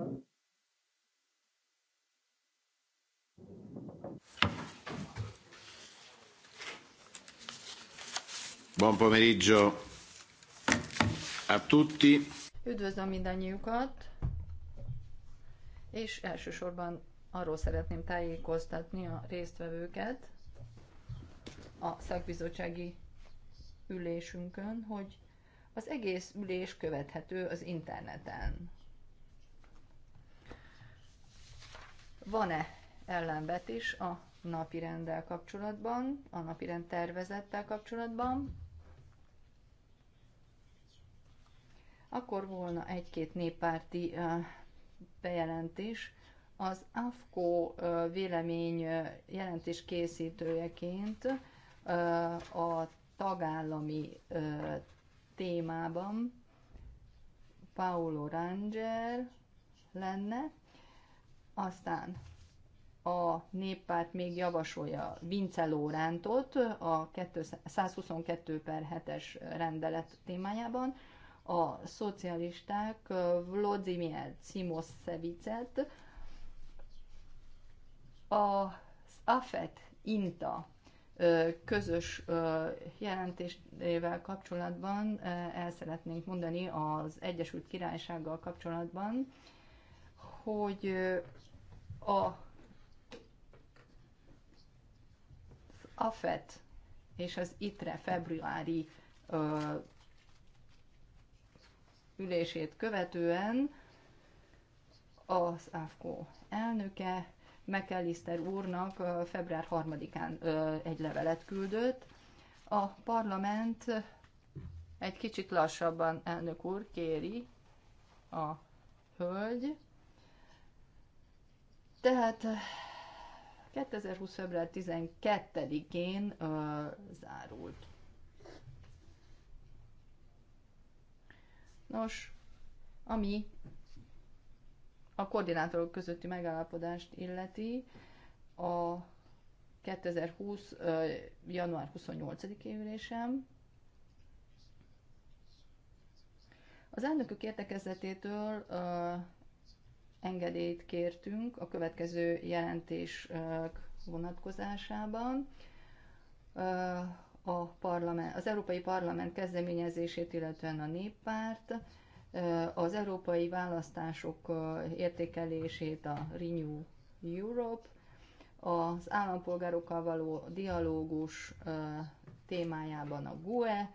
van. Buon pomeriggio a tutti. Üdvözlöm mindannyiukat, és elsősorban arról szeretném tájékoztatni a résztvevőket a szakbizottsági ülésünkön, hogy az egész ülés követhető az interneten. Van-e ellenvetés a napi rendel kapcsolatban, a napi rend tervezettel kapcsolatban? Akkor volna egy-két néppárti bejelentés. Az AFKO vélemény jelentés készítőjeként a tagállami témában Paolo Ranger lenne, aztán a néppárt még javasolja Vince Lórántot a 122 per 7-es rendelet témájában, a szocialisták Vladimir Cimoszevicet, a AFET INTA közös jelentésével kapcsolatban el szeretnénk mondani az Egyesült Királysággal kapcsolatban, hogy a AFET és az ITRE februári ö, ülését követően az AFKO elnöke McAllister úrnak február 3-án egy levelet küldött. A parlament egy kicsit lassabban, elnök úr, kéri a hölgy, tehát 2020. Eh, február 12-én uh, eh, zárult. Nos, ami a koordinátorok közötti megállapodást illeti, a 2020. Uh, eh, január 28-i ülésem az elnökök értekezletétől uh, engedélyt kértünk a következő jelentés vonatkozásában. A parlament, az Európai Parlament kezdeményezését, illetően a néppárt, az európai választások értékelését a Renew Europe, az állampolgárokkal való dialógus témájában a GUE,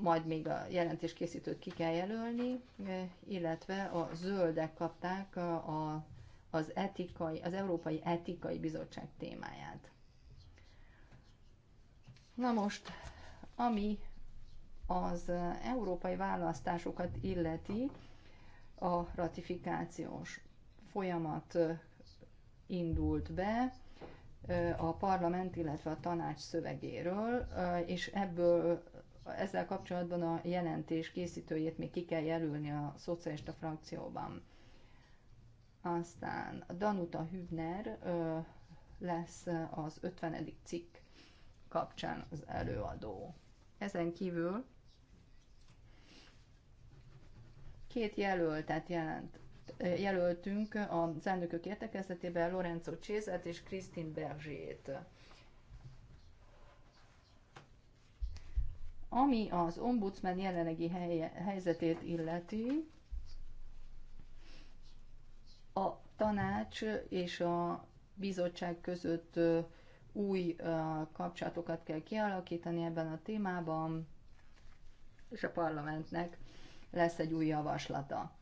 majd még a jelentéskészítőt ki kell jelölni, eh, illetve a zöldek kapták a, az, etikai, az Európai Etikai Bizottság témáját. Na most, ami az európai választásokat illeti, a ratifikációs folyamat eh, indult be eh, a parlament, illetve a tanács szövegéről, és ebből ezzel kapcsolatban a jelentés készítőjét még ki kell jelölni a szocialista frakcióban. Aztán Danuta Hübner ö, lesz az 50. cikk kapcsán az előadó. Ezen kívül két jelöltet jelent, jelöltünk a elnökök értekezletében, Lorenzo Csézet és Christine Bergét. Ami az ombudsman jelenlegi helye, helyzetét illeti, a tanács és a bizottság között új kapcsolatokat kell kialakítani ebben a témában, és a parlamentnek lesz egy új javaslata.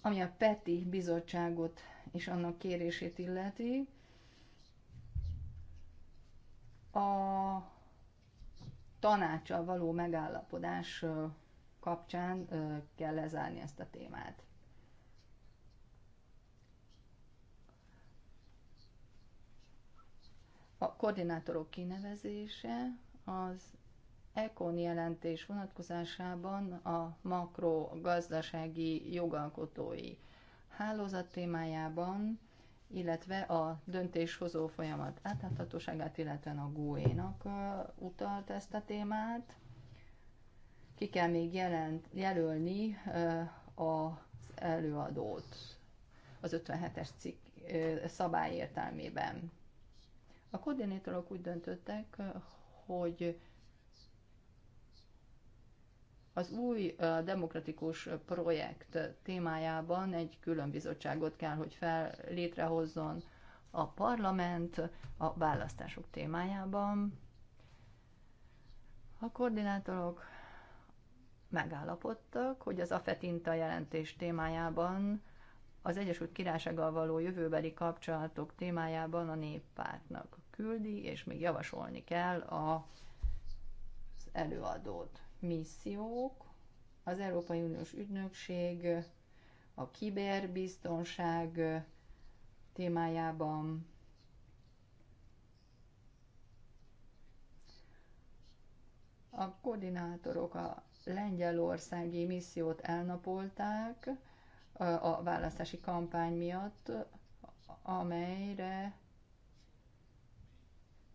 Ami a PETI bizottságot és annak kérését illeti, a tanácsal való megállapodás kapcsán kell lezárni ezt a témát. A koordinátorok kinevezése az ECON jelentés vonatkozásában a makrogazdasági jogalkotói hálózat témájában illetve a döntéshozó folyamat átláthatóságát, illetve a GUE-nak utalt ezt a témát. Ki kell még jelent, jelölni az előadót az 57-es cikk szabály értelmében. A koordinátorok úgy döntöttek, hogy az új demokratikus projekt témájában egy külön bizottságot kell, hogy fel létrehozzon a parlament a választások témájában. A koordinátorok megállapodtak, hogy az AFETINTA jelentés témájában az Egyesült Királysággal való jövőbeli kapcsolatok témájában a néppártnak küldi, és még javasolni kell a előadót missziók, az Európai Uniós Ügynökség, a kiberbiztonság témájában, a koordinátorok a lengyelországi missziót elnapolták a választási kampány miatt, amelyre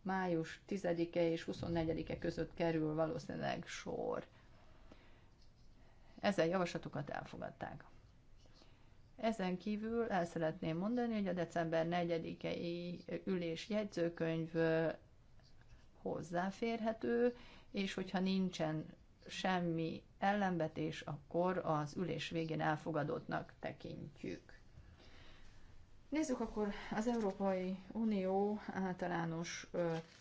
május 10-e és 24-e között kerül valószínűleg sor. Ezen javaslatokat elfogadták. Ezen kívül el szeretném mondani, hogy a december 4-i ülés jegyzőkönyv hozzáférhető, és hogyha nincsen semmi ellenbetés, akkor az ülés végén elfogadottnak tekintjük. Nézzük akkor az Európai Unió általános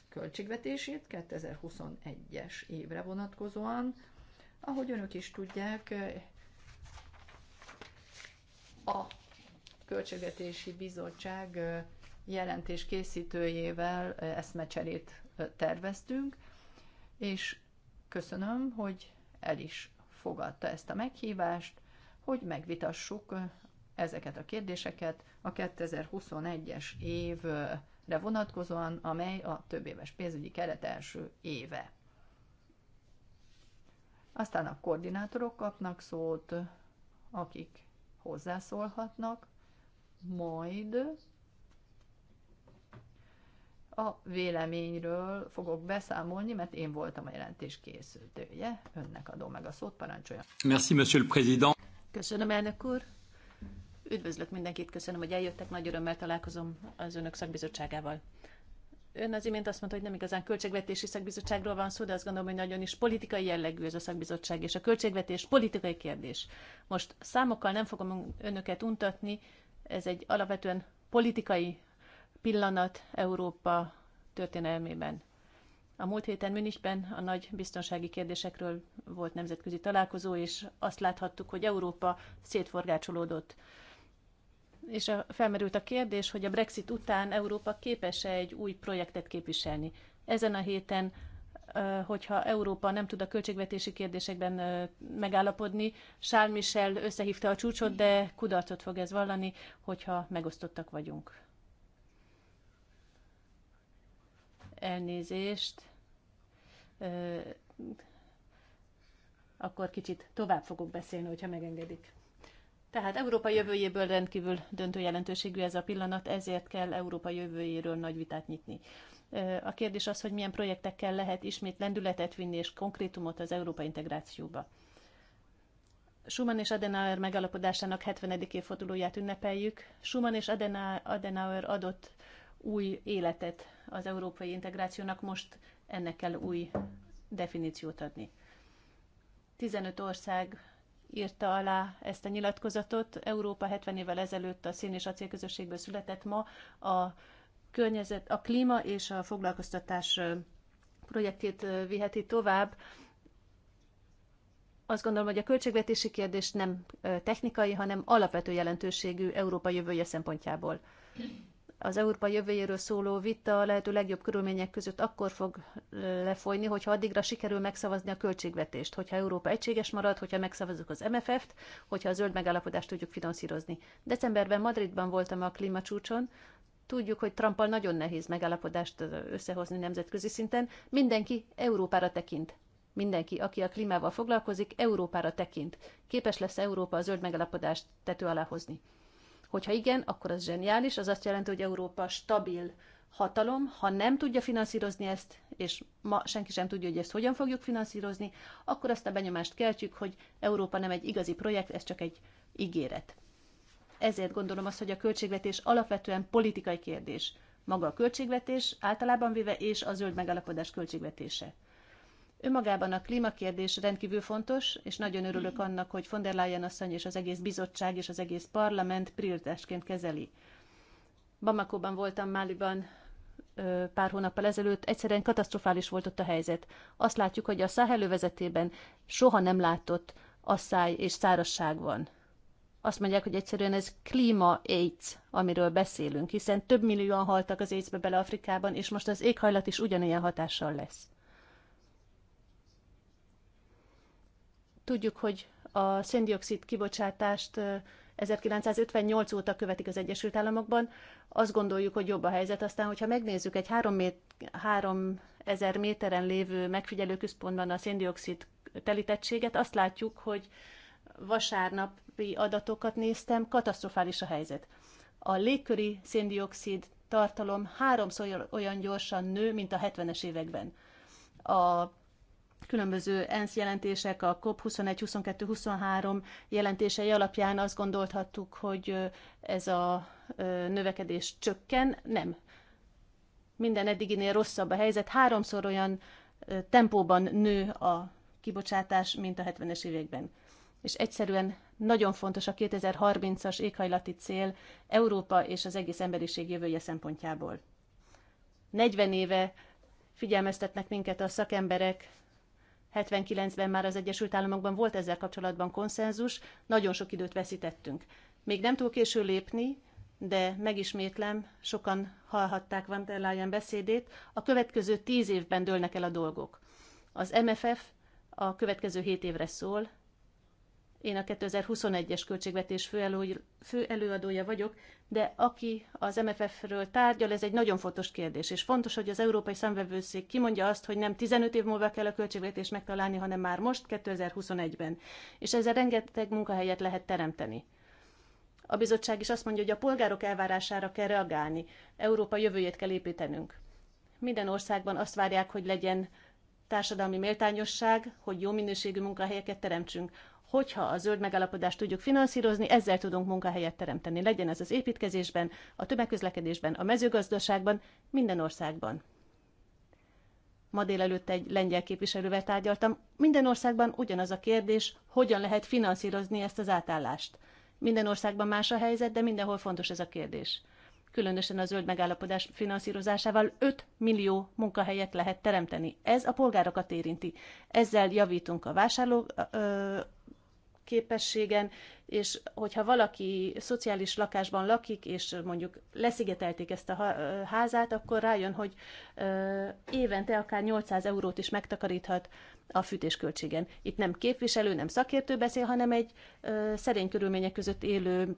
költségvetését 2021-es évre vonatkozóan. Ahogy önök is tudják, a Költségvetési Bizottság jelentés készítőjével eszmecserét terveztünk, és köszönöm, hogy el is fogadta ezt a meghívást, hogy megvitassuk ezeket a kérdéseket a 2021-es évre vonatkozóan, amely a többéves pénzügyi keret első éve. Aztán a koordinátorok kapnak szót, akik hozzászólhatnak, majd a véleményről fogok beszámolni, mert én voltam a jelentés készítője. Önnek adom meg a szót, parancsolja. Merci, monsieur le président. Köszönöm, elnök úr. Üdvözlök mindenkit, köszönöm, hogy eljöttek, nagy örömmel találkozom az önök szakbizottságával. Ön az imént azt mondta, hogy nem igazán költségvetési szakbizottságról van szó, de azt gondolom, hogy nagyon is politikai jellegű ez a szakbizottság, és a költségvetés politikai kérdés. Most számokkal nem fogom önöket untatni, ez egy alapvetően politikai pillanat Európa történelmében. A múlt héten Münichben a nagy biztonsági kérdésekről volt nemzetközi találkozó, és azt láthattuk, hogy Európa szétforgácsolódott és a, felmerült a kérdés, hogy a Brexit után Európa képes-e egy új projektet képviselni. Ezen a héten, hogyha Európa nem tud a költségvetési kérdésekben megállapodni, Charles Michel összehívta a csúcsot, de kudarcot fog ez vallani, hogyha megosztottak vagyunk. Elnézést. Akkor kicsit tovább fogok beszélni, hogyha megengedik. Tehát Európa jövőjéből rendkívül döntő jelentőségű ez a pillanat, ezért kell Európa jövőjéről nagy vitát nyitni. A kérdés az, hogy milyen projektekkel lehet ismét lendületet vinni és konkrétumot az Európa integrációba. Schumann és Adenauer megalapodásának 70. évfordulóját ünnepeljük. Schumann és Adenauer adott új életet az európai integrációnak, most ennek kell új definíciót adni. 15 ország írta alá ezt a nyilatkozatot. Európa 70 évvel ezelőtt a szén és közösségből született ma a környezet, a klíma és a foglalkoztatás projektjét viheti tovább. Azt gondolom, hogy a költségvetési kérdés nem technikai, hanem alapvető jelentőségű Európa jövője szempontjából az Európa jövőjéről szóló vita a lehető legjobb körülmények között akkor fog lefolyni, hogyha addigra sikerül megszavazni a költségvetést, hogyha Európa egységes marad, hogyha megszavazzuk az MFF-t, hogyha a zöld megállapodást tudjuk finanszírozni. Decemberben Madridban voltam a klímacsúcson, Tudjuk, hogy Trumpal nagyon nehéz megállapodást összehozni nemzetközi szinten. Mindenki Európára tekint. Mindenki, aki a klímával foglalkozik, Európára tekint. Képes lesz Európa a zöld megállapodást tető alá hozni. Hogyha igen, akkor az zseniális, az azt jelenti, hogy Európa stabil hatalom, ha nem tudja finanszírozni ezt, és ma senki sem tudja, hogy ezt hogyan fogjuk finanszírozni, akkor azt a benyomást keltjük, hogy Európa nem egy igazi projekt, ez csak egy ígéret. Ezért gondolom azt, hogy a költségvetés alapvetően politikai kérdés. Maga a költségvetés általában véve és a zöld megállapodás költségvetése. Önmagában a klímakérdés rendkívül fontos, és nagyon örülök annak, hogy von der Leyen asszony és az egész bizottság és az egész parlament prioritásként kezeli. Bamakóban voltam Máliban pár hónappal ezelőtt, egyszerűen katasztrofális volt ott a helyzet. Azt látjuk, hogy a száhelővezetében soha nem látott asszály és szárazság van. Azt mondják, hogy egyszerűen ez klíma AIDS, amiről beszélünk, hiszen több millióan haltak az AIDS-be bele Afrikában, és most az éghajlat is ugyanilyen hatással lesz. Tudjuk, hogy a széndiokszid kibocsátást 1958 óta követik az Egyesült Államokban. Azt gondoljuk, hogy jobb a helyzet. Aztán, hogyha megnézzük egy 3000 méteren lévő megfigyelőközpontban a széndiokszid telítettséget, azt látjuk, hogy vasárnapi adatokat néztem, katasztrofális a helyzet. A légköri széndiokszid tartalom háromszor olyan gyorsan nő, mint a 70-es években. A különböző ENSZ jelentések, a COP21, 22, 23 jelentései alapján azt gondolhattuk, hogy ez a növekedés csökken. Nem. Minden eddiginél rosszabb a helyzet. Háromszor olyan tempóban nő a kibocsátás, mint a 70-es években. És egyszerűen nagyon fontos a 2030-as éghajlati cél Európa és az egész emberiség jövője szempontjából. 40 éve figyelmeztetnek minket a szakemberek 79-ben már az Egyesült Államokban volt ezzel kapcsolatban konszenzus, nagyon sok időt veszítettünk. Még nem túl késő lépni, de megismétlem, sokan hallhatták Van der Leyen beszédét, a következő tíz évben dőlnek el a dolgok. Az MFF a következő hét évre szól, én a 2021-es költségvetés főelő, főelőadója vagyok, de aki az MFF-ről tárgyal, ez egy nagyon fontos kérdés, és fontos, hogy az Európai Szemvevőszék kimondja azt, hogy nem 15 év múlva kell a költségvetés megtalálni, hanem már most, 2021-ben. És ezzel rengeteg munkahelyet lehet teremteni. A bizottság is azt mondja, hogy a polgárok elvárására kell reagálni, Európa jövőjét kell építenünk. Minden országban azt várják, hogy legyen társadalmi méltányosság, hogy jó minőségű munkahelyeket teremtsünk hogyha a zöld megállapodást tudjuk finanszírozni, ezzel tudunk munkahelyet teremteni. Legyen ez az építkezésben, a tömegközlekedésben, a mezőgazdaságban, minden országban. Ma délelőtt egy lengyel képviselővel tárgyaltam. Minden országban ugyanaz a kérdés, hogyan lehet finanszírozni ezt az átállást. Minden országban más a helyzet, de mindenhol fontos ez a kérdés. Különösen a zöld megállapodás finanszírozásával 5 millió munkahelyet lehet teremteni. Ez a polgárokat érinti. Ezzel javítunk a vásárló, képességen, és hogyha valaki szociális lakásban lakik, és mondjuk leszigetelték ezt a házát, akkor rájön, hogy évente akár 800 eurót is megtakaríthat a fűtésköltségen. Itt nem képviselő, nem szakértő beszél, hanem egy szerény körülmények között élő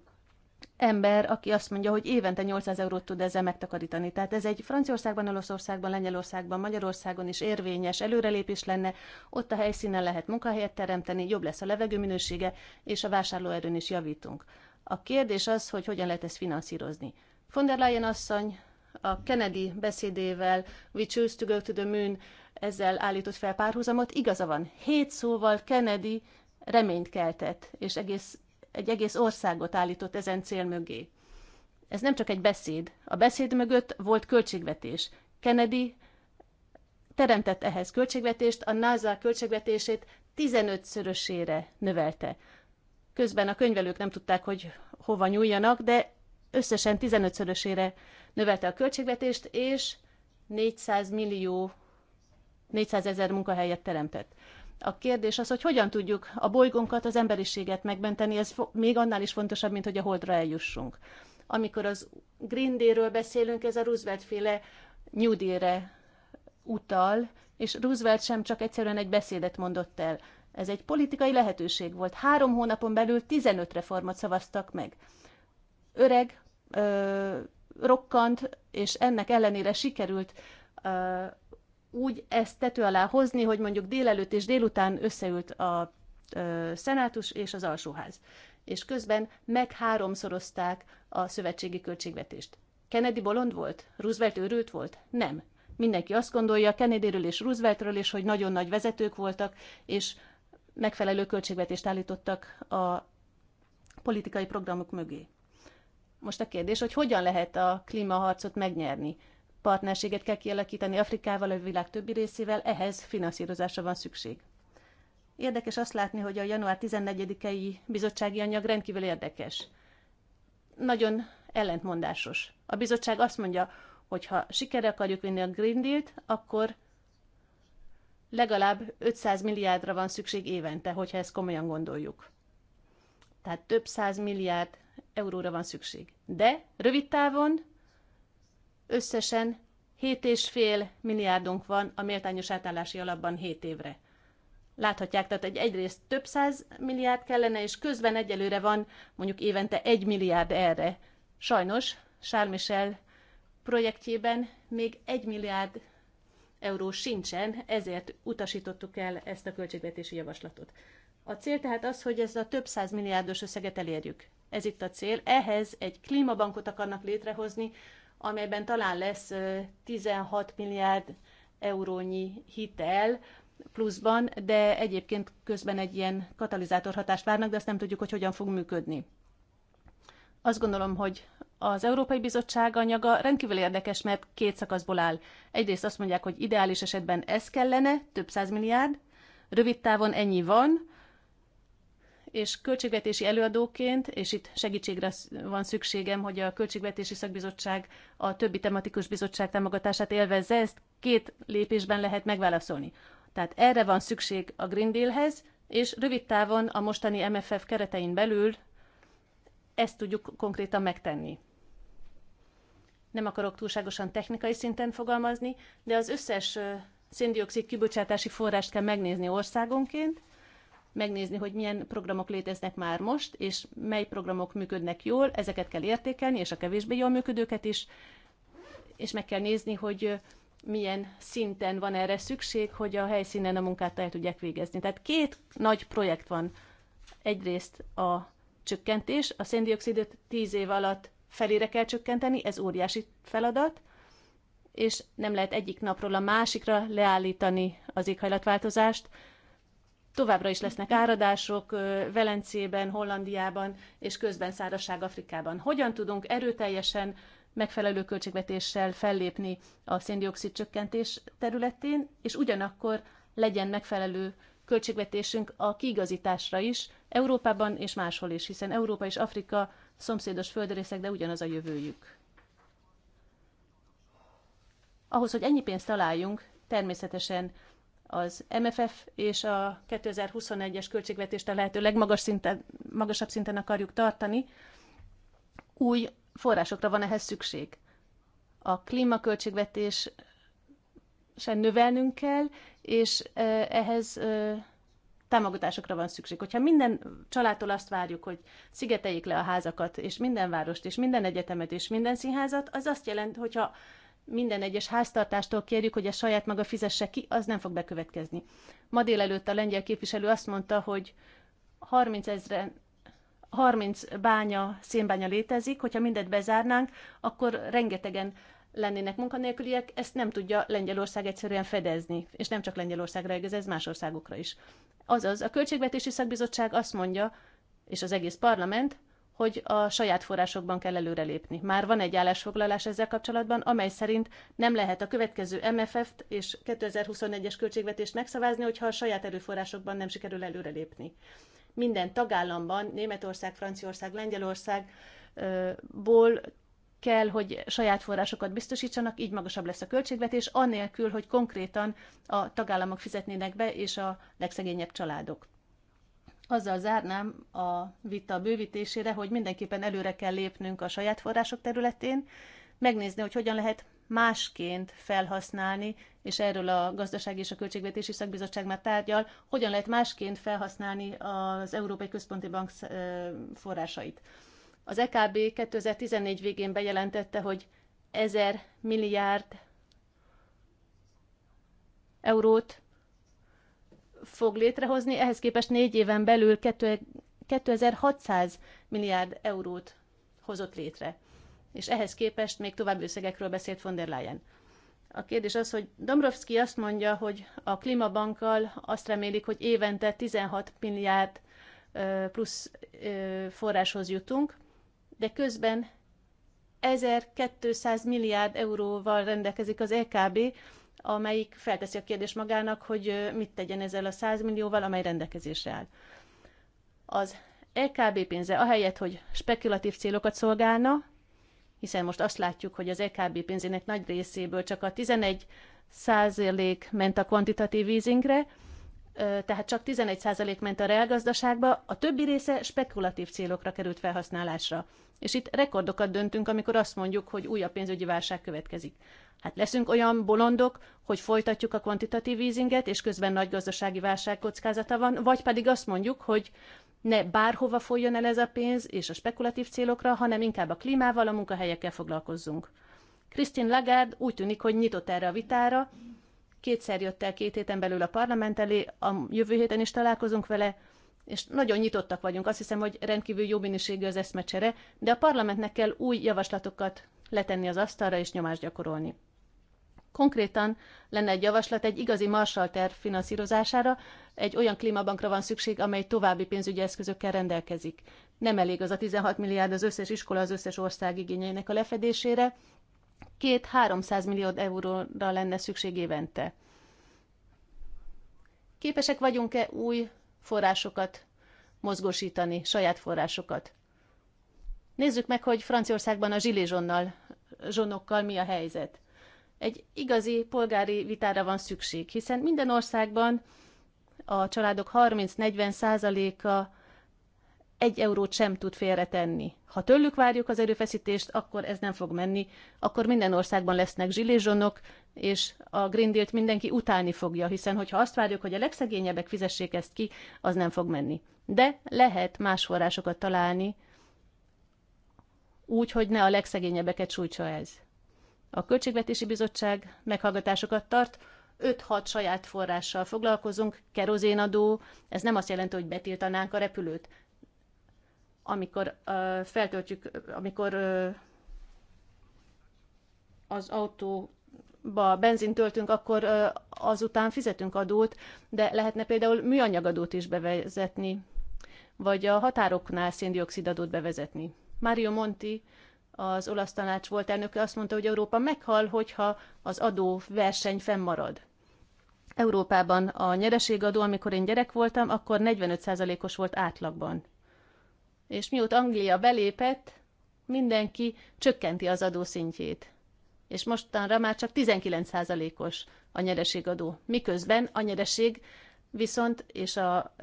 ember, aki azt mondja, hogy évente 800 eurót tud ezzel megtakarítani. Tehát ez egy Franciaországban, Olaszországban, Lengyelországban, Magyarországon is érvényes előrelépés lenne. Ott a helyszínen lehet munkahelyet teremteni, jobb lesz a levegő minősége, és a vásárlóerőn is javítunk. A kérdés az, hogy hogyan lehet ezt finanszírozni. Von der Leyen asszony a Kennedy beszédével, We choose to go to the moon, ezzel állított fel párhuzamot. Igaza van, hét szóval Kennedy reményt keltett, és egész egy egész országot állított ezen cél mögé. Ez nem csak egy beszéd. A beszéd mögött volt költségvetés. Kennedy teremtett ehhez költségvetést, a NASA költségvetését 15-szörösére növelte. Közben a könyvelők nem tudták, hogy hova nyúljanak, de összesen 15-szörösére növelte a költségvetést, és 400 millió, 400 ezer munkahelyet teremtett. A kérdés az, hogy hogyan tudjuk a bolygónkat, az emberiséget megmenteni, ez még annál is fontosabb, mint hogy a holdra eljussunk. Amikor az Green day ről beszélünk, ez a Roosevelt-féle New Deal-re utal, és Roosevelt sem csak egyszerűen egy beszédet mondott el. Ez egy politikai lehetőség volt. Három hónapon belül 15 reformot szavaztak meg. Öreg, ö, rokkant, és ennek ellenére sikerült ö, úgy ezt tető alá hozni, hogy mondjuk délelőtt és délután összeült a ö, szenátus és az alsóház. És közben meg háromszorozták a szövetségi költségvetést. Kennedy bolond volt? Roosevelt őrült volt? Nem. Mindenki azt gondolja Kennedyről és Rooseveltről is, hogy nagyon nagy vezetők voltak, és megfelelő költségvetést állítottak a politikai programok mögé. Most a kérdés, hogy hogyan lehet a klímaharcot megnyerni partnerséget kell kialakítani Afrikával, a világ többi részével, ehhez finanszírozásra van szükség. Érdekes azt látni, hogy a január 14-i bizottsági anyag rendkívül érdekes. Nagyon ellentmondásos. A bizottság azt mondja, hogy ha sikerre akarjuk vinni a Green Deal-t, akkor legalább 500 milliárdra van szükség évente, hogyha ezt komolyan gondoljuk. Tehát több száz milliárd euróra van szükség. De rövid távon Összesen 7,5 milliárdunk van a méltányos átállási alapban 7 évre. Láthatják, tehát egy egyrészt több száz milliárd kellene, és közben egyelőre van mondjuk évente egy milliárd erre. Sajnos Charles Michel projektjében még egy milliárd euró sincsen, ezért utasítottuk el ezt a költségvetési javaslatot. A cél tehát az, hogy ez a több száz milliárdos összeget elérjük. Ez itt a cél. Ehhez egy klímabankot akarnak létrehozni, amelyben talán lesz 16 milliárd eurónyi hitel pluszban, de egyébként közben egy ilyen katalizátor hatást várnak, de azt nem tudjuk, hogy hogyan fog működni. Azt gondolom, hogy az Európai Bizottság anyaga rendkívül érdekes, mert két szakaszból áll. Egyrészt azt mondják, hogy ideális esetben ez kellene, több száz milliárd, rövid távon ennyi van, és költségvetési előadóként, és itt segítségre van szükségem, hogy a Költségvetési Szakbizottság a többi tematikus bizottság támogatását élvezze, ezt két lépésben lehet megválaszolni. Tehát erre van szükség a Green Dealhez, és rövid távon a mostani MFF keretein belül ezt tudjuk konkrétan megtenni. Nem akarok túlságosan technikai szinten fogalmazni, de az összes széndiokszid kibocsátási forrást kell megnézni országonként, megnézni, hogy milyen programok léteznek már most, és mely programok működnek jól, ezeket kell értékelni, és a kevésbé jól működőket is, és meg kell nézni, hogy milyen szinten van erre szükség, hogy a helyszínen a munkát el tudják végezni. Tehát két nagy projekt van. Egyrészt a csökkentés, a széndiokszidot tíz év alatt felére kell csökkenteni, ez óriási feladat, és nem lehet egyik napról a másikra leállítani az éghajlatváltozást, Továbbra is lesznek áradások Velencében, Hollandiában és közben szárazság Afrikában. Hogyan tudunk erőteljesen megfelelő költségvetéssel fellépni a széndiokszid csökkentés területén, és ugyanakkor legyen megfelelő költségvetésünk a kiigazításra is, Európában és máshol is, hiszen Európa és Afrika szomszédos földrészek, de ugyanaz a jövőjük. Ahhoz, hogy ennyi pénzt találjunk, természetesen az MFF és a 2021-es költségvetést a lehető legmagas szinten, magasabb szinten akarjuk tartani, új forrásokra van ehhez szükség. A klímaköltségvetés sem növelnünk kell, és ehhez támogatásokra van szükség. Hogyha minden családtól azt várjuk, hogy szigeteljék le a házakat, és minden várost, és minden egyetemet, és minden színházat, az azt jelenti, hogyha minden egyes háztartástól kérjük, hogy a saját maga fizesse ki, az nem fog bekövetkezni. Ma délelőtt a lengyel képviselő azt mondta, hogy 30 ezeren 30 bánya, szénbánya létezik, hogyha mindet bezárnánk, akkor rengetegen lennének munkanélküliek, ezt nem tudja Lengyelország egyszerűen fedezni. És nem csak Lengyelországra igaz, ez más országokra is. Azaz, a Költségvetési Szakbizottság azt mondja, és az egész parlament, hogy a saját forrásokban kell előrelépni. Már van egy állásfoglalás ezzel kapcsolatban, amely szerint nem lehet a következő MFF-t és 2021-es költségvetést megszavazni, hogyha a saját erőforrásokban nem sikerül előrelépni. Minden tagállamban, Németország, Franciaország, Lengyelországból kell, hogy saját forrásokat biztosítsanak, így magasabb lesz a költségvetés, anélkül, hogy konkrétan a tagállamok fizetnének be, és a legszegényebb családok azzal zárnám a vita bővítésére, hogy mindenképpen előre kell lépnünk a saját források területén, megnézni, hogy hogyan lehet másként felhasználni, és erről a Gazdasági és a Költségvetési Szakbizottság már tárgyal, hogyan lehet másként felhasználni az Európai Központi Bank forrásait. Az EKB 2014 végén bejelentette, hogy 1000 milliárd eurót fog létrehozni, ehhez képest négy éven belül 2600 milliárd eurót hozott létre. És ehhez képest még további összegekről beszélt von der Leyen. A kérdés az, hogy Dombrovski azt mondja, hogy a klímabankkal azt remélik, hogy évente 16 milliárd plusz forráshoz jutunk, de közben 1200 milliárd euróval rendelkezik az EKB, amelyik felteszi a kérdést magának, hogy mit tegyen ezzel a 100 millióval, amely rendelkezésre áll. Az LKB pénze ahelyett, hogy spekulatív célokat szolgálna, hiszen most azt látjuk, hogy az LKB pénzének nagy részéből csak a 11 százalék ment a kvantitatív easingre, tehát csak 11% ment a reálgazdaságba, a többi része spekulatív célokra került felhasználásra. És itt rekordokat döntünk, amikor azt mondjuk, hogy újabb pénzügyi válság következik. Hát leszünk olyan bolondok, hogy folytatjuk a kvantitatív easinget, és közben nagy gazdasági válság kockázata van, vagy pedig azt mondjuk, hogy ne bárhova folyjon el ez a pénz, és a spekulatív célokra, hanem inkább a klímával, a munkahelyekkel foglalkozzunk. Christine Lagarde úgy tűnik, hogy nyitott erre a vitára, Kétszer jött el két héten belül a parlament elé, a jövő héten is találkozunk vele, és nagyon nyitottak vagyunk. Azt hiszem, hogy rendkívül jó minőségű az eszmecsere, de a parlamentnek kell új javaslatokat letenni az asztalra és nyomást gyakorolni. Konkrétan lenne egy javaslat egy igazi Marshall terv finanszírozására, egy olyan klímabankra van szükség, amely további pénzügyi eszközökkel rendelkezik. Nem elég az a 16 milliárd az összes iskola az összes ország igényeinek a lefedésére, 2-300 millió euróra lenne szükség évente. Képesek vagyunk-e új forrásokat mozgósítani, saját forrásokat? Nézzük meg, hogy Franciaországban a zsilézsonnal, zsonokkal mi a helyzet. Egy igazi polgári vitára van szükség, hiszen minden országban a családok 30-40 százaléka egy eurót sem tud félretenni. Ha tőlük várjuk az erőfeszítést, akkor ez nem fog menni, akkor minden országban lesznek zsilézsonok, és a Green Deal-t mindenki utálni fogja, hiszen hogyha azt várjuk, hogy a legszegényebbek fizessék ezt ki, az nem fog menni. De lehet más forrásokat találni, úgy, hogy ne a legszegényebbeket sújtsa ez. A Költségvetési Bizottság meghallgatásokat tart, 5-6 saját forrással foglalkozunk, kerozénadó, ez nem azt jelenti, hogy betiltanánk a repülőt amikor uh, feltöltjük, amikor uh, az autóba benzin töltünk, akkor uh, azután fizetünk adót, de lehetne például műanyagadót is bevezetni, vagy a határoknál széndiokszidadót bevezetni. Mario Monti, az olasz tanács volt elnöke, azt mondta, hogy Európa meghal, hogyha az adó verseny fennmarad. Európában a nyereségadó, amikor én gyerek voltam, akkor 45%-os volt átlagban és mióta Anglia belépett, mindenki csökkenti az adószintjét. És mostanra már csak 19%-os a nyereségadó. Miközben a nyereség viszont és a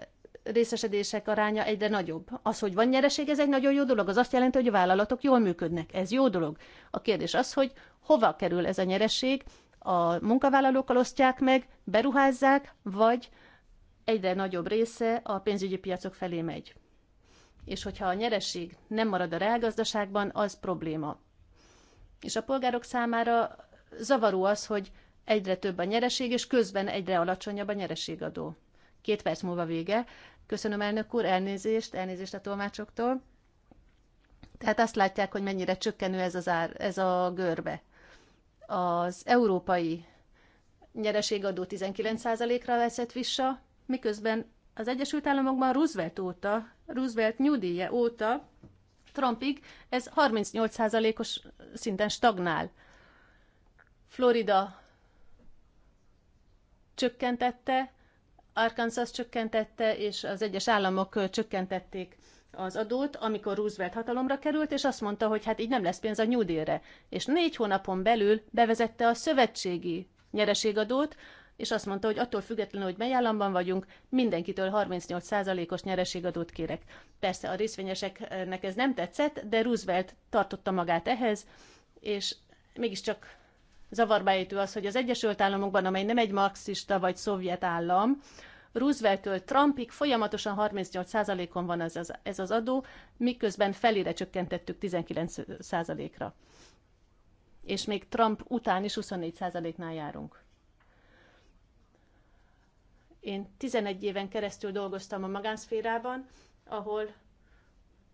részesedések aránya egyre nagyobb. Az, hogy van nyereség, ez egy nagyon jó dolog. Az azt jelenti, hogy a vállalatok jól működnek. Ez jó dolog. A kérdés az, hogy hova kerül ez a nyereség, a munkavállalókkal osztják meg, beruházzák, vagy egyre nagyobb része a pénzügyi piacok felé megy és hogyha a nyereség nem marad a reálgazdaságban, az probléma. És a polgárok számára zavaró az, hogy egyre több a nyereség, és közben egyre alacsonyabb a nyereségadó. Két perc múlva vége. Köszönöm, elnök úr, elnézést, elnézést a tolmácsoktól. Tehát azt látják, hogy mennyire csökkenő ez, az ár, ez a görbe. Az európai nyereségadó 19%-ra veszett vissza, miközben az Egyesült Államokban Roosevelt óta, Roosevelt nyugdíja óta Trumpig ez 38%-os szinten stagnál. Florida csökkentette, Arkansas csökkentette, és az egyes államok csökkentették az adót, amikor Roosevelt hatalomra került, és azt mondta, hogy hát így nem lesz pénz a New Deal-re. És négy hónapon belül bevezette a szövetségi nyereségadót, és azt mondta, hogy attól függetlenül, hogy mely államban vagyunk, mindenkitől 38%-os nyereségadót kérek. Persze a részvényeseknek ez nem tetszett, de Roosevelt tartotta magát ehhez, és mégiscsak ejtő az, hogy az Egyesült Államokban, amely nem egy marxista vagy szovjet állam, Rooseveltől Trumpig folyamatosan 38%-on van ez az, ez az adó, miközben felére csökkentettük 19%-ra. És még Trump után is 24%-nál járunk. Én 11 éven keresztül dolgoztam a magánszférában, ahol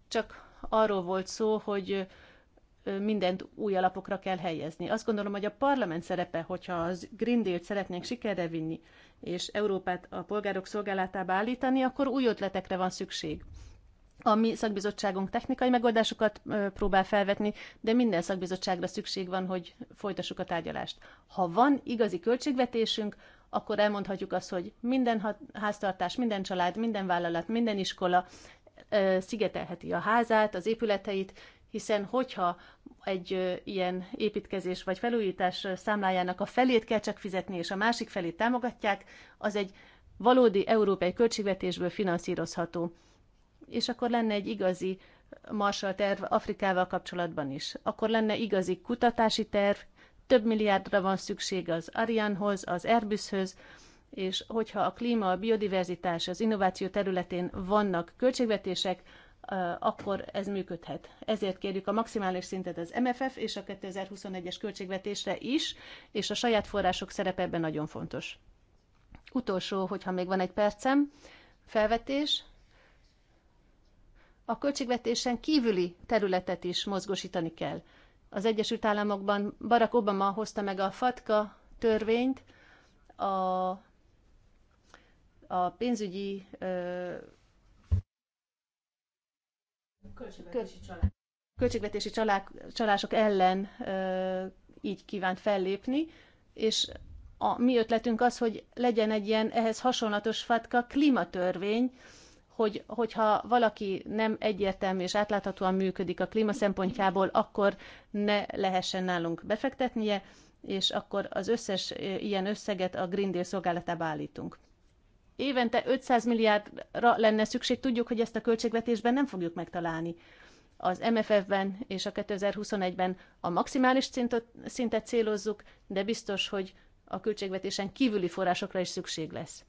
csak arról volt szó, hogy mindent új alapokra kell helyezni. Azt gondolom, hogy a parlament szerepe, hogyha az Green Deal-t szeretnénk sikerre vinni, és Európát a polgárok szolgálatába állítani, akkor új ötletekre van szükség. A mi szakbizottságunk technikai megoldásokat próbál felvetni, de minden szakbizottságra szükség van, hogy folytassuk a tárgyalást. Ha van igazi költségvetésünk, akkor elmondhatjuk azt, hogy minden háztartás, minden család, minden vállalat, minden iskola szigetelheti a házát, az épületeit, hiszen hogyha egy ilyen építkezés vagy felújítás számlájának a felét kell csak fizetni, és a másik felét támogatják, az egy valódi európai költségvetésből finanszírozható. És akkor lenne egy igazi Marshall terv Afrikával kapcsolatban is. Akkor lenne igazi kutatási terv, több milliárdra van szükség az Arianhoz, az Airbushöz, és hogyha a klíma, a biodiverzitás, az innováció területén vannak költségvetések, akkor ez működhet. Ezért kérjük a maximális szintet az MFF és a 2021-es költségvetésre is, és a saját források szerepe ebben nagyon fontos. Utolsó, hogyha még van egy percem, felvetés. A költségvetésen kívüli területet is mozgosítani kell az Egyesült Államokban Barack Obama hozta meg a FATKA törvényt, a, a pénzügyi ö, költségvetési, csalák, csalások ellen ö, így kívánt fellépni, és a mi ötletünk az, hogy legyen egy ilyen ehhez hasonlatos FATKA klímatörvény, hogy, hogyha valaki nem egyértelmű és átláthatóan működik a klíma szempontjából, akkor ne lehessen nálunk befektetnie, és akkor az összes ilyen összeget a Green Deal szolgálatába állítunk. Évente 500 milliárdra lenne szükség, tudjuk, hogy ezt a költségvetésben nem fogjuk megtalálni. Az MFF-ben és a 2021-ben a maximális szintet, szintet célozzuk, de biztos, hogy a költségvetésen kívüli forrásokra is szükség lesz.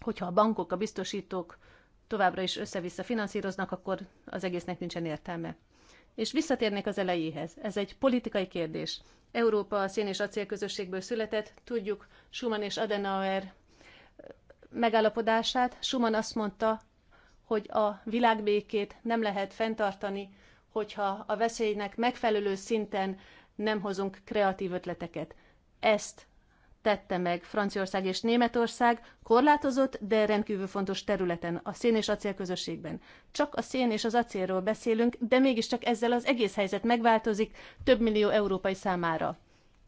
Hogyha a bankok, a biztosítók, továbbra is össze-vissza finanszíroznak, akkor az egésznek nincsen értelme. És visszatérnék az elejéhez. Ez egy politikai kérdés. Európa a szén és acélközösségből született, tudjuk Schumann és Adenauer eh, megállapodását. Schumann azt mondta, hogy a világbékét nem lehet fenntartani, hogyha a veszélynek megfelelő szinten nem hozunk kreatív ötleteket. Ezt tette meg Franciaország és Németország korlátozott, de rendkívül fontos területen, a szén és acél közösségben. Csak a szén és az acélról beszélünk, de mégiscsak ezzel az egész helyzet megváltozik több millió európai számára.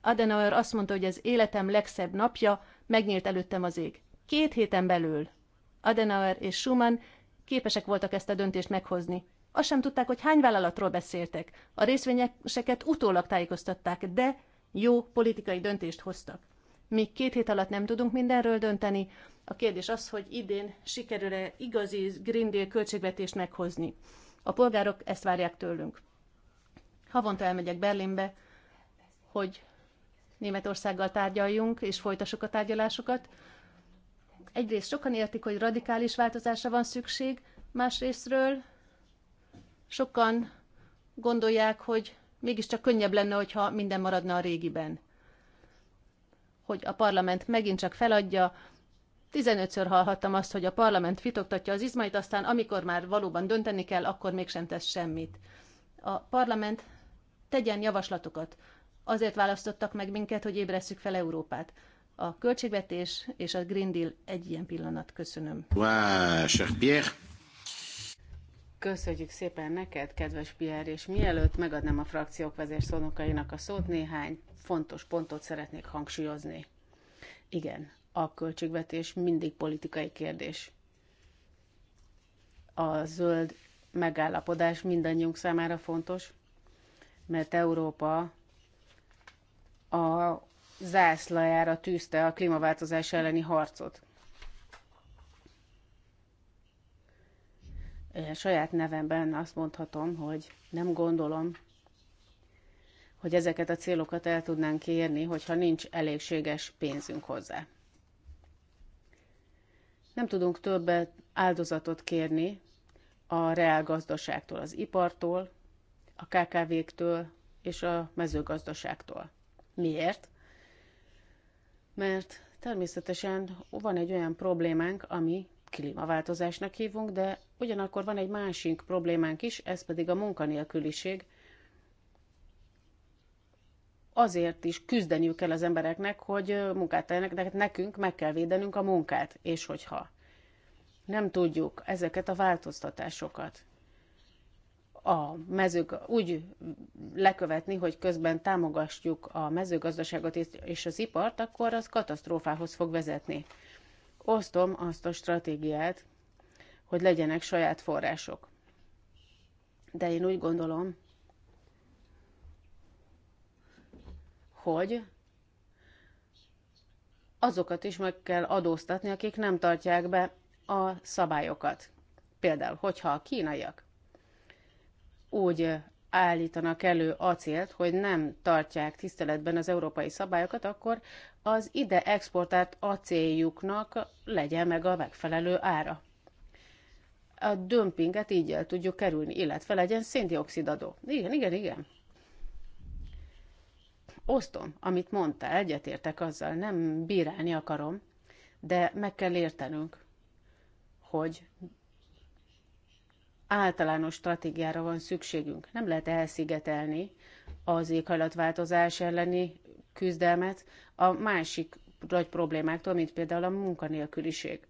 Adenauer azt mondta, hogy az életem legszebb napja, megnyílt előttem az ég. Két héten belül Adenauer és Schumann képesek voltak ezt a döntést meghozni. Azt sem tudták, hogy hány vállalatról beszéltek. A részvényeseket utólag tájékoztatták, de jó politikai döntést hoztak. Még két hét alatt nem tudunk mindenről dönteni. A kérdés az, hogy idén sikerül-e igazi Green Deal költségvetést meghozni. A polgárok ezt várják tőlünk. Havonta elmegyek Berlinbe, hogy Németországgal tárgyaljunk és folytassuk a tárgyalásokat. Egyrészt sokan értik, hogy radikális változásra van szükség, másrésztről sokan gondolják, hogy mégiscsak könnyebb lenne, hogyha minden maradna a régiben hogy a parlament megint csak feladja. 15-ször hallhattam azt, hogy a parlament fitoktatja az izmait, aztán amikor már valóban dönteni kell, akkor mégsem tesz semmit. A parlament tegyen javaslatokat. Azért választottak meg minket, hogy ébresszük fel Európát. A költségvetés és a Green Deal egy ilyen pillanat. Köszönöm. Wow, cher Pierre. Köszönjük szépen neked, kedves Pierre, és mielőtt megadnám a frakciók vezérszónokainak a szót, néhány fontos pontot szeretnék hangsúlyozni. Igen, a költségvetés mindig politikai kérdés. A zöld megállapodás mindannyiunk számára fontos, mert Európa a zászlajára tűzte a klímaváltozás elleni harcot. saját nevemben azt mondhatom, hogy nem gondolom, hogy ezeket a célokat el tudnánk érni, hogyha nincs elégséges pénzünk hozzá. Nem tudunk többet áldozatot kérni a reál gazdaságtól, az ipartól, a kkv ktől és a mezőgazdaságtól. Miért? Mert természetesen van egy olyan problémánk, ami klímaváltozásnak hívunk, de Ugyanakkor van egy másik problémánk is, ez pedig a munkanélküliség. Azért is küzdeniük kell az embereknek, hogy munkát tegyenek, de nekünk meg kell védenünk a munkát, és hogyha nem tudjuk ezeket a változtatásokat a mezők úgy lekövetni, hogy közben támogatjuk a mezőgazdaságot és az ipart, akkor az katasztrófához fog vezetni. Osztom azt a stratégiát, hogy legyenek saját források. De én úgy gondolom, hogy azokat is meg kell adóztatni, akik nem tartják be a szabályokat. Például, hogyha a kínaiak úgy állítanak elő acélt, hogy nem tartják tiszteletben az európai szabályokat, akkor az ide exportált acéljuknak legyen meg a megfelelő ára a dömpinget így el tudjuk kerülni, illetve legyen széndiokszid adó. Igen, igen, igen. Osztom, amit mondta, egyetértek azzal, nem bírálni akarom, de meg kell értenünk, hogy általános stratégiára van szükségünk. Nem lehet elszigetelni az éghajlatváltozás elleni küzdelmet a másik nagy problémáktól, mint például a munkanélküliség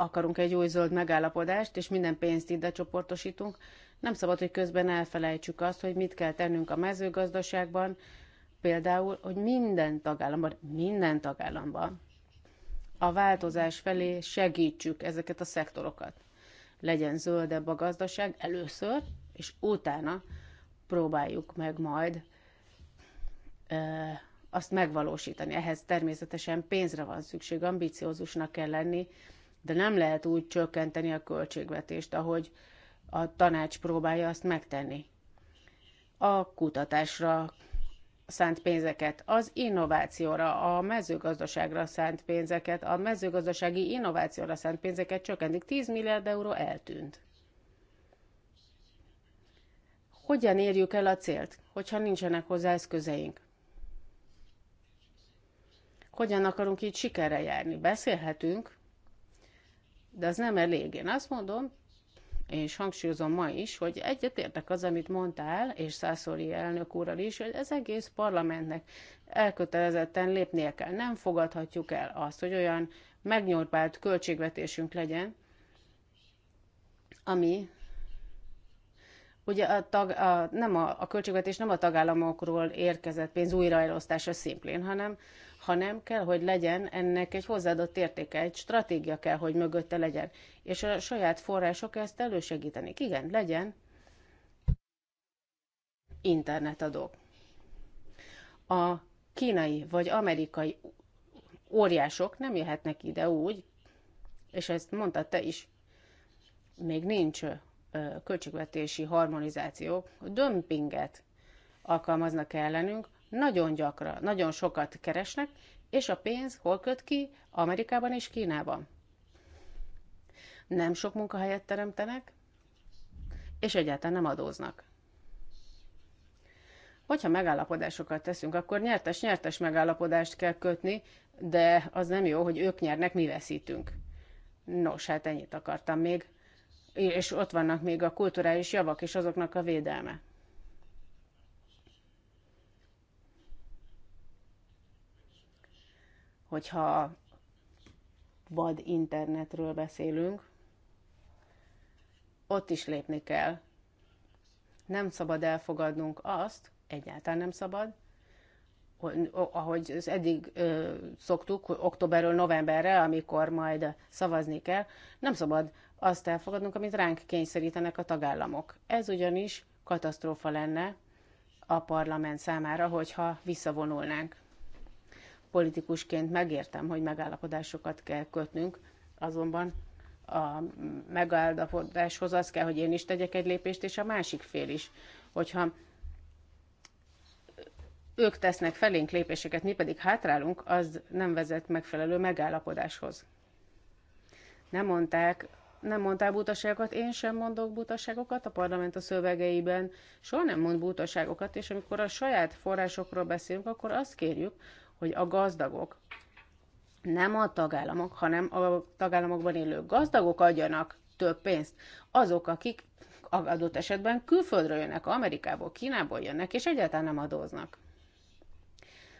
akarunk egy új zöld megállapodást, és minden pénzt ide csoportosítunk, nem szabad, hogy közben elfelejtsük azt, hogy mit kell tennünk a mezőgazdaságban, például, hogy minden tagállamban, minden tagállamban a változás felé segítsük ezeket a szektorokat. Legyen zöldebb a gazdaság először, és utána próbáljuk meg majd e, azt megvalósítani. Ehhez természetesen pénzre van szükség, ambiciózusnak kell lenni, de nem lehet úgy csökkenteni a költségvetést, ahogy a tanács próbálja azt megtenni. A kutatásra szánt pénzeket, az innovációra, a mezőgazdaságra szánt pénzeket, a mezőgazdasági innovációra szánt pénzeket csökkentik. 10 milliárd euró eltűnt. Hogyan érjük el a célt, hogyha nincsenek hozzá eszközeink? Hogyan akarunk így sikerre járni? Beszélhetünk, de az nem elég. Én azt mondom, és hangsúlyozom ma is, hogy egyetértek az, amit mondtál, és Szászori elnök úrral is, hogy az egész parlamentnek elkötelezetten lépnie kell. Nem fogadhatjuk el azt, hogy olyan megnyorbált költségvetésünk legyen, ami ugye a tag, a, nem a, a költségvetés nem a tagállamokról érkezett pénz újraelosztása szimplén, hanem hanem kell, hogy legyen ennek egy hozzáadott értéke, egy stratégia kell, hogy mögötte legyen. És a saját források ezt elősegíteni. Igen, legyen internetadók. A kínai vagy amerikai óriások nem jöhetnek ide úgy, és ezt mondta te is, még nincs költségvetési harmonizáció, dömpinget alkalmaznak ellenünk, nagyon gyakran, nagyon sokat keresnek, és a pénz hol köt ki? Amerikában és Kínában. Nem sok munkahelyet teremtenek, és egyáltalán nem adóznak. Hogyha megállapodásokat teszünk, akkor nyertes-nyertes megállapodást kell kötni, de az nem jó, hogy ők nyernek, mi veszítünk. Nos, hát ennyit akartam még. És ott vannak még a kulturális javak és azoknak a védelme. hogyha vad internetről beszélünk, ott is lépni kell. Nem szabad elfogadnunk azt, egyáltalán nem szabad, ahogy ez eddig ö, szoktuk, októberről novemberre, amikor majd szavazni kell, nem szabad azt elfogadnunk, amit ránk kényszerítenek a tagállamok. Ez ugyanis katasztrófa lenne a parlament számára, hogyha visszavonulnánk politikusként megértem, hogy megállapodásokat kell kötnünk, azonban a megállapodáshoz az kell, hogy én is tegyek egy lépést, és a másik fél is. Hogyha ők tesznek felénk lépéseket, mi pedig hátrálunk, az nem vezet megfelelő megállapodáshoz. Nem mondták, nem mondtál butaságokat, én sem mondok butaságokat, a parlament a szövegeiben soha nem mond butaságokat, és amikor a saját forrásokról beszélünk, akkor azt kérjük, hogy a gazdagok nem a tagállamok, hanem a tagállamokban élő gazdagok adjanak több pénzt. Azok, akik adott esetben külföldről jönnek, Amerikából, Kínából jönnek, és egyáltalán nem adóznak.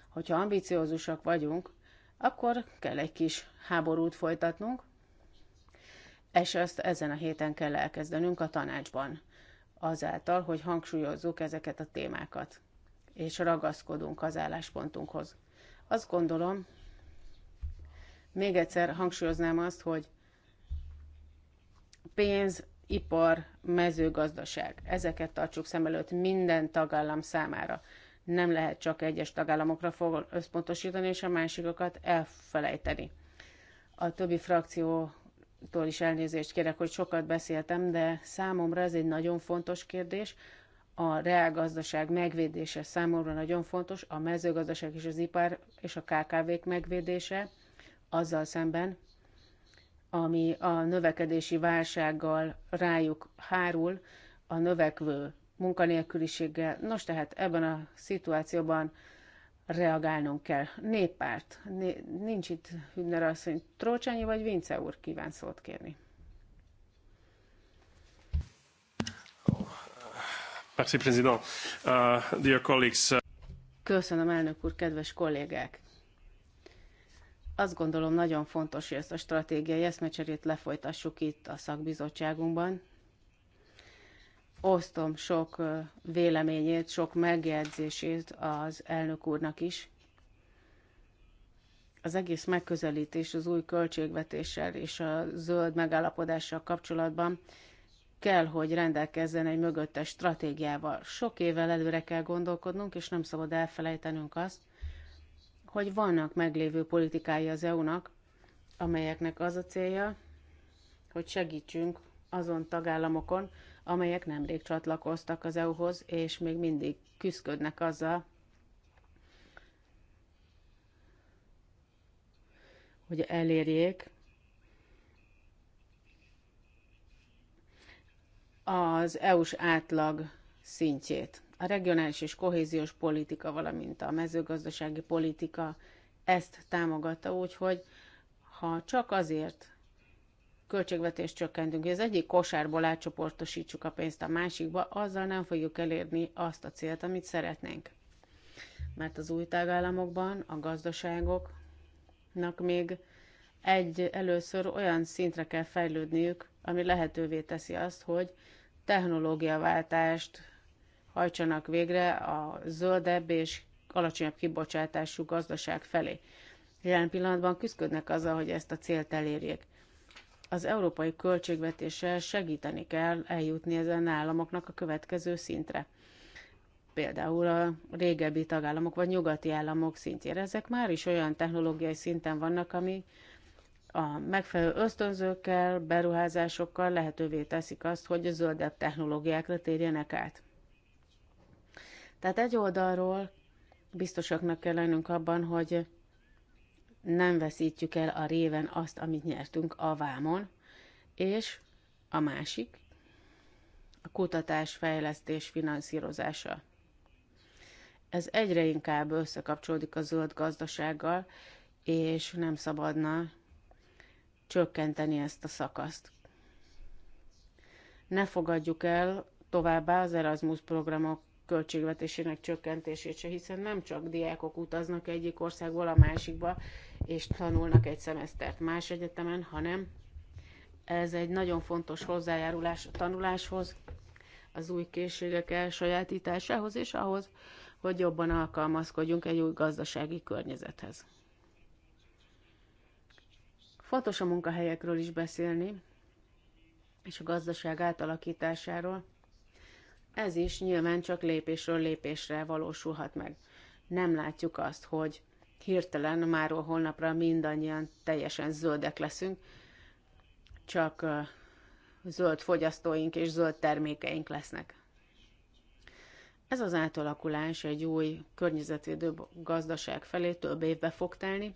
Hogyha ambiciózusak vagyunk, akkor kell egy kis háborút folytatnunk, és ezt ezen a héten kell elkezdenünk a tanácsban, azáltal, hogy hangsúlyozzuk ezeket a témákat, és ragaszkodunk az álláspontunkhoz. Azt gondolom, még egyszer hangsúlyoznám azt, hogy pénz, ipar, mezőgazdaság. Ezeket tartsuk szem előtt minden tagállam számára. Nem lehet csak egyes tagállamokra fog összpontosítani, és a másikokat elfelejteni. A többi frakciótól is elnézést kérek, hogy sokat beszéltem, de számomra ez egy nagyon fontos kérdés, a reálgazdaság megvédése számomra nagyon fontos, a mezőgazdaság és az ipar és a KKV-k megvédése, azzal szemben, ami a növekedési válsággal rájuk hárul, a növekvő munkanélküliséggel. Nos, tehát ebben a szituációban reagálnunk kell. Néppárt, né nincs itt Hübner asszony, Trócsányi vagy Vince úr kíván szót kérni. Merci, President. Uh, dear colleagues. Uh, Köszönöm, elnök úr, kedves kollégák! Azt gondolom nagyon fontos, hogy ezt a stratégiai eszmecserét lefolytassuk itt a szakbizottságunkban. Osztom sok uh, véleményét, sok megjegyzését az elnök úrnak is, az egész megközelítés az új költségvetéssel és a zöld megállapodással kapcsolatban kell, hogy rendelkezzen egy mögöttes stratégiával. Sok évvel előre kell gondolkodnunk, és nem szabad elfelejtenünk azt, hogy vannak meglévő politikái az EU-nak, amelyeknek az a célja, hogy segítsünk azon tagállamokon, amelyek nemrég csatlakoztak az EU-hoz, és még mindig küzdködnek azzal, hogy elérjék az EU-s átlag szintjét. A regionális és kohéziós politika, valamint a mezőgazdasági politika ezt támogatta, úgyhogy ha csak azért költségvetést csökkentünk, hogy az egyik kosárból átcsoportosítsuk a pénzt a másikba, azzal nem fogjuk elérni azt a célt, amit szeretnénk. Mert az új tagállamokban a gazdaságoknak még egy először olyan szintre kell fejlődniük, ami lehetővé teszi azt, hogy technológiaváltást hajtsanak végre a zöldebb és alacsonyabb kibocsátású gazdaság felé. Jelen pillanatban küzdködnek azzal, hogy ezt a célt elérjék. Az európai költségvetéssel segíteni kell eljutni ezen államoknak a következő szintre. Például a régebbi tagállamok vagy nyugati államok szintjére. Ezek már is olyan technológiai szinten vannak, ami a megfelelő ösztönzőkkel, beruházásokkal lehetővé teszik azt, hogy a zöldebb technológiákra térjenek át. Tehát egy oldalról biztosaknak kell lennünk abban, hogy nem veszítjük el a réven azt, amit nyertünk a vámon, és a másik, a kutatás, fejlesztés, finanszírozása. Ez egyre inkább összekapcsolódik a zöld gazdasággal, és nem szabadna csökkenteni ezt a szakaszt. Ne fogadjuk el továbbá az Erasmus programok költségvetésének csökkentését se, hiszen nem csak diákok utaznak egyik országból a másikba, és tanulnak egy szemesztert más egyetemen, hanem ez egy nagyon fontos hozzájárulás a tanuláshoz, az új készségek elsajátításához és ahhoz, hogy jobban alkalmazkodjunk egy új gazdasági környezethez. Fontos a munkahelyekről is beszélni, és a gazdaság átalakításáról. Ez is nyilván csak lépésről lépésre valósulhat meg. Nem látjuk azt, hogy hirtelen máról holnapra mindannyian teljesen zöldek leszünk, csak zöld fogyasztóink és zöld termékeink lesznek. Ez az átalakulás egy új környezetvédő gazdaság felé több évbe fog telni,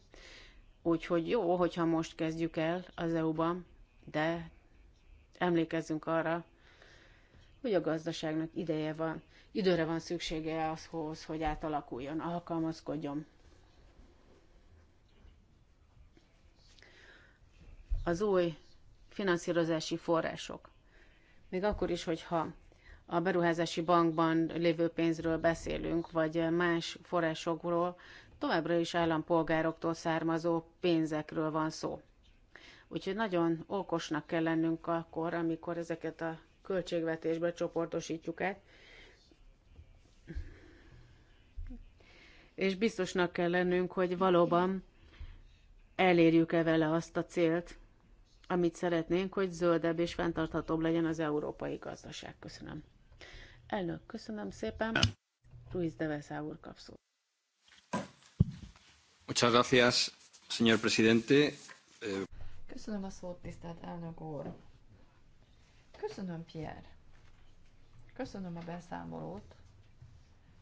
Úgyhogy jó, hogyha most kezdjük el az EU-ban, de emlékezzünk arra, hogy a gazdaságnak ideje van, időre van szüksége ahhoz, hogy átalakuljon, alkalmazkodjon. Az új finanszírozási források. Még akkor is, hogyha a beruházási bankban lévő pénzről beszélünk, vagy más forrásokról, továbbra is állampolgároktól származó pénzekről van szó. Úgyhogy nagyon okosnak kell lennünk akkor, amikor ezeket a költségvetésbe csoportosítjuk át, és biztosnak kell lennünk, hogy valóban elérjük-e vele azt a célt, amit szeretnénk, hogy zöldebb és fenntarthatóbb legyen az európai gazdaság. Köszönöm. Elnök, köszönöm szépen. Ruiz de úr kapszó. Köszönöm a szót, tisztelt elnök úr. Köszönöm, Pierre. Köszönöm a beszámolót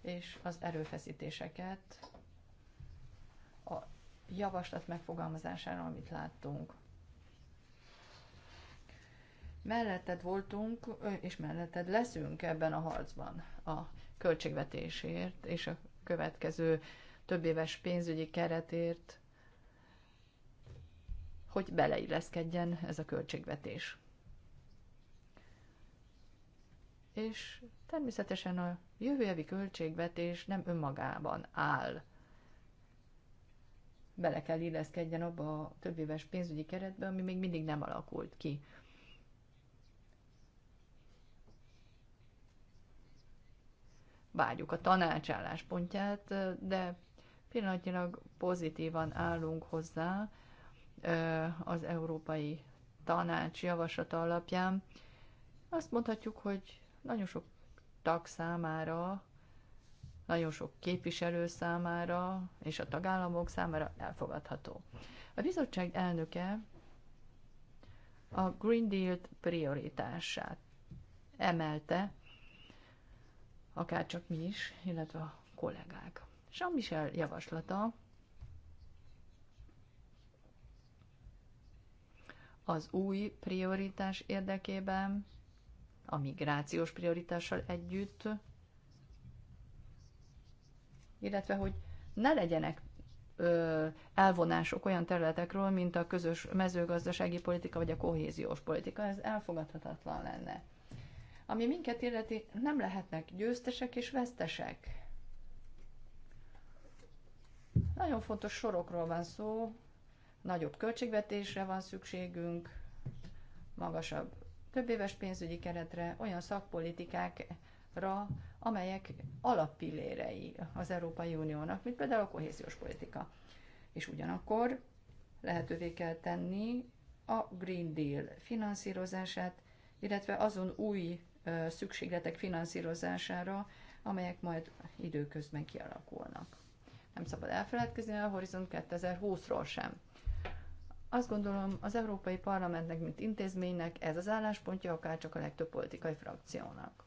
és az erőfeszítéseket a javaslat megfogalmazására, amit láttunk. Melletted voltunk, és melletted leszünk ebben a harcban a költségvetésért és a következő több éves pénzügyi keretért, hogy beleilleszkedjen ez a költségvetés. És természetesen a évi költségvetés nem önmagában áll. Bele kell illeszkedjen abba a több éves pénzügyi keretbe, ami még mindig nem alakult ki. Várjuk a tanács pontját, de Pillanatnyilag pozitívan állunk hozzá az Európai Tanács javaslata alapján. Azt mondhatjuk, hogy nagyon sok tag számára, nagyon sok képviselő számára és a tagállamok számára elfogadható. A bizottság elnöke a Green deal prioritását emelte, akár csak mi is, illetve a kollégák. Jean-Michel javaslata az új prioritás érdekében, a migrációs prioritással együtt, illetve hogy ne legyenek ö, elvonások olyan területekről, mint a közös mezőgazdasági politika vagy a kohéziós politika. Ez elfogadhatatlan lenne. Ami minket illeti, nem lehetnek győztesek és vesztesek nagyon fontos sorokról van szó, nagyobb költségvetésre van szükségünk, magasabb többéves pénzügyi keretre, olyan szakpolitikákra, amelyek alappillérei az Európai Uniónak, mint például a kohéziós politika. És ugyanakkor lehetővé kell tenni a Green Deal finanszírozását, illetve azon új szükségletek finanszírozására, amelyek majd időközben kialakulnak nem szabad elfeledkezni a Horizon 2020-ról sem. Azt gondolom, az Európai Parlamentnek, mint intézménynek ez az álláspontja csak a legtöbb politikai frakciónak.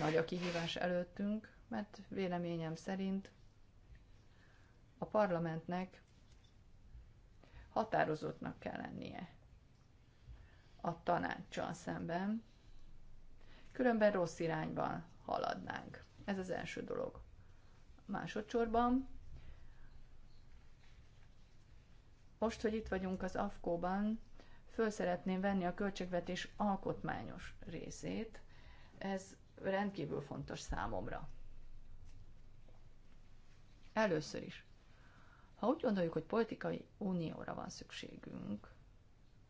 Nagy a kihívás előttünk, mert véleményem szerint a parlamentnek határozottnak kell lennie a tanácssal szemben, különben rossz irányban haladnánk. Ez az első dolog. Másodszorban, most, hogy itt vagyunk az AFKO-ban, föl szeretném venni a költségvetés alkotmányos részét. Ez rendkívül fontos számomra. Először is, ha úgy gondoljuk, hogy politikai unióra van szükségünk,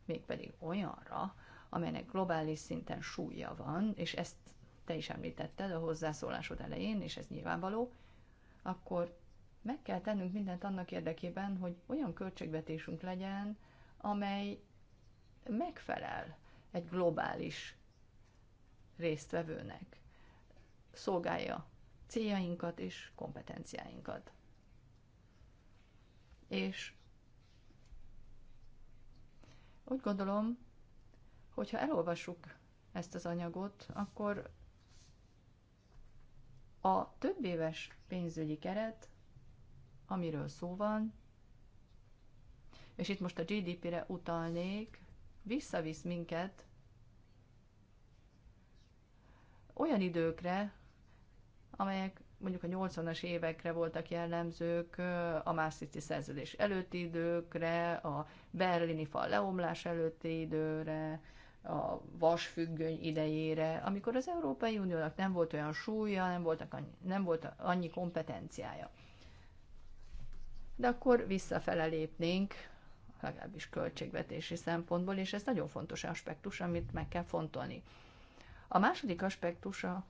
mégpedig olyanra, amelynek globális szinten súlya van, és ezt te is említetted a hozzászólásod elején, és ez nyilvánvaló, akkor meg kell tennünk mindent annak érdekében, hogy olyan költségvetésünk legyen, amely megfelel egy globális résztvevőnek, szolgálja céljainkat és kompetenciáinkat. És úgy gondolom, hogyha elolvassuk ezt az anyagot, akkor a több éves pénzügyi keret, amiről szó van, és itt most a GDP-re utalnék, visszavisz minket olyan időkre, amelyek mondjuk a 80-as évekre voltak jellemzők, a Maastrichti szerződés előtti időkre, a berlini fal leomlás előtti időre, a vasfüggöny idejére, amikor az Európai Uniónak nem volt olyan súlya, nem, voltak annyi, nem volt annyi kompetenciája. De akkor visszafele lépnénk, legalábbis költségvetési szempontból, és ez nagyon fontos aspektus, amit meg kell fontolni. A második aspektus a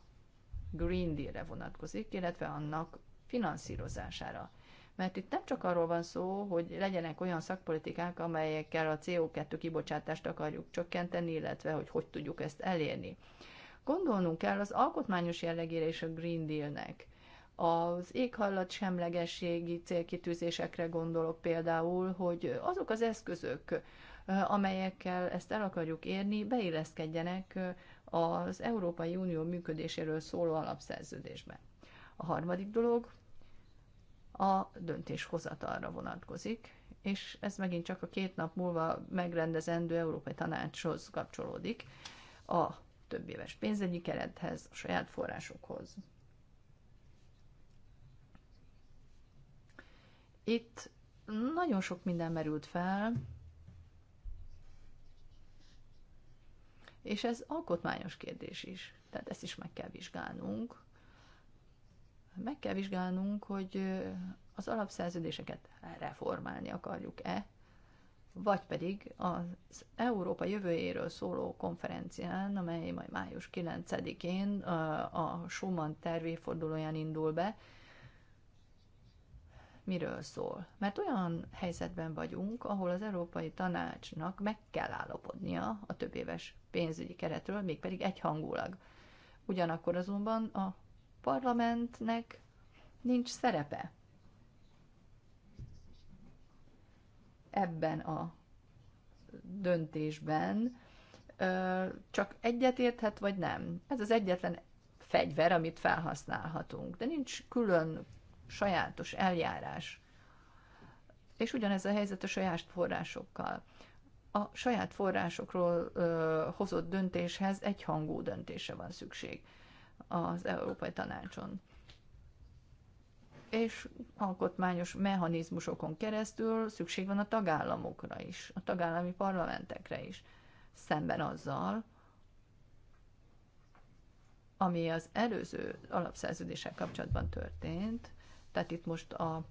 Green Deal-re vonatkozik, illetve annak finanszírozására mert itt nem csak arról van szó, hogy legyenek olyan szakpolitikák, amelyekkel a CO2 kibocsátást akarjuk csökkenteni, illetve hogy hogy tudjuk ezt elérni. Gondolnunk kell az alkotmányos jellegére és a Green Dealnek. Az éghajlat semlegességi célkitűzésekre gondolok például, hogy azok az eszközök, eh, amelyekkel ezt el akarjuk érni, beilleszkedjenek eh, az Európai Unió működéséről szóló alapszerződésbe. A harmadik dolog, a döntéshozatalra vonatkozik, és ez megint csak a két nap múlva megrendezendő Európai Tanácshoz kapcsolódik, a több éves pénzügyi kerethez, a saját forrásokhoz. Itt nagyon sok minden merült fel, és ez alkotmányos kérdés is, tehát ezt is meg kell vizsgálnunk meg kell vizsgálnunk, hogy az alapszerződéseket reformálni akarjuk-e, vagy pedig az Európa jövőjéről szóló konferencián, amely majd május 9-én a Schumann tervéfordulóján indul be, miről szól. Mert olyan helyzetben vagyunk, ahol az Európai Tanácsnak meg kell állapodnia a többéves pénzügyi keretről, mégpedig egyhangulag. Ugyanakkor azonban a parlamentnek nincs szerepe ebben a döntésben, csak egyetérthet vagy nem. Ez az egyetlen fegyver, amit felhasználhatunk, de nincs külön sajátos eljárás. És ugyanez a helyzet a saját forrásokkal. A saját forrásokról ö, hozott döntéshez egyhangú döntése van szükség az Európai Tanácson. És alkotmányos mechanizmusokon keresztül szükség van a tagállamokra is, a tagállami parlamentekre is, szemben azzal, ami az előző alapszerződéssel kapcsolatban történt, tehát itt most a,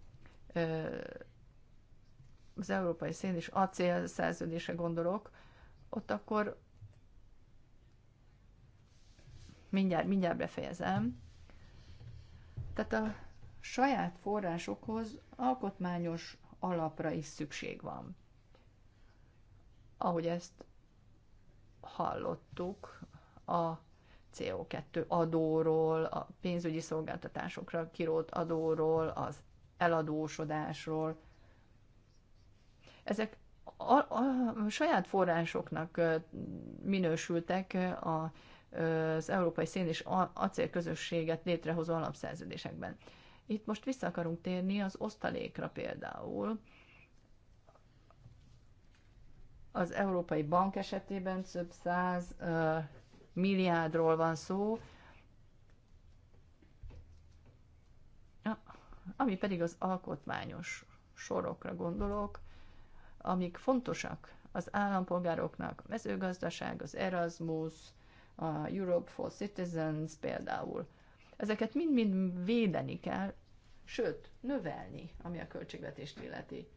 az európai szén és acél szerződése gondolok, ott akkor mindjárt, mindjárt befejezem. Tehát a saját forrásokhoz alkotmányos alapra is szükség van. Ahogy ezt hallottuk, a CO2 adóról, a pénzügyi szolgáltatásokra kirólt adóról, az eladósodásról. Ezek a, a, a saját forrásoknak minősültek a az Európai Szén és Acélközösséget létrehozó alapszerződésekben. Itt most vissza akarunk térni az osztalékra például. Az Európai Bank esetében több száz milliárdról van szó, ami pedig az alkotmányos sorokra gondolok, amik fontosak az állampolgároknak, a mezőgazdaság, az Erasmus, a Europe for Citizens például. Ezeket mind-mind védeni kell, sőt, növelni, ami a költségvetést illeti.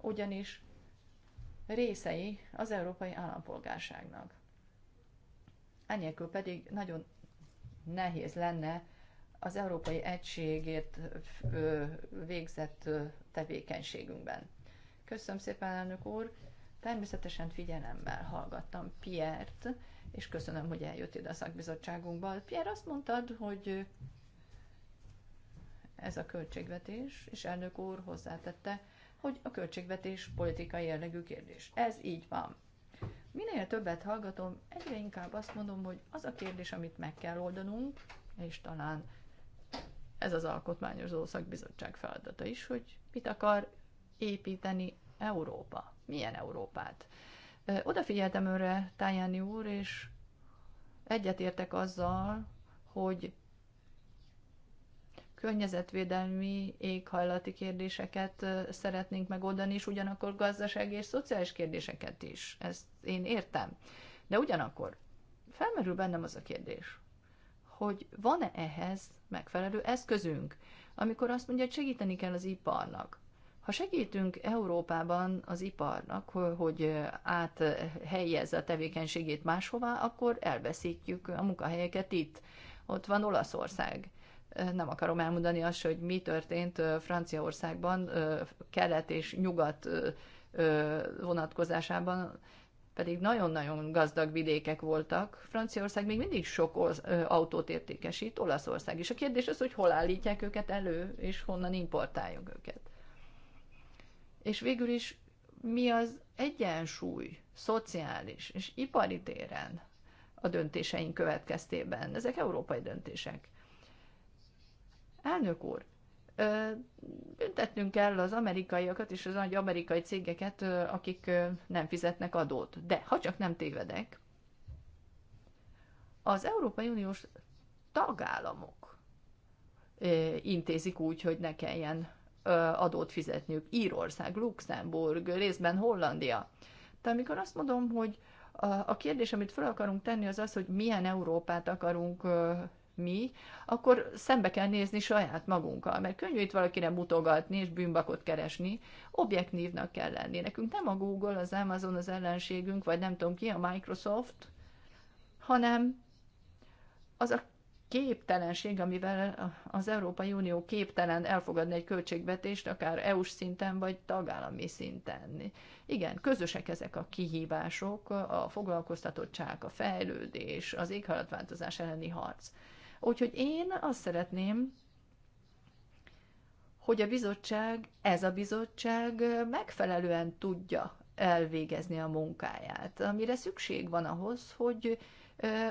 Ugyanis részei az európai állampolgárságnak. Enélkül pedig nagyon nehéz lenne az európai egységért végzett tevékenységünkben. Köszönöm szépen, elnök úr! Természetesen figyelemmel hallgattam Piert, és köszönöm, hogy eljött ide a szakbizottságunkba. Pierre, azt mondtad, hogy ez a költségvetés, és elnök úr hozzátette, hogy a költségvetés politikai jellegű kérdés. Ez így van. Minél többet hallgatom, egyre inkább azt mondom, hogy az a kérdés, amit meg kell oldanunk, és talán ez az alkotmányozó szakbizottság feladata is, hogy mit akar építeni Európa. Milyen Európát? Odafigyeltem őre Tájáni úr, és egyetértek azzal, hogy környezetvédelmi, éghajlati kérdéseket szeretnénk megoldani, és ugyanakkor gazdasági és szociális kérdéseket is. Ezt én értem. De ugyanakkor felmerül bennem az a kérdés, hogy van-e ehhez megfelelő eszközünk, amikor azt mondja, hogy segíteni kell az iparnak. Ha segítünk Európában az iparnak, hogy áthelyezze a tevékenységét máshová, akkor elveszítjük a munkahelyeket itt. Ott van Olaszország. Nem akarom elmondani azt, hogy mi történt Franciaországban, kelet és nyugat vonatkozásában, pedig nagyon-nagyon gazdag vidékek voltak. Franciaország még mindig sok autót értékesít, Olaszország is. A kérdés az, hogy hol állítják őket elő, és honnan importáljuk őket. És végül is mi az egyensúly szociális és ipari téren a döntéseink következtében? Ezek európai döntések. Elnök úr, büntetnünk kell az amerikaiakat és az nagy amerikai cégeket, akik nem fizetnek adót. De ha csak nem tévedek, az Európai Uniós tagállamok intézik úgy, hogy ne kelljen adót fizetniük. Írország, Luxemburg, részben Hollandia. De amikor azt mondom, hogy a kérdés, amit fel akarunk tenni, az az, hogy milyen Európát akarunk mi, akkor szembe kell nézni saját magunkkal, mert könnyű itt valakire mutogatni és bűnbakot keresni, objektívnak kell lenni. Nekünk nem a Google, az Amazon az ellenségünk, vagy nem tudom ki, a Microsoft, hanem az a képtelenség, amivel az Európai Unió képtelen elfogadni egy költségvetést, akár EU-s szinten, vagy tagállami szinten. Igen, közösek ezek a kihívások, a foglalkoztatottság, a fejlődés, az éghajlatváltozás elleni harc. Úgyhogy én azt szeretném, hogy a bizottság, ez a bizottság megfelelően tudja elvégezni a munkáját, amire szükség van ahhoz, hogy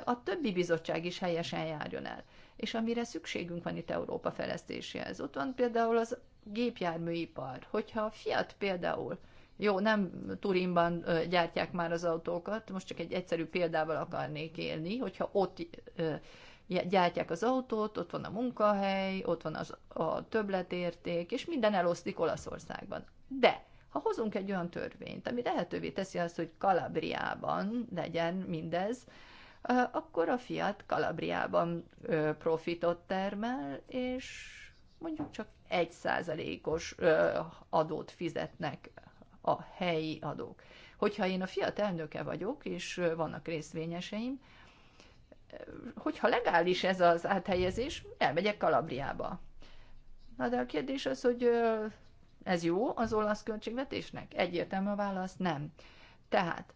a többi bizottság is helyesen járjon el. És amire szükségünk van itt Európa fejlesztéséhez, ott van például az gépjárműipar. Hogyha a Fiat például, jó, nem Turinban gyártják már az autókat, most csak egy egyszerű példával akarnék élni, hogyha ott gyártják az autót, ott van a munkahely, ott van az, a többletérték, és minden eloszlik Olaszországban. De ha hozunk egy olyan törvényt, ami lehetővé teszi azt, hogy Kalabriában legyen mindez, akkor a Fiat Kalabriában profitot termel, és mondjuk csak egy százalékos adót fizetnek a helyi adók. Hogyha én a Fiat elnöke vagyok, és vannak részvényeseim, hogyha legális ez az áthelyezés, elmegyek Kalabriába. Na de a kérdés az, hogy ez jó az olasz költségvetésnek? Egyértelmű a válasz, nem. Tehát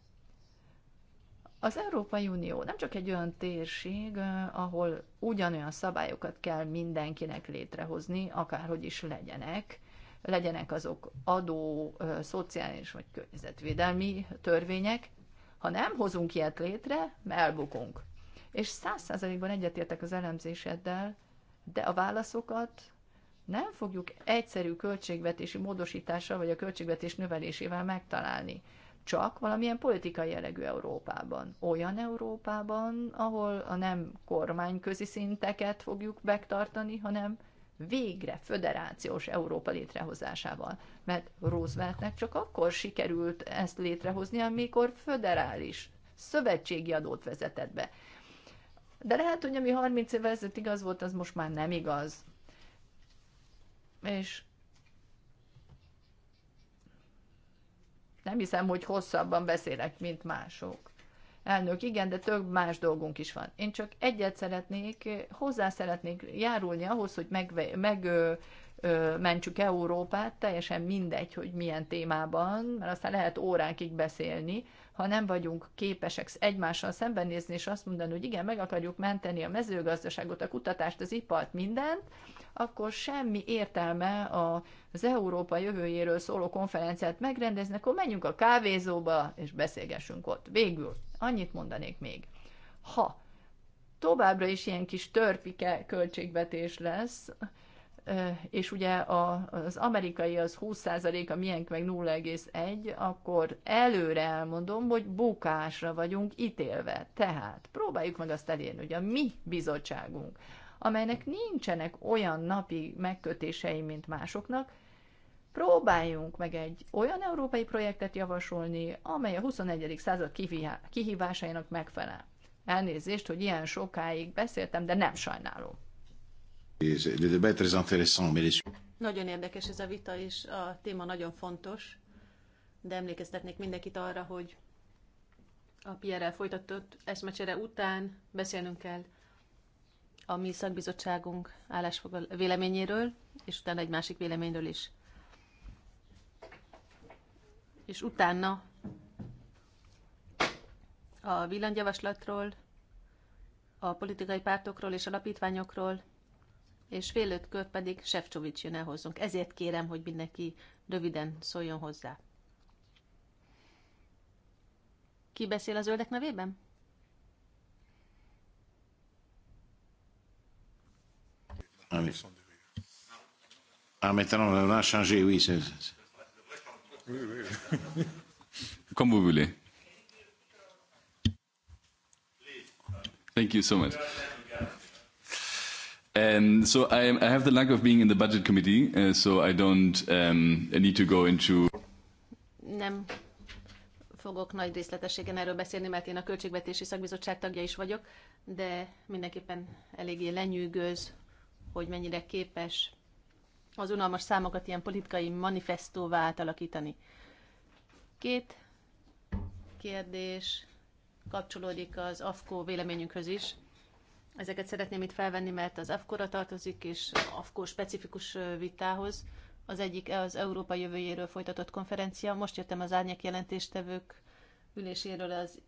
az Európai Unió nem csak egy olyan térség, ahol ugyanolyan szabályokat kell mindenkinek létrehozni, akárhogy is legyenek, legyenek azok adó, szociális vagy környezetvédelmi törvények. Ha nem hozunk ilyet létre, elbukunk. És száz százalékban egyetértek az elemzéseddel, de a válaszokat nem fogjuk egyszerű költségvetési módosítással vagy a költségvetés növelésével megtalálni csak valamilyen politikai jellegű Európában. Olyan Európában, ahol a nem kormányközi szinteket fogjuk megtartani, hanem végre föderációs Európa létrehozásával. Mert Rooseveltnek csak akkor sikerült ezt létrehozni, amikor föderális szövetségi adót vezetett be. De lehet, hogy ami 30 évvel ezelőtt igaz volt, az most már nem igaz. És Nem hiszem, hogy hosszabban beszélek, mint mások. Elnök, igen, de több más dolgunk is van. Én csak egyet szeretnék, hozzá szeretnék járulni ahhoz, hogy meg, meg mentsük Európát, teljesen mindegy, hogy milyen témában, mert aztán lehet órákig beszélni, ha nem vagyunk képesek egymással szembenézni, és azt mondani, hogy igen, meg akarjuk menteni a mezőgazdaságot, a kutatást, az ipart, mindent, akkor semmi értelme az Európa jövőjéről szóló konferenciát megrendezni, akkor menjünk a kávézóba, és beszélgessünk ott. Végül, annyit mondanék még. Ha továbbra is ilyen kis törpike költségvetés lesz, és ugye az amerikai az 20%, a miénk meg 0,1, akkor előre elmondom, hogy bukásra vagyunk ítélve. Tehát próbáljuk meg azt elérni, hogy a mi bizottságunk, amelynek nincsenek olyan napi megkötései, mint másoknak, próbáljunk meg egy olyan európai projektet javasolni, amely a 21. század kihívásainak megfelel. Elnézést, hogy ilyen sokáig beszéltem, de nem sajnálom. Nagyon érdekes ez a vita, és a téma nagyon fontos, de emlékeztetnék mindenkit arra, hogy a Pierre-el folytatott eszmecsere után beszélnünk kell a mi szakbizottságunk állásfogal véleményéről, és utána egy másik véleményről is. És utána a villanyjavaslatról, a politikai pártokról és alapítványokról, és fél ötkör pedig Sefcsovics jön el hozzunk. Ezért kérem, hogy mindenki röviden szóljon hozzá. Ki beszél az zöldek nevében? Ah, on a changé, oui. Comme vous voulez. Thank you so much. And um, so I, I have the luck of being in the budget committee, uh, so I don't um, I need to go into. Nem fogok nagy részletességen erről beszélni, mert én a költségvetési szakbizottság tagja is vagyok, de mindenképpen eléggé lenyűgöz, hogy mennyire képes az unalmas számokat ilyen politikai manifestóvá átalakítani. Két kérdés kapcsolódik az AFKO véleményünkhöz is Ezeket szeretném itt felvenni, mert az AFKORA tartozik, és AFKOR specifikus vitához. Az egyik e az Európa jövőjéről folytatott konferencia. Most jöttem az árnyék jelentéstevők üléséről az,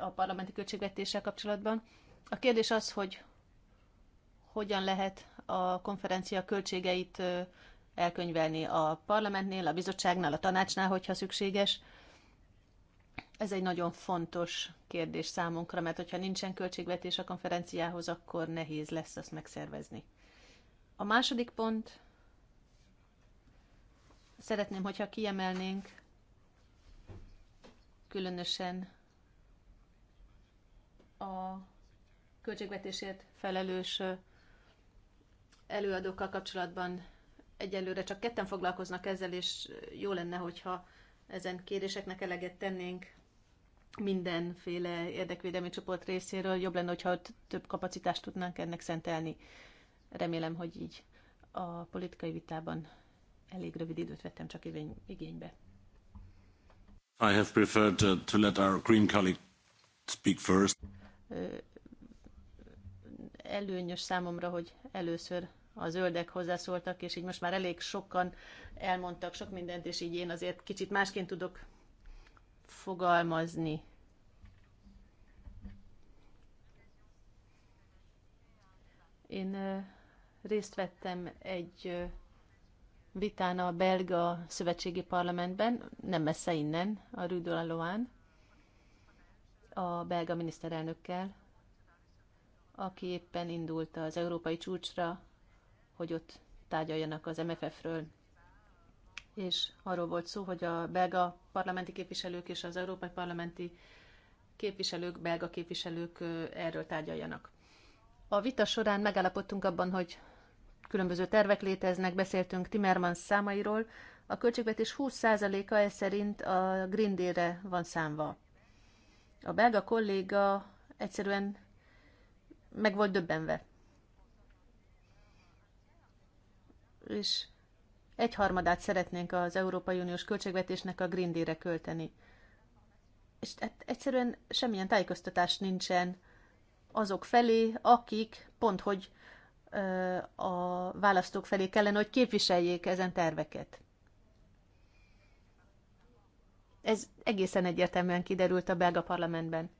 a parlamenti költségvetéssel kapcsolatban. A kérdés az, hogy hogyan lehet a konferencia költségeit elkönyvelni a parlamentnél, a bizottságnál, a tanácsnál, hogyha szükséges – ez egy nagyon fontos kérdés számunkra, mert hogyha nincsen költségvetés a konferenciához, akkor nehéz lesz azt megszervezni. A második pont, szeretném, hogyha kiemelnénk különösen a költségvetésért felelős előadókkal kapcsolatban egyelőre csak ketten foglalkoznak ezzel, és jó lenne, hogyha ezen kéréseknek eleget tennénk mindenféle érdekvédelmi csoport részéről. Jobb lenne, hogyha több kapacitást tudnánk ennek szentelni. Remélem, hogy így a politikai vitában elég rövid időt vettem csak igénybe. I have preferred uh, to let our green colleague speak first. Előnyös számomra, hogy először a zöldek hozzászóltak, és így most már elég sokan elmondtak sok mindent, és így én azért kicsit másként tudok fogalmazni. Én részt vettem egy vitán a belga szövetségi parlamentben, nem messze innen, a Rue Loan, a belga miniszterelnökkel, aki éppen indult az európai csúcsra, hogy ott tárgyaljanak az MFF-ről és arról volt szó, hogy a belga parlamenti képviselők és az európai parlamenti képviselők, belga képviselők erről tárgyaljanak. A vita során megállapodtunk abban, hogy különböző tervek léteznek, beszéltünk Timmermans számairól, a költségvetés 20%-a ez szerint a Green Deal-re van számva. A belga kolléga egyszerűen meg volt döbbenve. És egyharmadát szeretnénk az Európai Uniós költségvetésnek a Green Deal-re költeni. És hát egyszerűen semmilyen tájékoztatás nincsen azok felé, akik pont hogy ö, a választók felé kellene, hogy képviseljék ezen terveket. Ez egészen egyértelműen kiderült a belga parlamentben.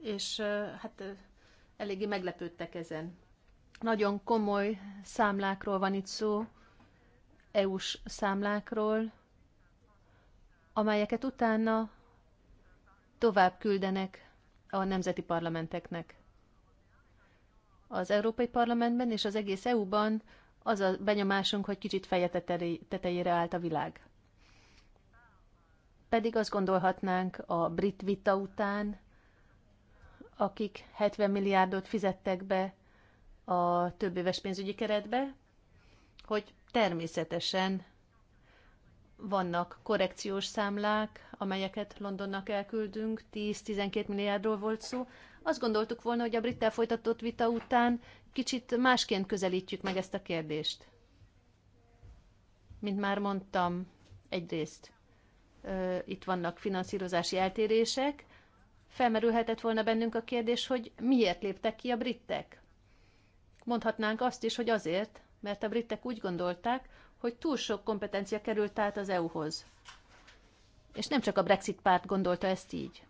És hát eléggé meglepődtek ezen. Nagyon komoly számlákról van itt szó, EU-s számlákról, amelyeket utána tovább küldenek a nemzeti parlamenteknek. Az Európai Parlamentben és az egész EU-ban az a benyomásunk, hogy kicsit feje tetejére állt a világ. Pedig azt gondolhatnánk a brit vita után, akik 70 milliárdot fizettek be a több éves pénzügyi keretbe, hogy természetesen vannak korrekciós számlák, amelyeket Londonnak elküldünk, 10-12 milliárdról volt szó. Azt gondoltuk volna, hogy a brittel folytatott vita után kicsit másként közelítjük meg ezt a kérdést. Mint már mondtam, egyrészt ö, itt vannak finanszírozási eltérések, felmerülhetett volna bennünk a kérdés, hogy miért léptek ki a britek? Mondhatnánk azt is, hogy azért, mert a britek úgy gondolták, hogy túl sok kompetencia került át az EU-hoz. És nem csak a Brexit párt gondolta ezt így.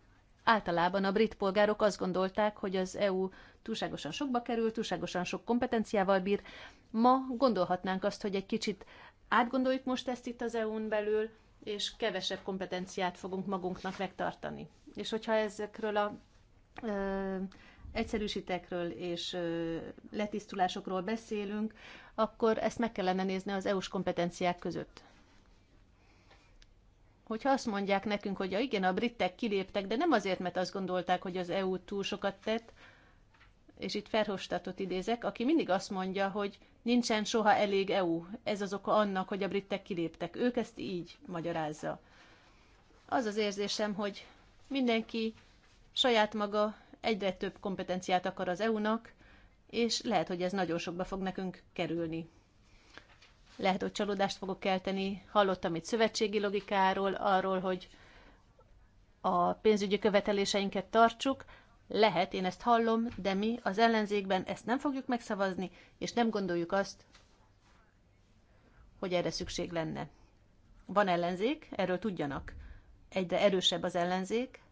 Általában a brit polgárok azt gondolták, hogy az EU túlságosan sokba kerül, túlságosan sok kompetenciával bír. Ma gondolhatnánk azt, hogy egy kicsit átgondoljuk most ezt itt az EU-n belül, és kevesebb kompetenciát fogunk magunknak megtartani. És hogyha ezekről a ö, egyszerűsítekről és letisztulásokról beszélünk, akkor ezt meg kellene nézni az EU-s kompetenciák között. Hogyha azt mondják nekünk, hogy ja, igen, a britek kiléptek, de nem azért, mert azt gondolták, hogy az EU túl sokat tett, és itt Ferhofstadtot idézek, aki mindig azt mondja, hogy nincsen soha elég EU. Ez az oka annak, hogy a britek kiléptek. Ők ezt így magyarázza. Az az érzésem, hogy mindenki saját maga egyre több kompetenciát akar az EU-nak, és lehet, hogy ez nagyon sokba fog nekünk kerülni. Lehet, hogy csalódást fogok kelteni. Hallottam itt szövetségi logikáról, arról, hogy a pénzügyi követeléseinket tartsuk. Lehet, én ezt hallom, de mi az ellenzékben ezt nem fogjuk megszavazni, és nem gondoljuk azt, hogy erre szükség lenne. Van ellenzék, erről tudjanak. Egyre erősebb az ellenzék,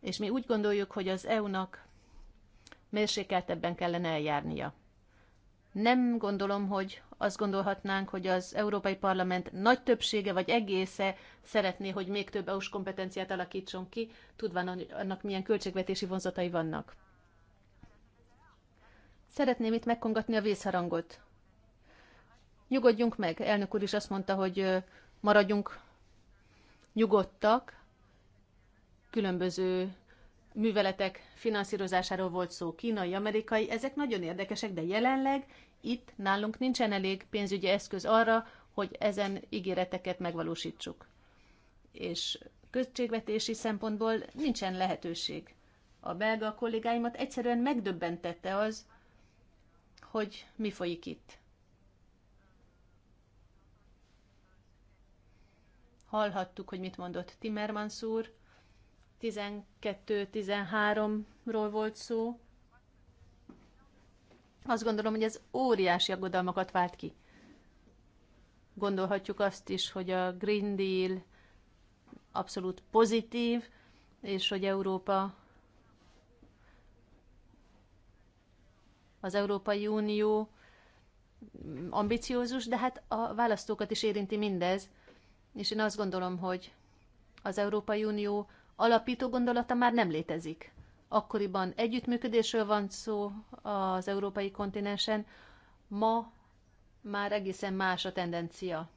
és mi úgy gondoljuk, hogy az EU-nak mérsékeltebben kellene eljárnia. Nem gondolom, hogy azt gondolhatnánk, hogy az Európai Parlament nagy többsége vagy egésze szeretné, hogy még több EU-s kompetenciát alakítson ki, tudván, annak milyen költségvetési vonzatai vannak. Szeretném itt megkongatni a vészharangot. Nyugodjunk meg. Elnök úr is azt mondta, hogy maradjunk nyugodtak, különböző műveletek finanszírozásáról volt szó, kínai, amerikai, ezek nagyon érdekesek, de jelenleg itt nálunk nincsen elég pénzügyi eszköz arra, hogy ezen ígéreteket megvalósítsuk. És költségvetési szempontból nincsen lehetőség. A belga kollégáimat egyszerűen megdöbbentette az, hogy mi folyik itt. Hallhattuk, hogy mit mondott Timmermans úr, 12-13-ról volt szó. Azt gondolom, hogy ez óriási aggodalmakat vált ki. Gondolhatjuk azt is, hogy a Green Deal abszolút pozitív, és hogy Európa az Európai Unió ambiciózus, de hát a választókat is érinti mindez, és én azt gondolom, hogy az Európai Unió alapító gondolata már nem létezik. Akkoriban együttműködésről van szó az európai kontinensen, ma már egészen más a tendencia.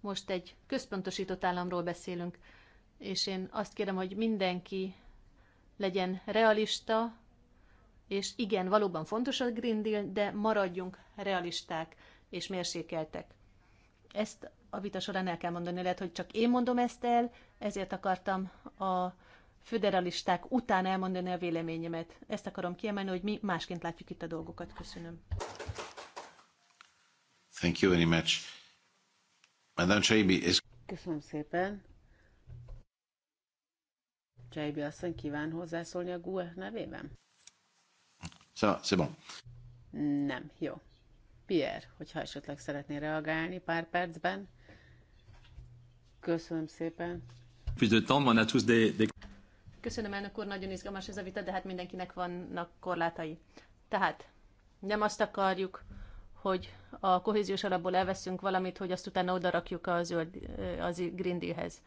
Most egy központosított államról beszélünk, és én azt kérem, hogy mindenki legyen realista, és igen, valóban fontos a Green Deal, de maradjunk realisták és mérsékeltek. Ezt a vita során el kell mondani, lehet, hogy csak én mondom ezt el, ezért akartam a föderalisták után elmondani a véleményemet. Ezt akarom kiemelni, hogy mi másként látjuk itt a dolgokat. Köszönöm. Thank you very much. Madame Chaibi is... Köszönöm szépen. Chaibi asszony kíván hozzászólni a GUE nevében? Ça, c'est bon. Nem, jó. Pierre, hogyha esetleg szeretné reagálni pár percben, Köszönöm szépen. Köszönöm, elnök úr, nagyon izgalmas ez a vita, de hát mindenkinek vannak korlátai. Tehát nem azt akarjuk, hogy a kohéziós alapból elveszünk valamit, hogy azt utána odarakjuk a zöld, eh, az Green Deal-hez.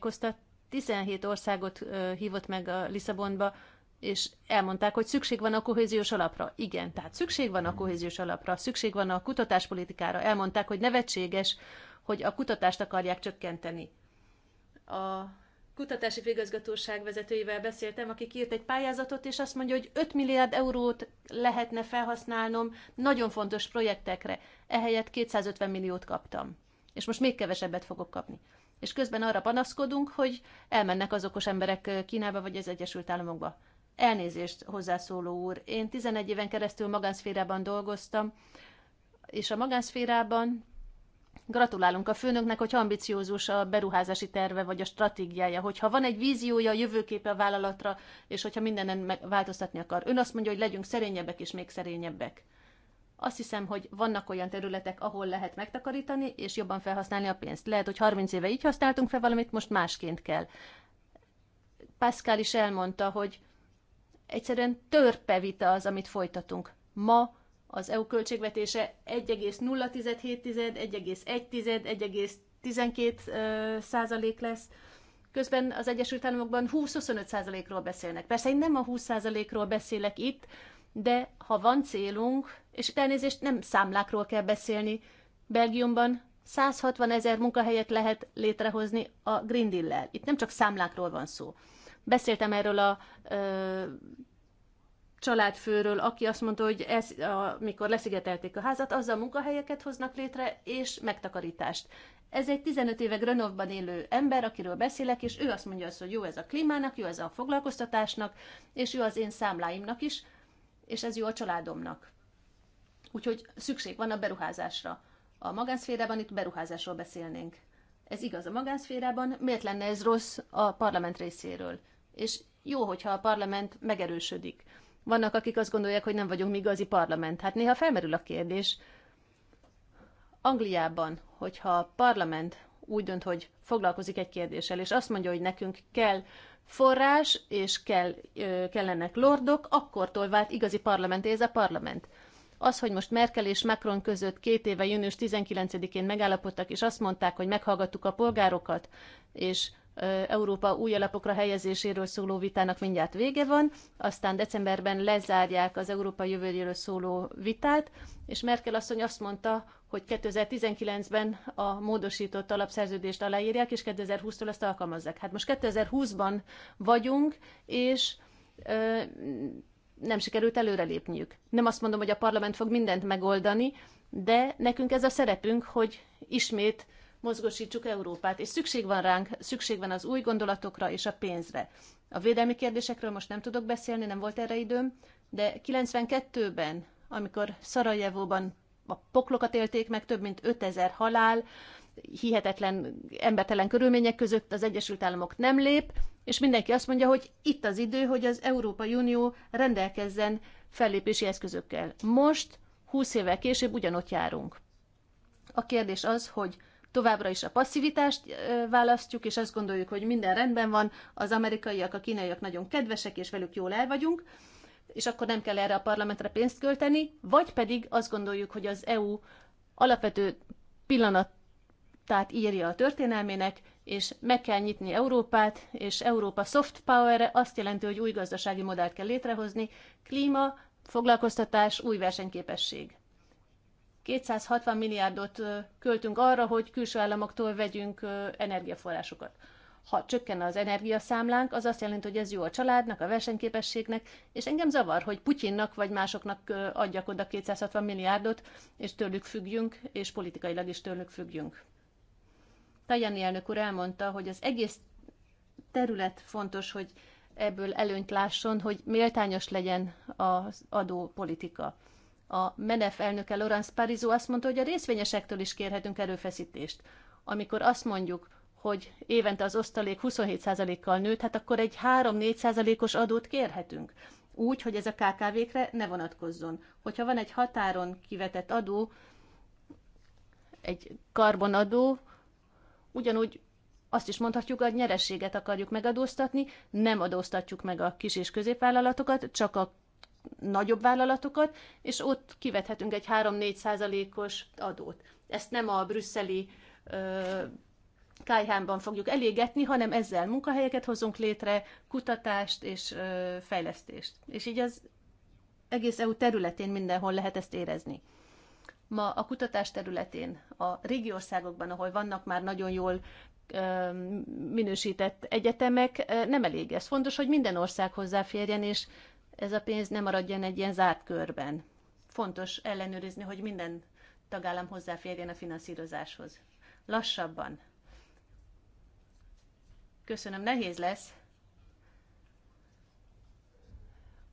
Costa 17 országot eh, hívott meg a Lisszabonba, és elmondták, hogy szükség van a kohéziós alapra. Igen, tehát szükség van a kohéziós alapra, szükség van a kutatáspolitikára. Elmondták, hogy nevetséges hogy a kutatást akarják csökkenteni. A kutatási főigazgatóság vezetőivel beszéltem, aki írt egy pályázatot, és azt mondja, hogy 5 milliárd eurót lehetne felhasználnom nagyon fontos projektekre. Ehelyett 250 milliót kaptam. És most még kevesebbet fogok kapni. És közben arra panaszkodunk, hogy elmennek az okos emberek Kínába vagy az Egyesült Államokba. Elnézést, hozzászóló úr. Én 11 éven keresztül magánszférában dolgoztam, és a magánszférában Gratulálunk a főnöknek, hogy ambiciózus a beruházási terve vagy a stratégiája, hogyha van egy víziója, jövőképe a vállalatra, és hogyha mindenen változtatni akar. Ön azt mondja, hogy legyünk szerényebbek és még szerényebbek. Azt hiszem, hogy vannak olyan területek, ahol lehet megtakarítani és jobban felhasználni a pénzt. Lehet, hogy 30 éve így használtunk fel valamit, most másként kell. Pascal is elmondta, hogy egyszerűen törpe vita az, amit folytatunk. Ma az EU költségvetése 1,017, 1,1, 1,12 százalék lesz. Közben az Egyesült Államokban 20-25 százalékról beszélnek. Persze én nem a 20 százalékról beszélek itt, de ha van célunk, és elnézést nem számlákról kell beszélni, Belgiumban 160 ezer munkahelyet lehet létrehozni a Green Deal-lel. Itt nem csak számlákról van szó. Beszéltem erről a ö, családfőről, aki azt mondta, hogy ez, amikor leszigetelték a házat, azzal munkahelyeket hoznak létre, és megtakarítást. Ez egy 15 éve Grönovban élő ember, akiről beszélek, és ő azt mondja azt, hogy jó ez a klímának, jó ez a foglalkoztatásnak, és jó az én számláimnak is, és ez jó a családomnak. Úgyhogy szükség van a beruházásra. A magánszférában itt beruházásról beszélnénk. Ez igaz a magánszférában, miért lenne ez rossz a parlament részéről? És jó, hogyha a parlament megerősödik. Vannak, akik azt gondolják, hogy nem vagyunk mi igazi parlament. Hát néha felmerül a kérdés. Angliában, hogyha a parlament úgy dönt, hogy foglalkozik egy kérdéssel, és azt mondja, hogy nekünk kell forrás, és kell, kellenek lordok, akkortól vált igazi parlament, ez a parlament. Az, hogy most Merkel és Macron között két éve június 19-én megállapodtak, és azt mondták, hogy meghallgattuk a polgárokat, és Európa új alapokra helyezéséről szóló vitának mindjárt vége van, aztán decemberben lezárják az Európa jövőjéről szóló vitát, és Merkel asszony azt mondta, hogy 2019-ben a módosított alapszerződést aláírják, és 2020-tól ezt alkalmazzák. Hát most 2020-ban vagyunk, és ö, nem sikerült előrelépniük. Nem azt mondom, hogy a parlament fog mindent megoldani, de nekünk ez a szerepünk, hogy ismét mozgosítsuk Európát, és szükség van ránk, szükség van az új gondolatokra és a pénzre. A védelmi kérdésekről most nem tudok beszélni, nem volt erre időm, de 92-ben, amikor Szarajevóban a poklokat élték meg, több mint 5000 halál, hihetetlen, embertelen körülmények között az Egyesült Államok nem lép, és mindenki azt mondja, hogy itt az idő, hogy az Európai Unió rendelkezzen fellépési eszközökkel. Most, 20 évvel később ugyanott járunk. A kérdés az, hogy Továbbra is a passzivitást választjuk, és azt gondoljuk, hogy minden rendben van, az amerikaiak, a kínaiak nagyon kedvesek, és velük jól el vagyunk, és akkor nem kell erre a parlamentre pénzt költeni, vagy pedig azt gondoljuk, hogy az EU alapvető pillanatát írja a történelmének, és meg kell nyitni Európát, és Európa soft power azt jelenti, hogy új gazdasági modellt kell létrehozni, klíma, foglalkoztatás, új versenyképesség. 260 milliárdot költünk arra, hogy külső államoktól vegyünk energiaforrásokat. Ha csökken az energiaszámlánk, az azt jelenti, hogy ez jó a családnak, a versenyképességnek, és engem zavar, hogy Putyinnak vagy másoknak adjak oda 260 milliárdot, és tőlük függjünk, és politikailag is tőlük függjünk. Tajani elnök úr elmondta, hogy az egész terület fontos, hogy ebből előnyt lásson, hogy méltányos legyen az adópolitika. A MENEF elnöke Laurence Parizó azt mondta, hogy a részvényesektől is kérhetünk erőfeszítést. Amikor azt mondjuk, hogy évente az osztalék 27%-kal nőtt, hát akkor egy 3-4%-os adót kérhetünk. Úgy, hogy ez a KKV-kre ne vonatkozzon. Hogyha van egy határon kivetett adó, egy karbonadó, ugyanúgy azt is mondhatjuk, a nyerességet akarjuk megadóztatni, nem adóztatjuk meg a kis és középvállalatokat, csak a nagyobb vállalatokat, és ott kivethetünk egy 3-4 százalékos adót. Ezt nem a brüsszeli ö, kájhámban fogjuk elégetni, hanem ezzel munkahelyeket hozunk létre, kutatást és ö, fejlesztést. És így az egész EU területén mindenhol lehet ezt érezni. Ma a kutatás területén, a régi országokban, ahol vannak már nagyon jól ö, minősített egyetemek, nem elég ez. Fontos, hogy minden ország hozzáférjen, és ez a pénz ne maradjon egy ilyen zárt körben. Fontos ellenőrizni, hogy minden tagállam hozzáférjen a finanszírozáshoz. Lassabban. Köszönöm, nehéz lesz.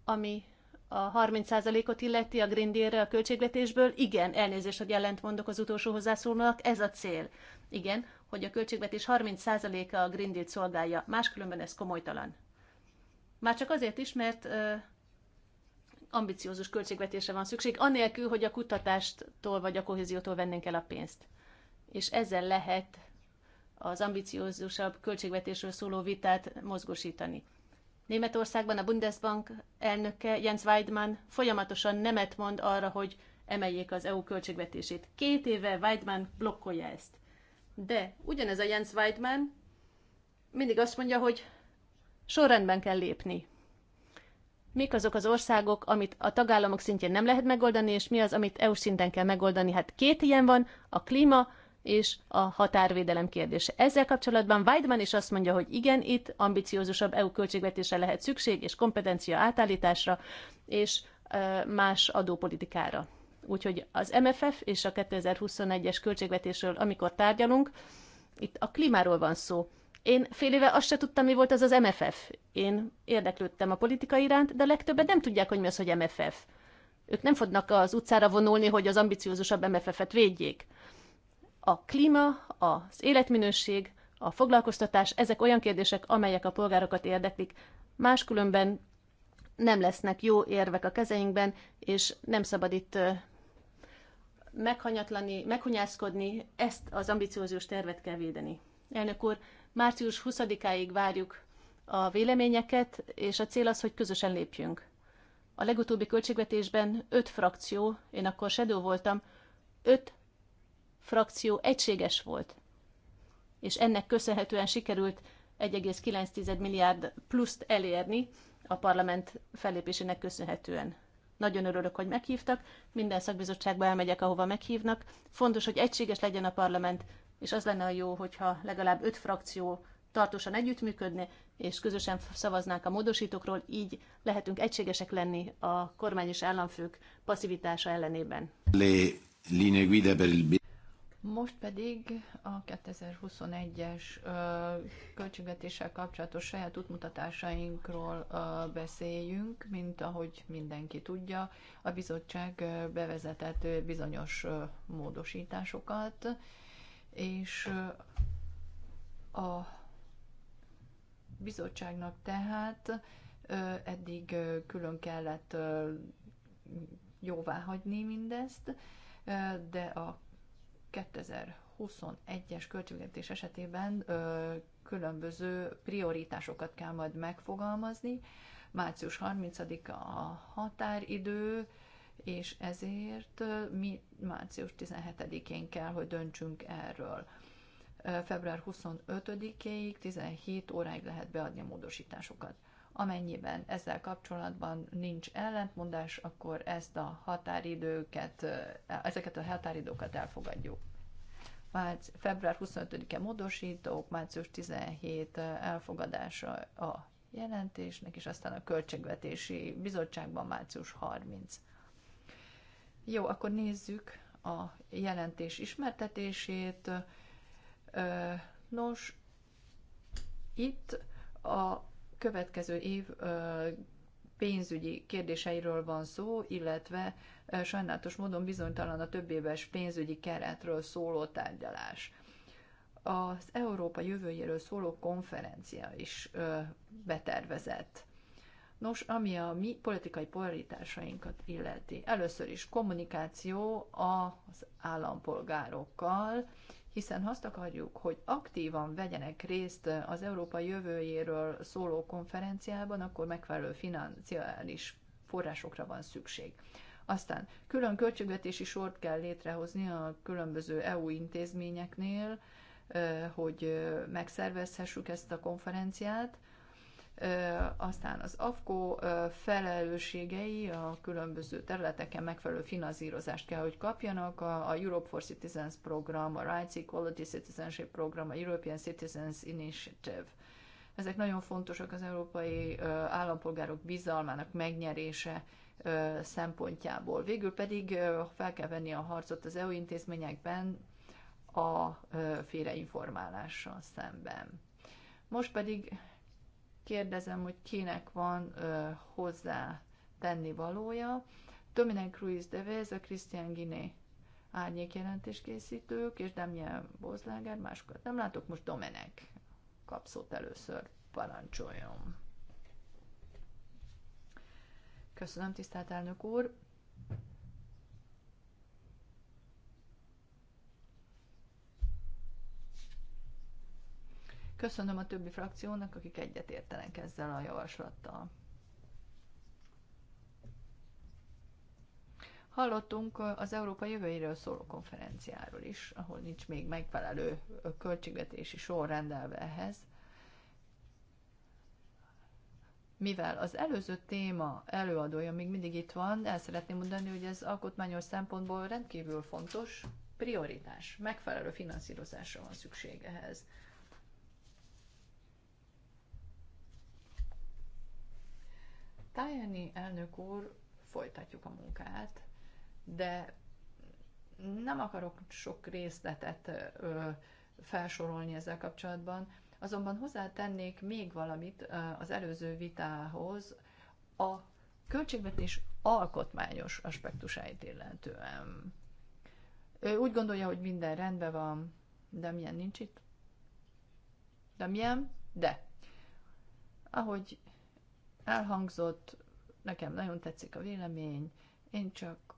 Ami a 30%-ot illeti a Green Deal-re a költségvetésből, igen, elnézést, hogy ellent mondok az utolsó hozzászólónak, ez a cél. Igen, hogy a költségvetés 30%-a a Green Deal-t szolgálja, máskülönben ez komolytalan. Már csak azért is, mert ambiciózus költségvetésre van szükség, anélkül, hogy a kutatástól vagy a kohéziótól vennénk el a pénzt. És ezzel lehet az ambiciózusabb költségvetésről szóló vitát mozgosítani. Németországban a Bundesbank elnöke Jens Weidmann folyamatosan nemet mond arra, hogy emeljék az EU költségvetését. Két éve Weidmann blokkolja ezt. De ugyanez a Jens Weidmann mindig azt mondja, hogy sorrendben kell lépni mik azok az országok, amit a tagállamok szintjén nem lehet megoldani, és mi az, amit EU szinten kell megoldani. Hát két ilyen van, a klíma és a határvédelem kérdése. Ezzel kapcsolatban Weidman is azt mondja, hogy igen, itt ambiciózusabb EU költségvetésre lehet szükség, és kompetencia átállításra, és más adópolitikára. Úgyhogy az MFF és a 2021-es költségvetésről, amikor tárgyalunk, itt a klímáról van szó. Én fél éve azt se tudtam, mi volt az az MFF. Én érdeklődtem a politika iránt, de legtöbben nem tudják, hogy mi az, hogy MFF. Ők nem fognak az utcára vonulni, hogy az ambiciózusabb MFF-et védjék. A klíma, az életminőség, a foglalkoztatás, ezek olyan kérdések, amelyek a polgárokat érdeklik. Máskülönben nem lesznek jó érvek a kezeinkben, és nem szabad itt meghanyatlani, meghunyászkodni, ezt az ambiciózus tervet kell védeni. Elnök úr, Március 20-áig várjuk a véleményeket, és a cél az, hogy közösen lépjünk. A legutóbbi költségvetésben öt frakció, én akkor Shadow voltam, öt frakció egységes volt. És ennek köszönhetően sikerült 1,9 milliárd pluszt elérni a parlament fellépésének köszönhetően. Nagyon örülök, hogy meghívtak, minden szakbizottságba elmegyek, ahova meghívnak. Fontos, hogy egységes legyen a parlament, és az lenne a jó, hogyha legalább öt frakció tartósan együttműködne, és közösen szavaznák a módosítókról, így lehetünk egységesek lenni a kormány és államfők passzivitása ellenében. Most pedig a 2021-es költségvetéssel kapcsolatos saját útmutatásainkról beszéljünk, mint ahogy mindenki tudja. A bizottság bevezetett bizonyos módosításokat, és a bizottságnak tehát eddig külön kellett jóvá hagyni mindezt, de a 2021-es költségvetés esetében különböző prioritásokat kell majd megfogalmazni. Március 30-a a határidő, és ezért mi március 17-én kell, hogy döntsünk erről. Február 25-ig 17 óráig lehet beadni a módosításokat. Amennyiben ezzel kapcsolatban nincs ellentmondás, akkor ezt a határidőket, ezeket a határidőket elfogadjuk. Márc, február 25-e módosítók, március 17 elfogadása a jelentésnek, és aztán a Költségvetési Bizottságban március 30. Jó, akkor nézzük a jelentés ismertetését. Nos, itt a következő év pénzügyi kérdéseiről van szó, illetve sajnálatos módon bizonytalan a éves pénzügyi keretről szóló tárgyalás. Az Európa jövőjéről szóló konferencia is betervezett. Nos, ami a mi politikai polaritásainkat illeti. Először is kommunikáció az állampolgárokkal, hiszen azt akarjuk, hogy aktívan vegyenek részt az Európa jövőjéről szóló konferenciában, akkor megfelelő financiális forrásokra van szükség. Aztán külön költségvetési sort kell létrehozni a különböző EU intézményeknél, eh, hogy eh, megszervezhessük ezt a konferenciát, aztán az AFKO felelősségei a különböző területeken megfelelő finanszírozást kell, hogy kapjanak. A, a Europe for Citizens program, a Rights Equality Citizenship program, a European Citizens Initiative. Ezek nagyon fontosak az európai állampolgárok bizalmának megnyerése szempontjából. Végül pedig fel kell venni a harcot az EU intézményekben a félreinformálással szemben. Most pedig Kérdezem, hogy kinek van ö, hozzá tenni valója. Dominic Ruiz de a Christian Guiné árnyékjelentés készítők, és Damien Bozlágár, másokat nem látok, most Domenek kapszót először parancsoljon. Köszönöm, tisztelt elnök úr! Köszönöm a többi frakciónak, akik egyetértenek ezzel a javaslattal. Hallottunk az Európa jövőjéről szóló konferenciáról is, ahol nincs még megfelelő költségvetési sor rendelve ehhez. Mivel az előző téma előadója még mindig itt van, el szeretném mondani, hogy ez alkotmányos szempontból rendkívül fontos prioritás, megfelelő finanszírozásra van szükség ehhez. Tajani elnök úr, folytatjuk a munkát, de nem akarok sok részletet ö, felsorolni ezzel kapcsolatban, azonban hozzátennék még valamit az előző vitához a költségvetés alkotmányos aspektusáit illetően. Ő úgy gondolja, hogy minden rendben van, de milyen nincs itt? De milyen? De. Ahogy elhangzott, nekem nagyon tetszik a vélemény, én csak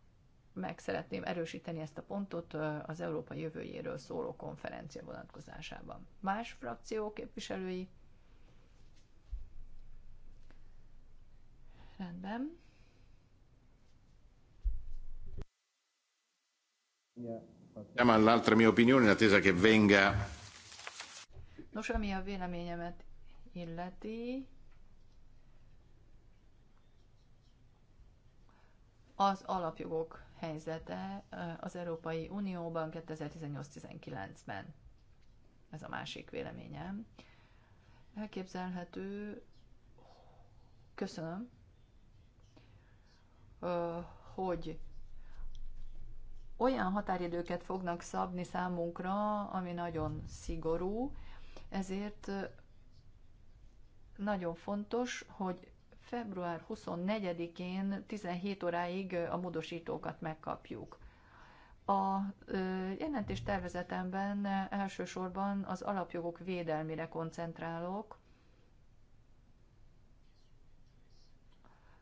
meg szeretném erősíteni ezt a pontot az Európa jövőjéről szóló konferencia vonatkozásában. Más frakció képviselői? Rendben. áll l'altra mia opinione hát attesa che venga. Nos, ami a véleményemet illeti, az alapjogok helyzete az Európai Unióban 2018-19-ben. Ez a másik véleményem. Elképzelhető, köszönöm, hogy olyan határidőket fognak szabni számunkra, ami nagyon szigorú, ezért nagyon fontos, hogy február 24-én 17 óráig a módosítókat megkapjuk. A jelentés tervezetemben elsősorban az alapjogok védelmére koncentrálok,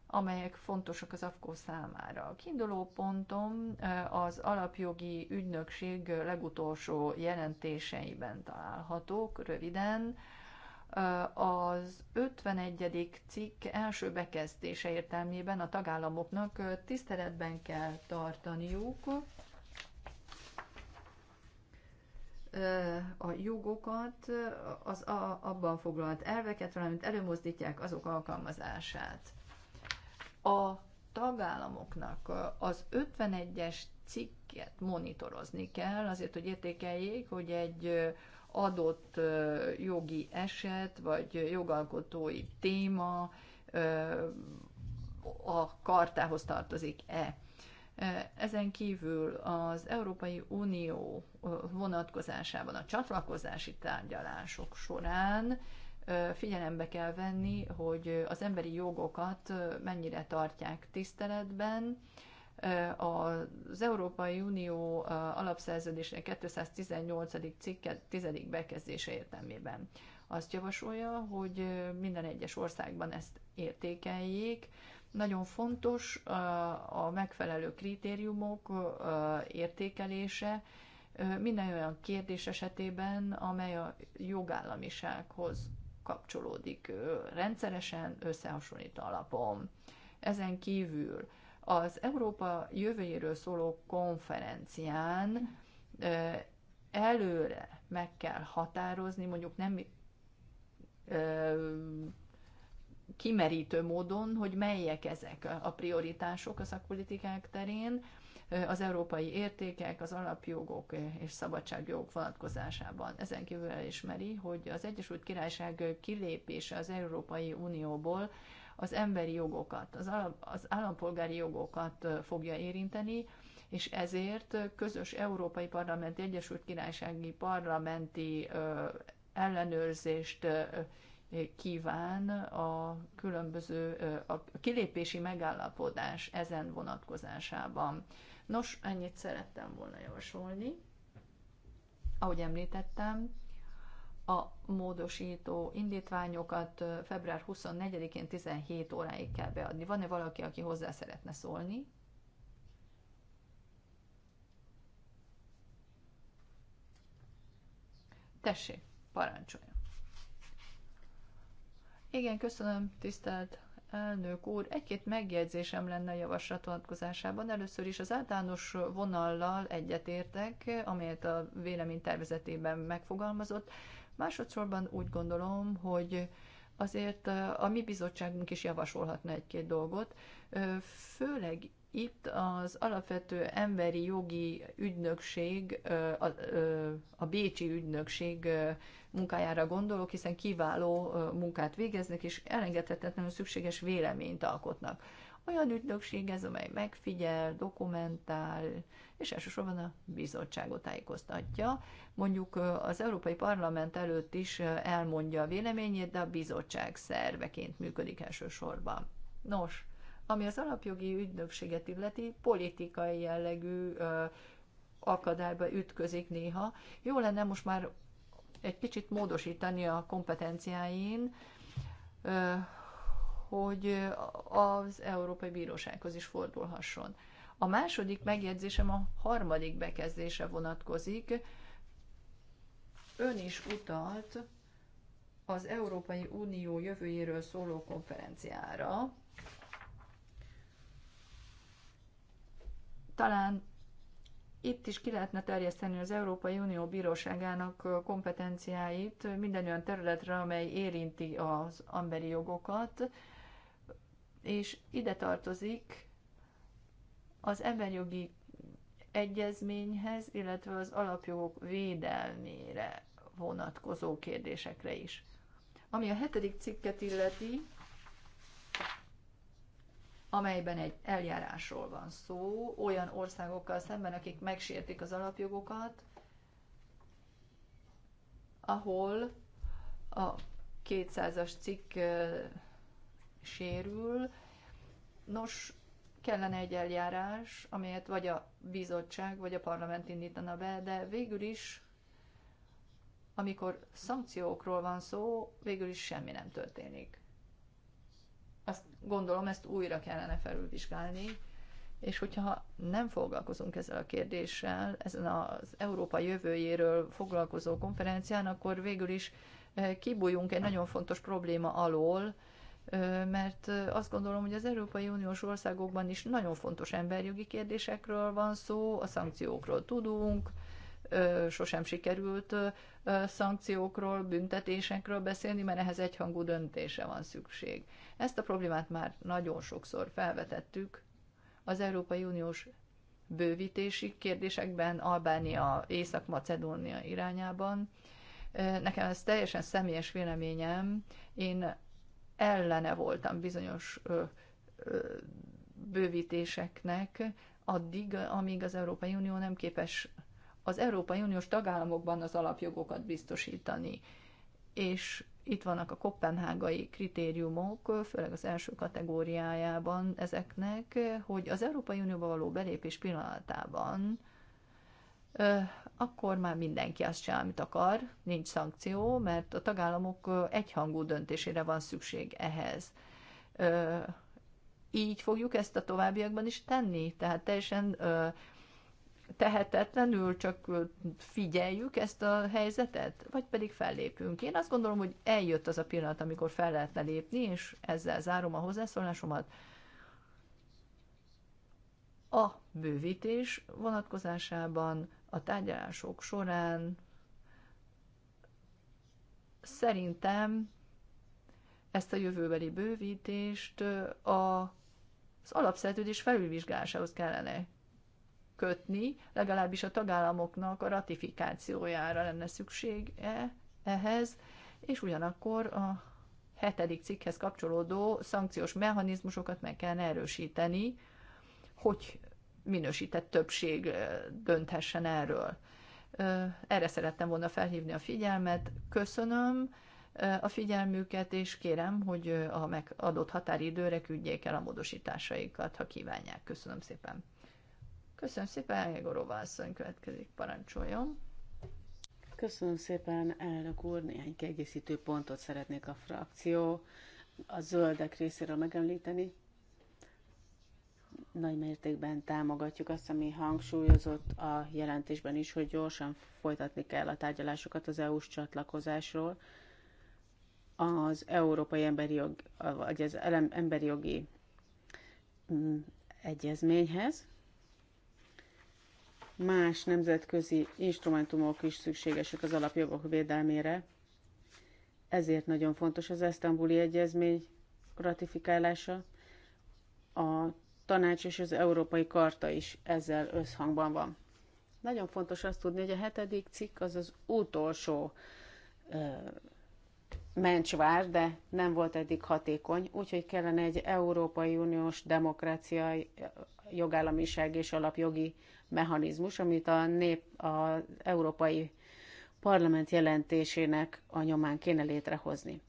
amelyek fontosak az AFKO számára. A kiinduló pontom az alapjogi ügynökség legutolsó jelentéseiben találhatók, röviden, az 51. cikk első bekezdése értelmében a tagállamoknak tiszteletben kell tartaniuk a jogokat, az a, abban foglalt elveket, valamint előmozdítják azok alkalmazását. A tagállamoknak az 51-es cikket monitorozni kell, azért, hogy értékeljék, hogy egy adott jogi eset, vagy jogalkotói téma a kartához tartozik-e. Ezen kívül az Európai Unió vonatkozásában a csatlakozási tárgyalások során figyelembe kell venni, hogy az emberi jogokat mennyire tartják tiszteletben, az Európai Unió alapszerződésének 218. cikke 10. bekezdése értelmében. Azt javasolja, hogy minden egyes országban ezt értékeljék. Nagyon fontos a megfelelő kritériumok értékelése minden olyan kérdés esetében, amely a jogállamisághoz kapcsolódik rendszeresen, összehasonlító alapon. Ezen kívül az Európa jövőjéről szóló konferencián előre meg kell határozni, mondjuk nem kimerítő módon, hogy melyek ezek a prioritások a szakpolitikák terén, az európai értékek, az alapjogok és szabadságjogok vonatkozásában. Ezen kívül elismeri, hogy az Egyesült Királyság kilépése az Európai Unióból az emberi jogokat, az, áll- az állampolgári jogokat fogja érinteni, és ezért közös Európai Parlamenti Egyesült Királysági Parlamenti ellenőrzést kíván a különböző a kilépési megállapodás ezen vonatkozásában. Nos, ennyit szerettem volna javasolni. Ahogy említettem, a módosító indítványokat február 24-én 17 óráig kell beadni. Van-e valaki, aki hozzá szeretne szólni? Tessék, parancsoljon. Igen, köszönöm, tisztelt elnök úr. Egy-két megjegyzésem lenne a javaslat vonatkozásában. Először is az általános vonallal egyetértek, amelyet a vélemény tervezetében megfogalmazott. Másodszorban úgy gondolom, hogy azért a mi bizottságunk is javasolhatna egy-két dolgot, főleg itt az alapvető emberi jogi ügynökség, a, a Bécsi ügynökség munkájára gondolok, hiszen kiváló munkát végeznek, és elengedhetetlenül szükséges véleményt alkotnak olyan ügynökség ez, amely megfigyel, dokumentál, és elsősorban a bizottságot tájékoztatja. Mondjuk az Európai Parlament előtt is elmondja a véleményét, de a bizottság szerveként működik elsősorban. Nos, ami az alapjogi ügynökséget illeti, politikai jellegű ö, akadályba ütközik néha. Jó lenne most már egy kicsit módosítani a kompetenciáin, ö, hogy az Európai Bírósághoz is fordulhasson. A második megjegyzésem a harmadik bekezdése vonatkozik. Ön is utalt az Európai Unió jövőjéről szóló konferenciára. Talán itt is ki lehetne terjeszteni az Európai Unió Bíróságának kompetenciáit minden olyan területre, amely érinti az emberi jogokat, és ide tartozik az emberjogi egyezményhez, illetve az alapjogok védelmére vonatkozó kérdésekre is. Ami a hetedik cikket illeti, amelyben egy eljárásról van szó, olyan országokkal szemben, akik megsértik az alapjogokat, ahol a 200-as cikk sérül. Nos, kellene egy eljárás, amelyet vagy a bizottság, vagy a parlament indítana be, de végül is, amikor szankciókról van szó, végül is semmi nem történik. Azt gondolom, ezt újra kellene felülvizsgálni, és hogyha nem foglalkozunk ezzel a kérdéssel, ezen az Európa jövőjéről foglalkozó konferencián, akkor végül is eh, kibújunk egy nagyon fontos probléma alól, mert azt gondolom, hogy az Európai Uniós országokban is nagyon fontos emberjogi kérdésekről van szó, a szankciókról tudunk, sosem sikerült szankciókról, büntetésekről beszélni, mert ehhez egyhangú döntése van szükség. Ezt a problémát már nagyon sokszor felvetettük az Európai Uniós bővítési kérdésekben, Albánia, Észak-Macedónia irányában. Nekem ez teljesen személyes véleményem. Én ellene voltam bizonyos ö, ö, bővítéseknek, addig, amíg az Európai Unió nem képes az Európai Uniós tagállamokban az alapjogokat biztosítani. És itt vannak a kopenhágai kritériumok, főleg az első kategóriájában ezeknek, hogy az Európai Unióba való belépés pillanatában akkor már mindenki azt csinál, amit akar, nincs szankció, mert a tagállamok egyhangú döntésére van szükség ehhez. Így fogjuk ezt a továbbiakban is tenni, tehát teljesen tehetetlenül csak figyeljük ezt a helyzetet, vagy pedig fellépünk. Én azt gondolom, hogy eljött az a pillanat, amikor fel lehetne lépni, és ezzel zárom a hozzászólásomat a bővítés vonatkozásában a tárgyalások során szerintem ezt a jövőbeli bővítést a, az alapszerződés felülvizsgálásához kellene kötni, legalábbis a tagállamoknak a ratifikációjára lenne szükség ehhez, és ugyanakkor a hetedik cikkhez kapcsolódó szankciós mechanizmusokat meg kell erősíteni, hogy minősített többség dönthessen erről. Erre szerettem volna felhívni a figyelmet. Köszönöm a figyelmüket, és kérem, hogy a megadott határidőre küldjék el a módosításaikat, ha kívánják. Köszönöm szépen. Köszönöm szépen, Jegorova asszony következik, parancsoljon. Köszönöm szépen, elnök úr. Néhány kiegészítő pontot szeretnék a frakció a zöldek részéről megemlíteni nagy mértékben támogatjuk azt, ami hangsúlyozott a jelentésben is, hogy gyorsan folytatni kell a tárgyalásokat az EU-s csatlakozásról. Az Európai Emberi Jog, vagy az Emberi Jogi mm, Egyezményhez. Más nemzetközi instrumentumok is szükségesek az alapjogok védelmére, ezért nagyon fontos az esztambuli egyezmény ratifikálása, a tanács és az Európai Karta is ezzel összhangban van. Nagyon fontos azt tudni, hogy a hetedik cikk az az utolsó ö, mencsvár, de nem volt eddig hatékony, úgyhogy kellene egy Európai Uniós demokrácia, jogállamiság és alapjogi mechanizmus, amit a nép az Európai Parlament jelentésének a nyomán kéne létrehozni.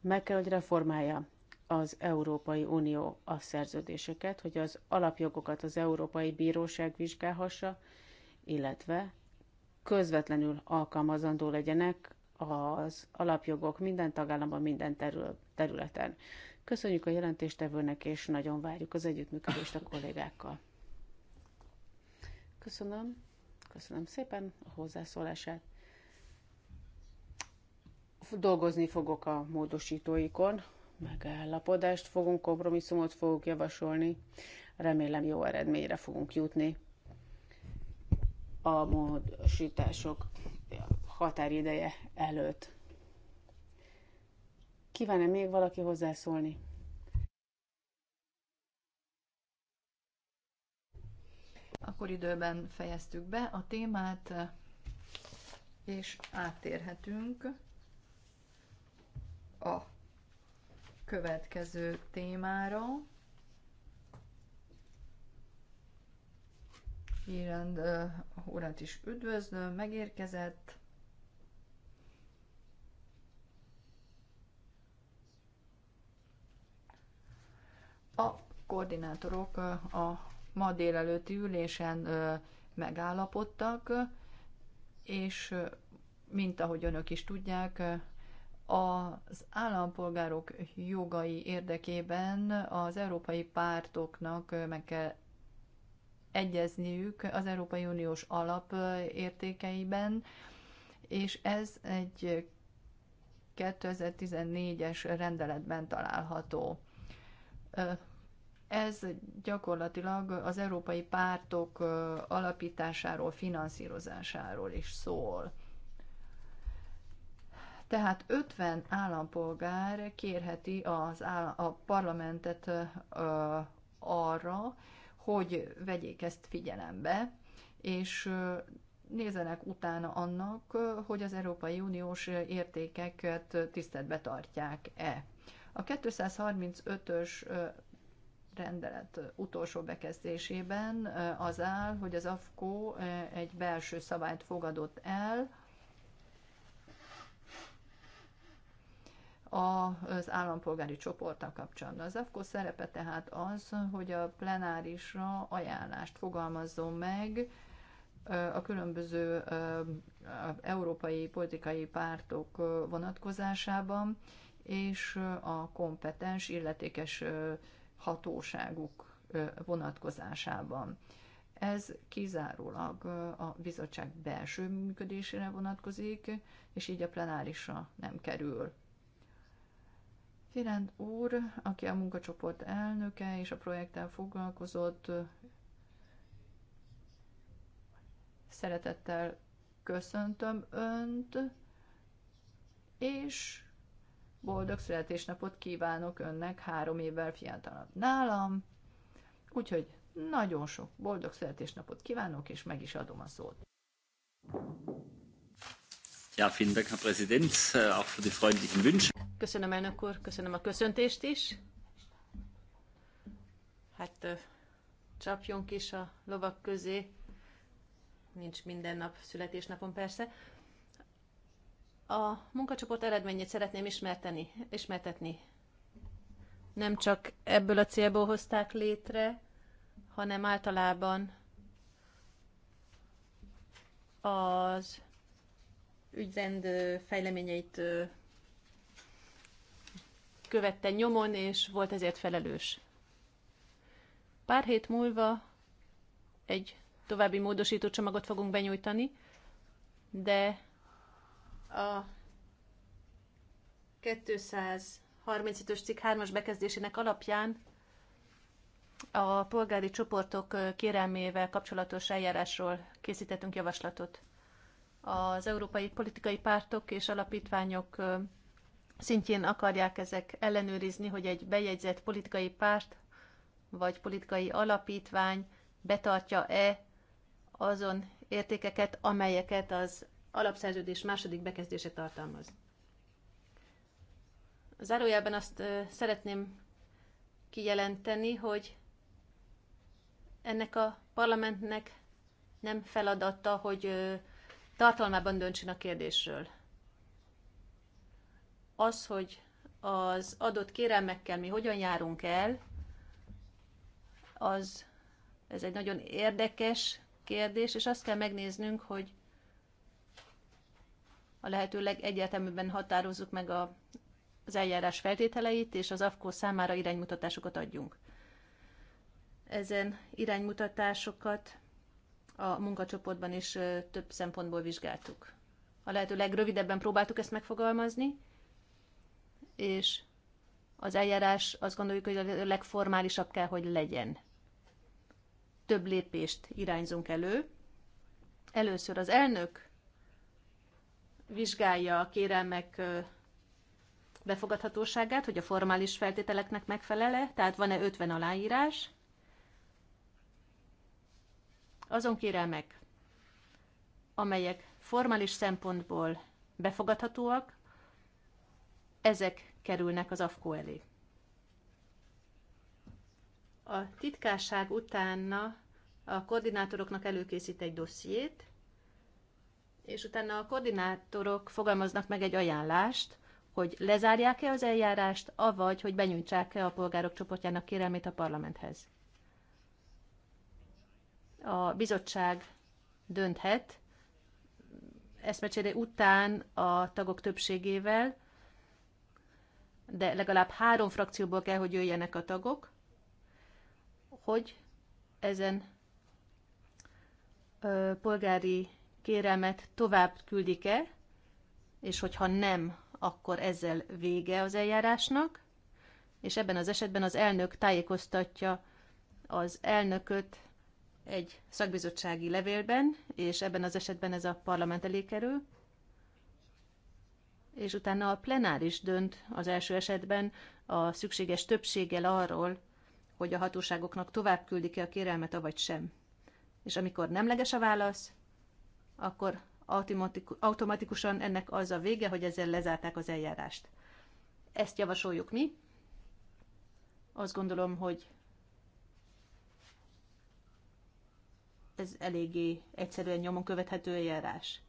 Meg kell, hogy reformálja az Európai Unió a szerződéseket, hogy az alapjogokat az Európai Bíróság vizsgálhassa, illetve közvetlenül alkalmazandó legyenek az alapjogok minden tagállamban, minden területen. Köszönjük a jelentéstevőnek, és nagyon várjuk az együttműködést a kollégákkal. Köszönöm, köszönöm szépen a hozzászólását. Dolgozni fogok a módosítóikon, megállapodást fogunk, kompromisszumot fogunk javasolni. Remélem jó eredményre fogunk jutni. A módosítások határideje előtt. Kíván-e még valaki hozzászólni? Akkor időben fejeztük be a témát, és áttérhetünk a következő témára. Irend uh, urat is üdvözlöm, megérkezett. A koordinátorok a ma délelőtti ülésen megállapodtak, és mint ahogy önök is tudják, az állampolgárok jogai érdekében az európai pártoknak meg kell egyezniük az Európai Uniós alap értékeiben, és ez egy 2014-es rendeletben található. Ez gyakorlatilag az európai pártok alapításáról, finanszírozásáról is szól. Tehát 50 állampolgár kérheti az áll- a parlamentet ö, arra, hogy vegyék ezt figyelembe, és nézenek utána annak, hogy az Európai Uniós értékeket tiszteletbe tartják-e. A 235-ös rendelet utolsó bekezdésében az áll, hogy az AFKO egy belső szabályt fogadott el, az állampolgári csoporttal kapcsolatban. Az AFKO szerepe tehát az, hogy a plenárisra ajánlást fogalmazzon meg a különböző európai politikai pártok vonatkozásában, és a kompetens, illetékes hatóságuk vonatkozásában. Ez kizárólag a bizottság belső működésére vonatkozik, és így a plenárisra nem kerül Tirend úr, aki a munkacsoport elnöke és a projekttel foglalkozott, szeretettel köszöntöm Önt, és boldog születésnapot kívánok Önnek három évvel fiatalabb nálam. Úgyhogy nagyon sok boldog születésnapot kívánok, és meg is adom a szót. Ja, vielen Dank, Herr Präsident, äh, auch für die freundlichen Wünsche. Köszönöm, elnök úr, köszönöm a köszöntést is. Hát csapjunk is a lovak közé. Nincs minden nap születésnapon persze. A munkacsoport eredményét szeretném ismerteni, ismertetni. Nem csak ebből a célból hozták létre, hanem általában az ügyrend fejleményeit követte nyomon, és volt ezért felelős. Pár hét múlva egy további módosító csomagot fogunk benyújtani, de a 235-ös cikk 3-as bekezdésének alapján a polgári csoportok kérelmével kapcsolatos eljárásról készítettünk javaslatot az európai politikai pártok és alapítványok szintjén akarják ezek ellenőrizni, hogy egy bejegyzett politikai párt vagy politikai alapítvány betartja-e azon értékeket, amelyeket az alapszerződés második bekezdése tartalmaz. Zárójelben azt szeretném kijelenteni, hogy ennek a parlamentnek nem feladata, hogy tartalmában döntsön a kérdésről. Az, hogy az adott kérelmekkel mi hogyan járunk el, az ez egy nagyon érdekes kérdés, és azt kell megnéznünk, hogy a lehető legegyértelműbben határozzuk meg a, az eljárás feltételeit, és az AFKO számára iránymutatásokat adjunk. Ezen iránymutatásokat a munkacsoportban is több szempontból vizsgáltuk. A lehető legrövidebben próbáltuk ezt megfogalmazni, és az eljárás azt gondoljuk, hogy a legformálisabb kell, hogy legyen. Több lépést irányzunk elő. Először az elnök vizsgálja a kérelmek befogadhatóságát, hogy a formális feltételeknek megfelele, tehát van-e 50 aláírás, azon kérelmek, amelyek formális szempontból befogadhatóak, ezek kerülnek az AFKO elé. A titkárság utána a koordinátoroknak előkészít egy dossziét, és utána a koordinátorok fogalmaznak meg egy ajánlást, hogy lezárják-e az eljárást, avagy hogy benyújtsák-e a polgárok csoportjának kérelmét a parlamenthez a bizottság dönthet eszmecsere után a tagok többségével, de legalább három frakcióból kell, hogy jöjjenek a tagok, hogy ezen ö, polgári kérelmet tovább küldik-e, és hogyha nem, akkor ezzel vége az eljárásnak, és ebben az esetben az elnök tájékoztatja az elnököt egy szakbizottsági levélben, és ebben az esetben ez a parlament elé kerül, és utána a plenáris dönt az első esetben a szükséges többséggel arról, hogy a hatóságoknak tovább küldik-e a kérelmet, avagy sem. És amikor nemleges a válasz, akkor automatikusan ennek az a vége, hogy ezzel lezárták az eljárást. Ezt javasoljuk mi. Azt gondolom, hogy ez eléggé egyszerűen nyomon követhető eljárás.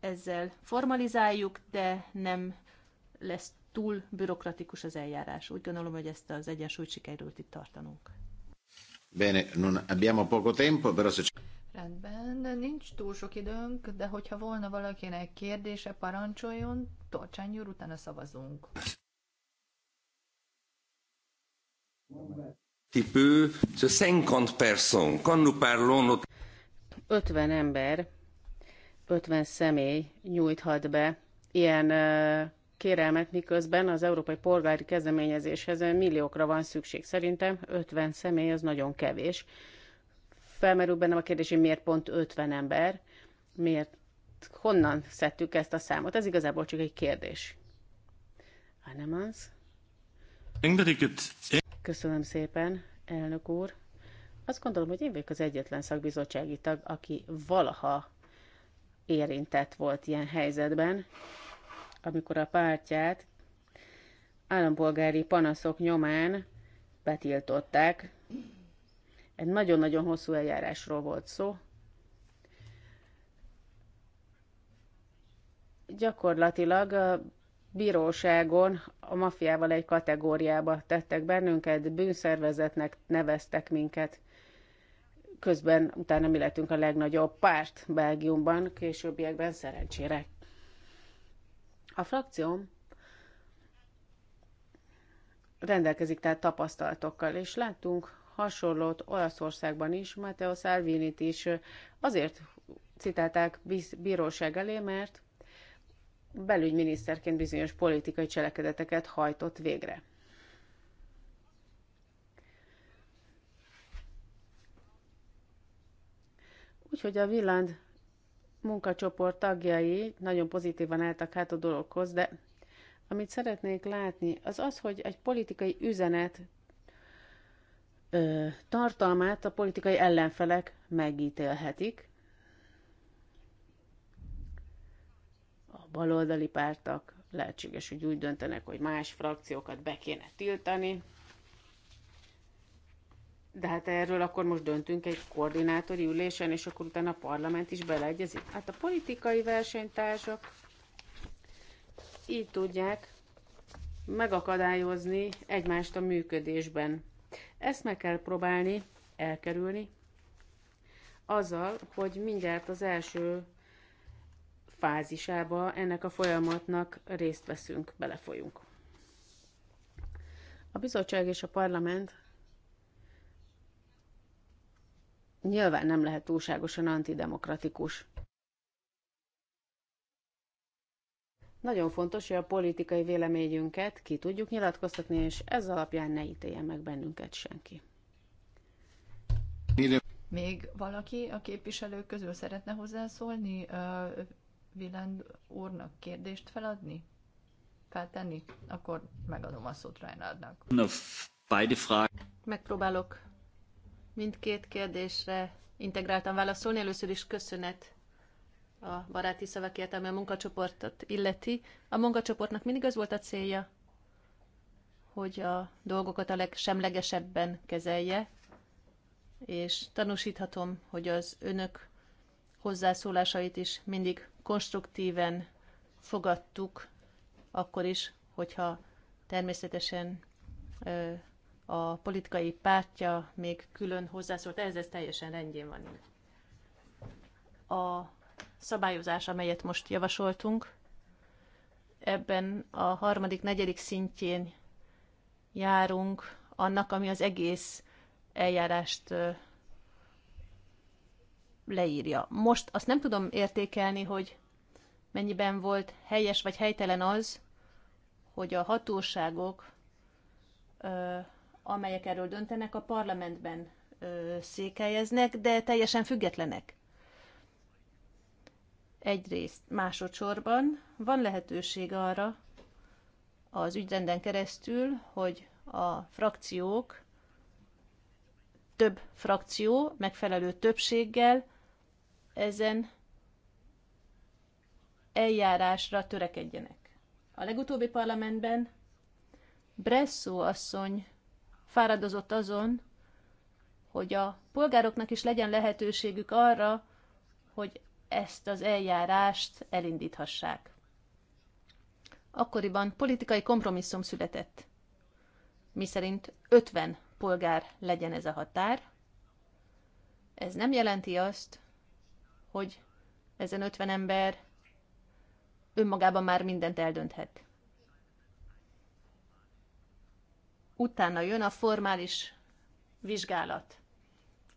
Ezzel formalizáljuk, de nem lesz túl bürokratikus az eljárás. Úgy gondolom, hogy ezt az egyensúlyt sikerült itt tartanunk. Bene, non abbiamo poco tempo, però se... Rendben, nincs túl sok időnk, de hogyha volna valakinek kérdése, parancsoljon, Torcsány utána szavazunk. 50 ember, 50 személy nyújthat be ilyen kérelmet, miközben az európai polgári kezdeményezéshez milliókra van szükség. Szerintem 50 személy az nagyon kevés. Felmerül bennem a kérdés, hogy miért pont 50 ember, miért honnan szedtük ezt a számot. Ez igazából csak egy kérdés. Hanem az. Köszönöm szépen, elnök úr. Azt gondolom, hogy én vagyok az egyetlen szakbizottsági tag, aki valaha érintett volt ilyen helyzetben, amikor a pártját állampolgári panaszok nyomán betiltották. Egy nagyon-nagyon hosszú eljárásról volt szó. Gyakorlatilag bíróságon a mafiával egy kategóriába tettek bennünket, bűnszervezetnek neveztek minket. Közben utána mi lettünk a legnagyobb párt Belgiumban, későbbiekben szerencsére. A frakcióm rendelkezik tehát tapasztalatokkal, és láttunk hasonlót Olaszországban is, Matteo Salvinit is azért citálták bíróság elé, mert belügyminiszterként bizonyos politikai cselekedeteket hajtott végre. Úgyhogy a Villand munkacsoport tagjai nagyon pozitívan álltak hát a dologhoz, de amit szeretnék látni, az az, hogy egy politikai üzenet ö, tartalmát a politikai ellenfelek megítélhetik, baloldali pártak, lehetséges, hogy úgy döntenek, hogy más frakciókat be kéne tiltani. De hát erről akkor most döntünk egy koordinátori ülésen, és akkor utána a parlament is beleegyezik. Hát a politikai versenytársak így tudják megakadályozni egymást a működésben. Ezt meg kell próbálni elkerülni, azzal, hogy mindjárt az első fázisába ennek a folyamatnak részt veszünk, belefolyunk. A bizottság és a parlament nyilván nem lehet túlságosan antidemokratikus. Nagyon fontos, hogy a politikai véleményünket ki tudjuk nyilatkoztatni, és ez alapján ne ítéljen meg bennünket senki. Még valaki a képviselők közül szeretne hozzászólni? Viland úrnak kérdést feladni? Feltenni? Akkor megadom a szót Reinhardnak. Megpróbálok mindkét kérdésre integráltan válaszolni. Először is köszönet a baráti szavakért, ami a munkacsoportot illeti. A munkacsoportnak mindig az volt a célja, hogy a dolgokat a legsemlegesebben kezelje, és tanúsíthatom, hogy az önök hozzászólásait is mindig konstruktíven fogadtuk, akkor is, hogyha természetesen a politikai pártja még külön hozzászólt, ez, ez teljesen rendjén van. A szabályozás, amelyet most javasoltunk, ebben a harmadik, negyedik szintjén járunk annak, ami az egész eljárást leírja. Most azt nem tudom értékelni, hogy mennyiben volt helyes vagy helytelen az, hogy a hatóságok, amelyek erről döntenek, a parlamentben székelyeznek, de teljesen függetlenek. Egyrészt, másodszorban van lehetőség arra az ügyrenden keresztül, hogy a frakciók, több frakció megfelelő többséggel ezen eljárásra törekedjenek. A legutóbbi parlamentben Bresszó asszony fáradozott azon, hogy a polgároknak is legyen lehetőségük arra, hogy ezt az eljárást elindíthassák. Akkoriban politikai kompromisszum született, miszerint 50 polgár legyen ez a határ. Ez nem jelenti azt, hogy ezen 50 ember önmagában már mindent eldönthet. Utána jön a formális vizsgálat.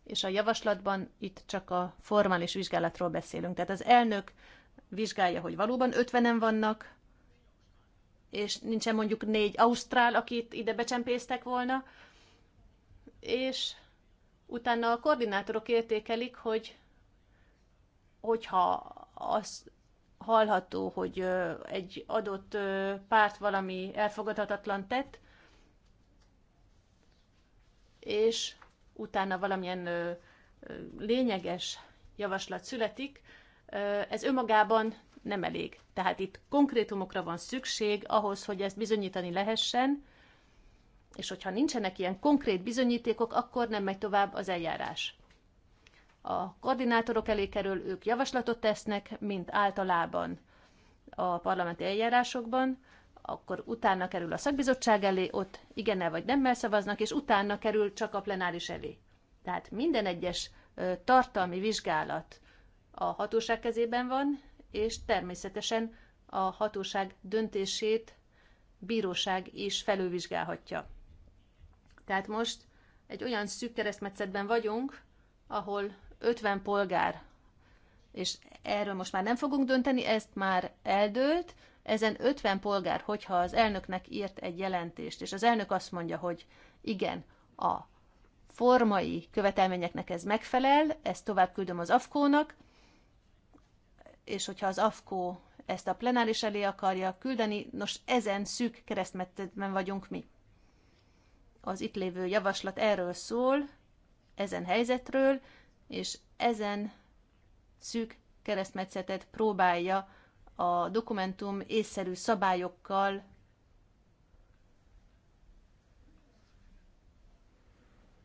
És a javaslatban itt csak a formális vizsgálatról beszélünk. Tehát az elnök vizsgálja, hogy valóban 50-en vannak, és nincsen mondjuk négy ausztrál, akit ide becsempésztek volna, és utána a koordinátorok értékelik, hogy hogyha az hallható, hogy egy adott párt valami elfogadhatatlan tett, és utána valamilyen lényeges javaslat születik, ez önmagában nem elég. Tehát itt konkrétumokra van szükség ahhoz, hogy ezt bizonyítani lehessen, és hogyha nincsenek ilyen konkrét bizonyítékok, akkor nem megy tovább az eljárás a koordinátorok elé kerül, ők javaslatot tesznek, mint általában a parlamenti eljárásokban, akkor utána kerül a szakbizottság elé, ott igennel vagy nemmel szavaznak, és utána kerül csak a plenáris elé. Tehát minden egyes tartalmi vizsgálat a hatóság kezében van, és természetesen a hatóság döntését bíróság is felülvizsgálhatja. Tehát most egy olyan szűk keresztmetszetben vagyunk, ahol 50 polgár, és erről most már nem fogunk dönteni, ezt már eldőlt, ezen 50 polgár, hogyha az elnöknek írt egy jelentést, és az elnök azt mondja, hogy igen, a formai követelményeknek ez megfelel, ezt tovább küldöm az AFKÓ-nak, és hogyha az AFKÓ ezt a plenáris elé akarja küldeni, nos ezen szűk keresztmetszetben vagyunk mi. Az itt lévő javaslat erről szól, ezen helyzetről, és ezen szűk keresztmetszetet próbálja a dokumentum észszerű szabályokkal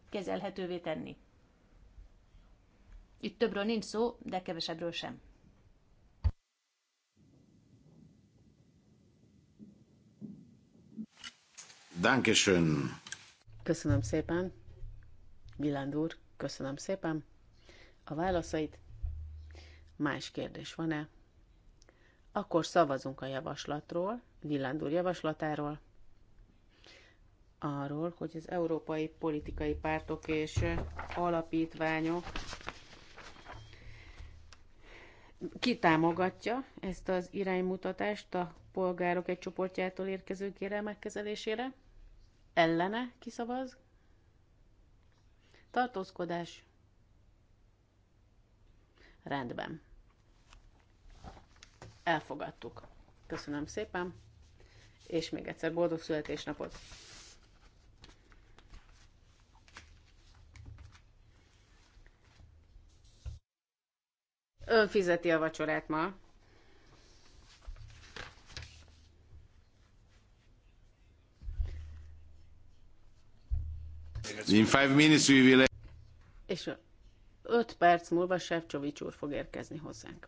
kezelhetővé tenni. Itt többről nincs szó, de kevesebbről sem. Dankeschön. Köszönöm szépen. Viland úr, köszönöm szépen a válaszait. Más kérdés van-e? Akkor szavazunk a javaslatról, villándúr javaslatáról, arról, hogy az európai politikai pártok és alapítványok kitámogatja ezt az iránymutatást a polgárok egy csoportjától érkező kérelmek kezelésére, ellene kiszavaz, tartózkodás, Rendben. Elfogadtuk. Köszönöm szépen. És még egyszer boldog születésnapot. Ön fizeti a vacsorát ma. In five minutes we will... És 5 perc múlva Sefcsovics úr fog érkezni hozzánk.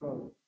road szóval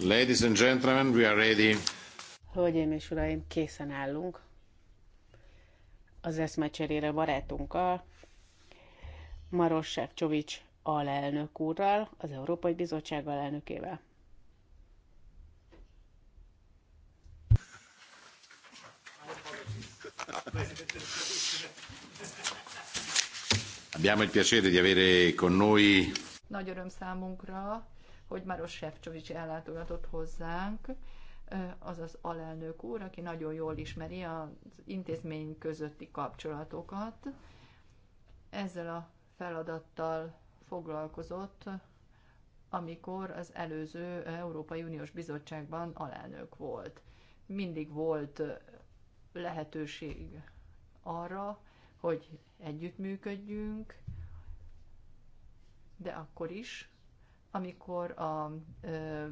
Ladies and gentlemen, we are ready. Hölgyeim és uraim, készen állunk az eszmecserére barátunkkal, Maros Sefcsovics alelnök úrral, az Európai Bizottság alelnökével. Abbiamo il piacere di avere con noi. Nagy öröm számunkra, hogy Maros Sefcsovics ellátogatott hozzánk, az az alelnök úr, aki nagyon jól ismeri az intézmény közötti kapcsolatokat. Ezzel a feladattal foglalkozott, amikor az előző Európai Uniós Bizottságban alelnök volt. Mindig volt lehetőség arra, hogy együttműködjünk, de akkor is amikor a ö,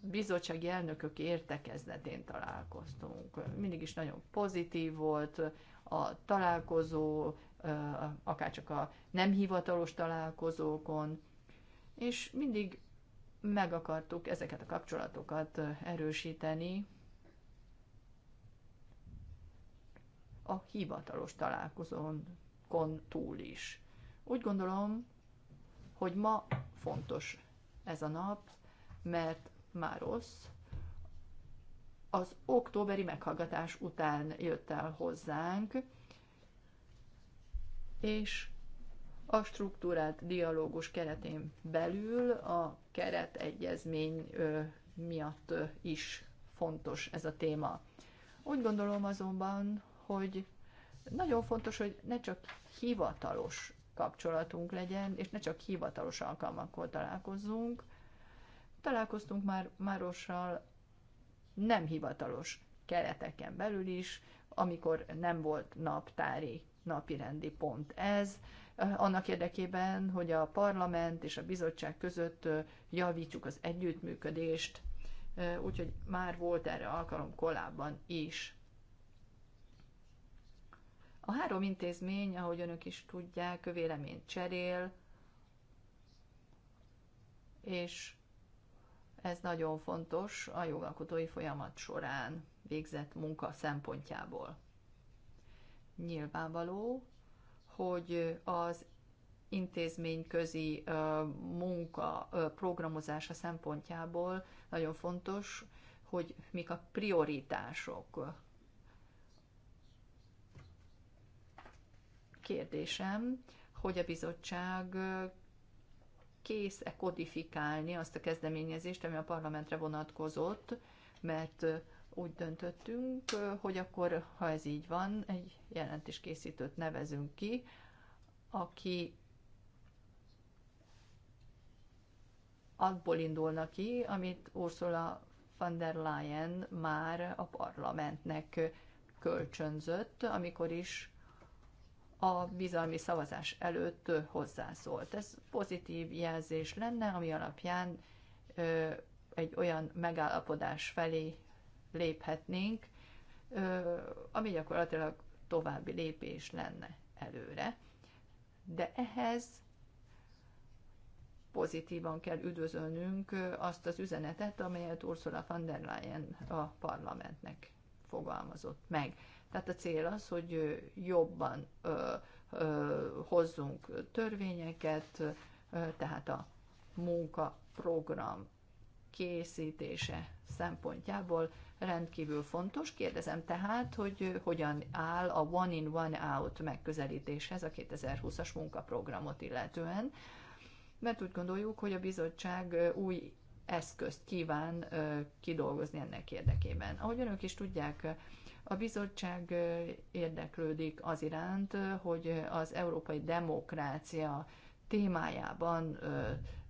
bizottsági elnökök értekezletén találkoztunk. Mindig is nagyon pozitív volt a találkozó, akárcsak a nem hivatalos találkozókon, és mindig meg akartuk ezeket a kapcsolatokat erősíteni a hivatalos találkozón túl is. Úgy gondolom, hogy ma fontos ez a nap, mert már rossz. Az októberi meghallgatás után jött el hozzánk, és a struktúrált dialógus keretén belül a keretegyezmény miatt is fontos ez a téma. Úgy gondolom azonban, hogy nagyon fontos, hogy ne csak hivatalos kapcsolatunk legyen, és ne csak hivatalos alkalmakkor találkozzunk. Találkoztunk már Márossal nem hivatalos kereteken belül is, amikor nem volt naptári napirendi pont ez, annak érdekében, hogy a parlament és a bizottság között javítsuk az együttműködést, úgyhogy már volt erre alkalom kolában is. A három intézmény, ahogy önök is tudják, véleményt cserél, és ez nagyon fontos a jogalkotói folyamat során végzett munka szempontjából. Nyilvánvaló, hogy az intézményközi munka programozása szempontjából nagyon fontos, hogy mik a prioritások Kérdésem, hogy a bizottság kész-e kodifikálni azt a kezdeményezést, ami a parlamentre vonatkozott, mert úgy döntöttünk, hogy akkor, ha ez így van, egy jelentéskészítőt nevezünk ki, aki abból indulna ki, amit Ursula von der Leyen már a parlamentnek kölcsönzött, amikor is a bizalmi szavazás előtt hozzászólt. Ez pozitív jelzés lenne, ami alapján ö, egy olyan megállapodás felé léphetnénk, ö, ami gyakorlatilag további lépés lenne előre. De ehhez pozitívan kell üdvözölnünk azt az üzenetet, amelyet Ursula von der Leyen a parlamentnek fogalmazott meg tehát a cél az, hogy jobban hozzunk törvényeket, tehát a munkaprogram készítése szempontjából rendkívül fontos. Kérdezem tehát, hogy hogyan áll a One in One Out megközelítéshez a 2020-as munkaprogramot illetően, mert úgy gondoljuk, hogy a bizottság új eszközt kíván kidolgozni ennek érdekében. Ahogy önök is tudják, a bizottság érdeklődik az iránt, hogy az európai demokrácia témájában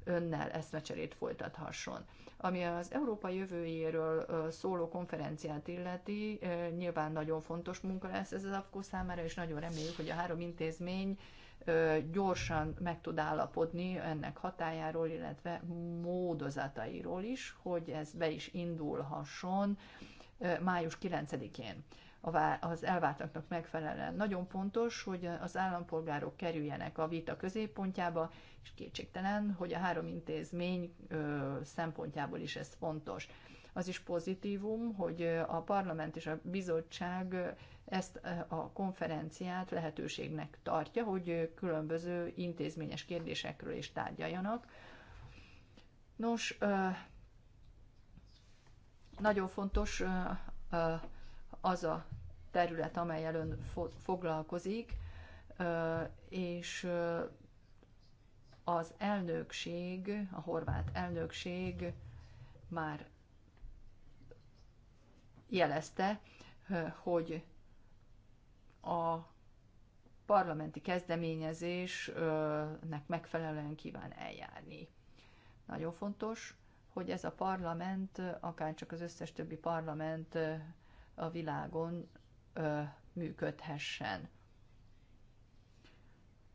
önnel eszmecserét folytathasson. Ami az Európa jövőjéről szóló konferenciát illeti, nyilván nagyon fontos munka lesz ez az AFKO számára, és nagyon reméljük, hogy a három intézmény gyorsan meg tud állapodni ennek hatájáról, illetve módozatairól is, hogy ez be is indulhasson május 9-én az elváltaknak megfelelően. Nagyon fontos, hogy az állampolgárok kerüljenek a vita középpontjába, és kétségtelen, hogy a három intézmény szempontjából is ez fontos. Az is pozitívum, hogy a parlament és a bizottság ezt a konferenciát lehetőségnek tartja, hogy különböző intézményes kérdésekről is tárgyaljanak. Nos, nagyon fontos az a terület, amelyel ön foglalkozik, és az elnökség, a horvát elnökség már jelezte, hogy a parlamenti kezdeményezésnek megfelelően kíván eljárni. Nagyon fontos, hogy ez a parlament, akár csak az összes többi parlament a világon működhessen.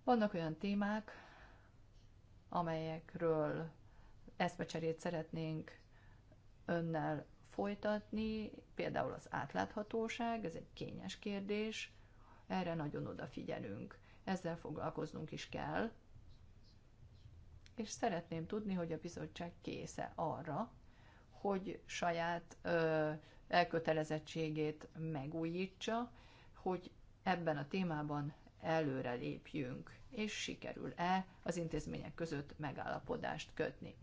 Vannak olyan témák, amelyekről eszmecserét szeretnénk önnel folytatni, például az átláthatóság, ez egy kényes kérdés, erre nagyon odafigyelünk, ezzel foglalkoznunk is kell, és szeretném tudni, hogy a bizottság késze arra, hogy saját ö, elkötelezettségét megújítsa, hogy ebben a témában előre lépjünk, és sikerül-e az intézmények között megállapodást kötni.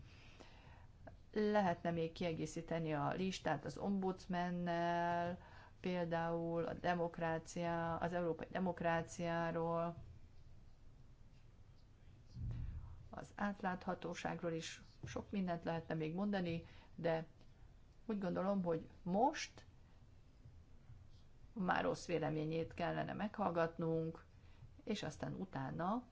Lehetne még kiegészíteni a listát az ombudsmennel, például a demokrácia, az európai demokráciáról, az átláthatóságról is sok mindent lehetne még mondani, de úgy gondolom, hogy most már rossz véleményét kellene meghallgatnunk, és aztán utána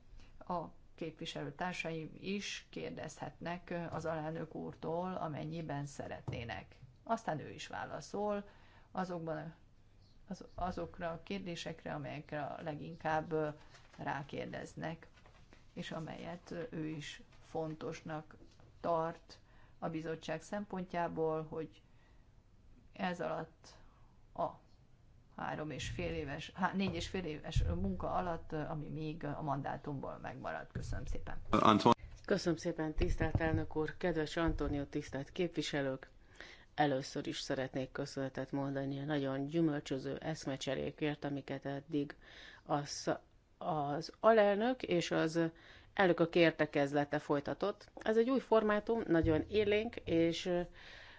a képviselőtársaim is kérdezhetnek az alelnök úrtól, amennyiben szeretnének. Aztán ő is válaszol azokban az, azokra a kérdésekre, amelyekre leginkább rákérdeznek és amelyet ő is fontosnak tart a bizottság szempontjából, hogy ez alatt a három és fél éves, há, négy és fél éves munka alatt, ami még a mandátumból megmaradt. Köszönöm szépen. Anton. Köszönöm szépen, tisztelt elnök úr, kedves Antonio, tisztelt képviselők! Először is szeretnék köszönetet mondani a nagyon gyümölcsöző eszmecserékért, amiket eddig a az alelnök és az a kértekezlete folytatott. Ez egy új formátum, nagyon élénk, és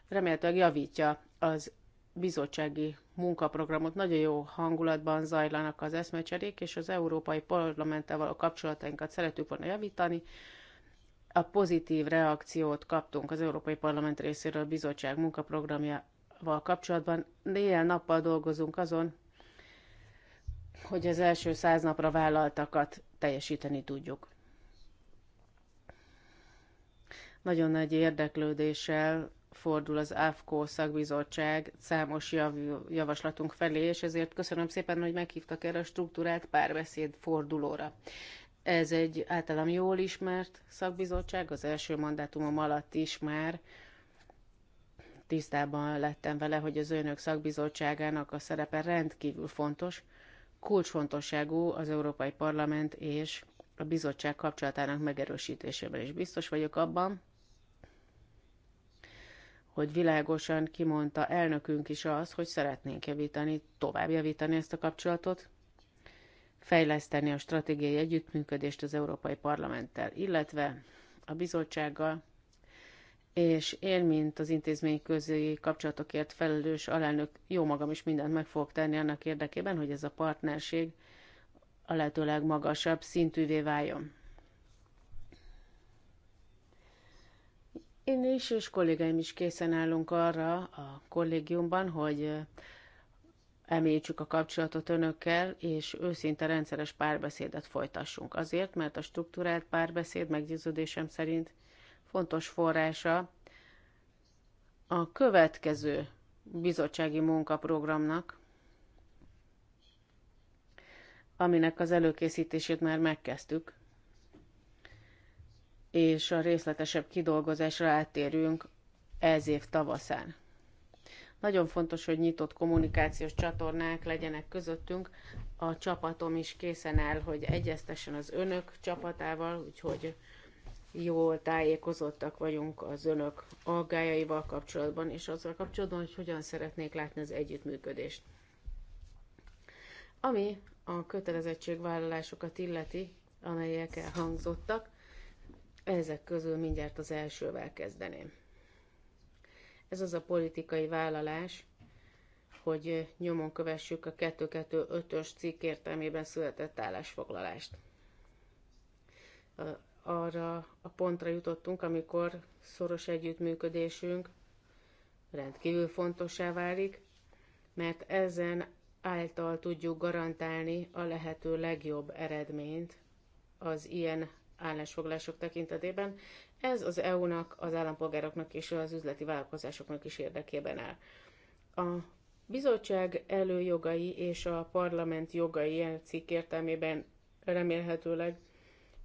remélhetőleg javítja az bizottsági munkaprogramot. Nagyon jó hangulatban zajlanak az eszmecserék, és az Európai Parlamenttel való kapcsolatainkat szeretük volna javítani. A pozitív reakciót kaptunk az Európai Parlament részéről a bizottság munkaprogramjával kapcsolatban. Néhány nappal dolgozunk azon, hogy az első száz napra vállaltakat teljesíteni tudjuk. Nagyon nagy érdeklődéssel fordul az AFKO szakbizottság számos jav, javaslatunk felé, és ezért köszönöm szépen, hogy meghívtak erre a struktúrát párbeszéd fordulóra. Ez egy általam jól ismert szakbizottság, az első mandátumom alatt is már tisztában lettem vele, hogy az önök szakbizottságának a szerepe rendkívül fontos, kulcsfontosságú az Európai Parlament és a bizottság kapcsolatának megerősítésében is. Biztos vagyok abban, hogy világosan kimondta elnökünk is az, hogy szeretnénk javítani, tovább javítani ezt a kapcsolatot, fejleszteni a stratégiai együttműködést az Európai Parlamenttel, illetve a bizottsággal, és én, mint az intézmény közé kapcsolatokért felelős alelnök, jó magam is mindent meg fogok tenni annak érdekében, hogy ez a partnerség a lehető legmagasabb szintűvé váljon. Én is, és kollégáim is készen állunk arra a kollégiumban, hogy emélyítsük a kapcsolatot önökkel, és őszinte rendszeres párbeszédet folytassunk. Azért, mert a struktúrált párbeszéd meggyőződésem szerint – fontos forrása a következő bizottsági munkaprogramnak, aminek az előkészítését már megkezdtük, és a részletesebb kidolgozásra áttérünk ez év tavaszán. Nagyon fontos, hogy nyitott kommunikációs csatornák legyenek közöttünk. A csapatom is készen áll, hogy egyeztessen az önök csapatával, úgyhogy jól tájékozottak vagyunk az önök aggájaival kapcsolatban, és azzal kapcsolatban, hogy hogyan szeretnék látni az együttműködést. Ami a kötelezettségvállalásokat illeti, amelyek elhangzottak, ezek közül mindjárt az elsővel kezdeném. Ez az a politikai vállalás, hogy nyomon kövessük a 225-ös cikk értelmében született állásfoglalást arra a pontra jutottunk, amikor szoros együttműködésünk rendkívül fontossá válik, mert ezen által tudjuk garantálni a lehető legjobb eredményt az ilyen állásfoglások tekintetében. Ez az EU-nak, az állampolgároknak és az üzleti vállalkozásoknak is érdekében áll. A bizottság előjogai és a parlament jogai e cikk értelmében remélhetőleg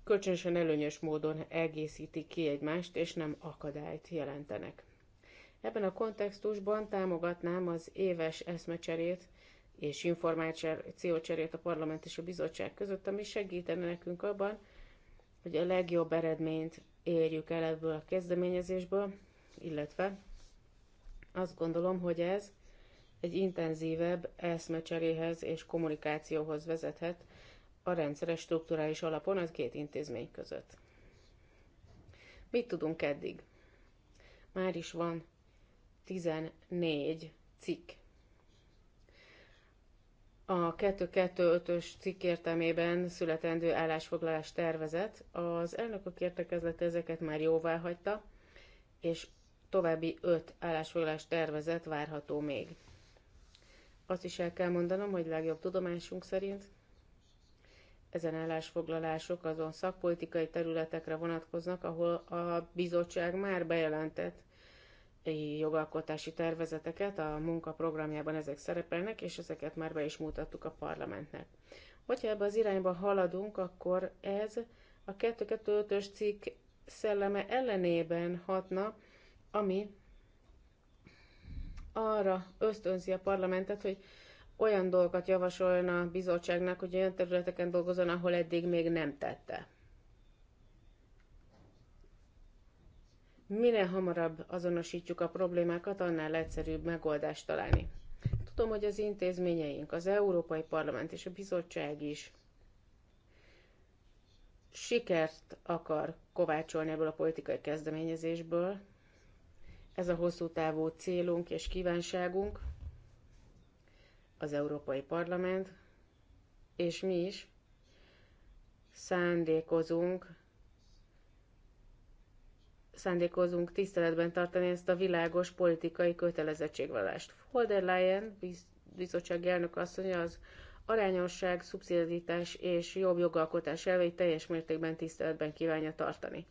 kölcsönösen előnyös módon egészítik ki egymást, és nem akadályt jelentenek. Ebben a kontextusban támogatnám az éves eszmecserét és információcserét a parlament és a bizottság között, ami segítene nekünk abban, hogy a legjobb eredményt érjük el ebből a kezdeményezésből, illetve azt gondolom, hogy ez egy intenzívebb eszmecseréhez és kommunikációhoz vezethet a rendszeres strukturális alapon az két intézmény között. Mit tudunk eddig? Már is van 14 cikk. A 225-ös cikk értelmében születendő állásfoglalás tervezet, az elnökök értekezlete ezeket már jóvá hagyta, és további 5 állásfoglalás tervezet várható még. Azt is el kell mondanom, hogy legjobb tudomásunk szerint ezen állásfoglalások azon szakpolitikai területekre vonatkoznak, ahol a bizottság már bejelentett jogalkotási tervezeteket, a munkaprogramjában ezek szerepelnek, és ezeket már be is mutattuk a parlamentnek. Hogyha ebbe az irányba haladunk, akkor ez a 225-ös cikk szelleme ellenében hatna, ami arra ösztönzi a parlamentet, hogy olyan dolgokat javasoljon a bizottságnak, hogy olyan területeken dolgozon, ahol eddig még nem tette. Minél hamarabb azonosítjuk a problémákat, annál egyszerűbb megoldást találni. Tudom, hogy az intézményeink, az Európai Parlament és a Bizottság is sikert akar kovácsolni ebből a politikai kezdeményezésből. Ez a hosszú távú célunk és kívánságunk az Európai Parlament, és mi is szándékozunk, szándékozunk tiszteletben tartani ezt a világos politikai kötelezettségvallást. Von der Leyen, bizottsági elnök asszony az arányosság, szubszidiaritás és jobb jogalkotás elveit teljes mértékben tiszteletben kívánja tartani.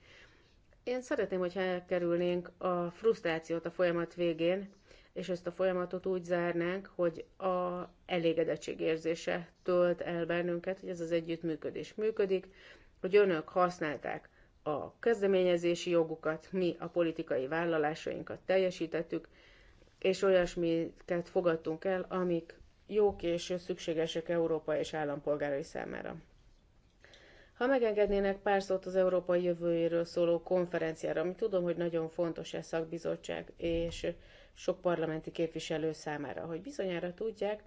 Én szeretném, hogyha elkerülnénk a frusztrációt a folyamat végén, és ezt a folyamatot úgy zárnánk, hogy a elégedettség érzése tölt el bennünket, hogy ez az együttműködés működik, hogy önök használták a kezdeményezési jogukat, mi a politikai vállalásainkat teljesítettük, és olyasmiket fogadtunk el, amik jók és szükségesek Európa és állampolgárai számára. Ha megengednének pár szót az európai jövőjéről szóló konferenciára, ami tudom, hogy nagyon fontos ez szakbizottság, és sok parlamenti képviselő számára. Hogy bizonyára tudják,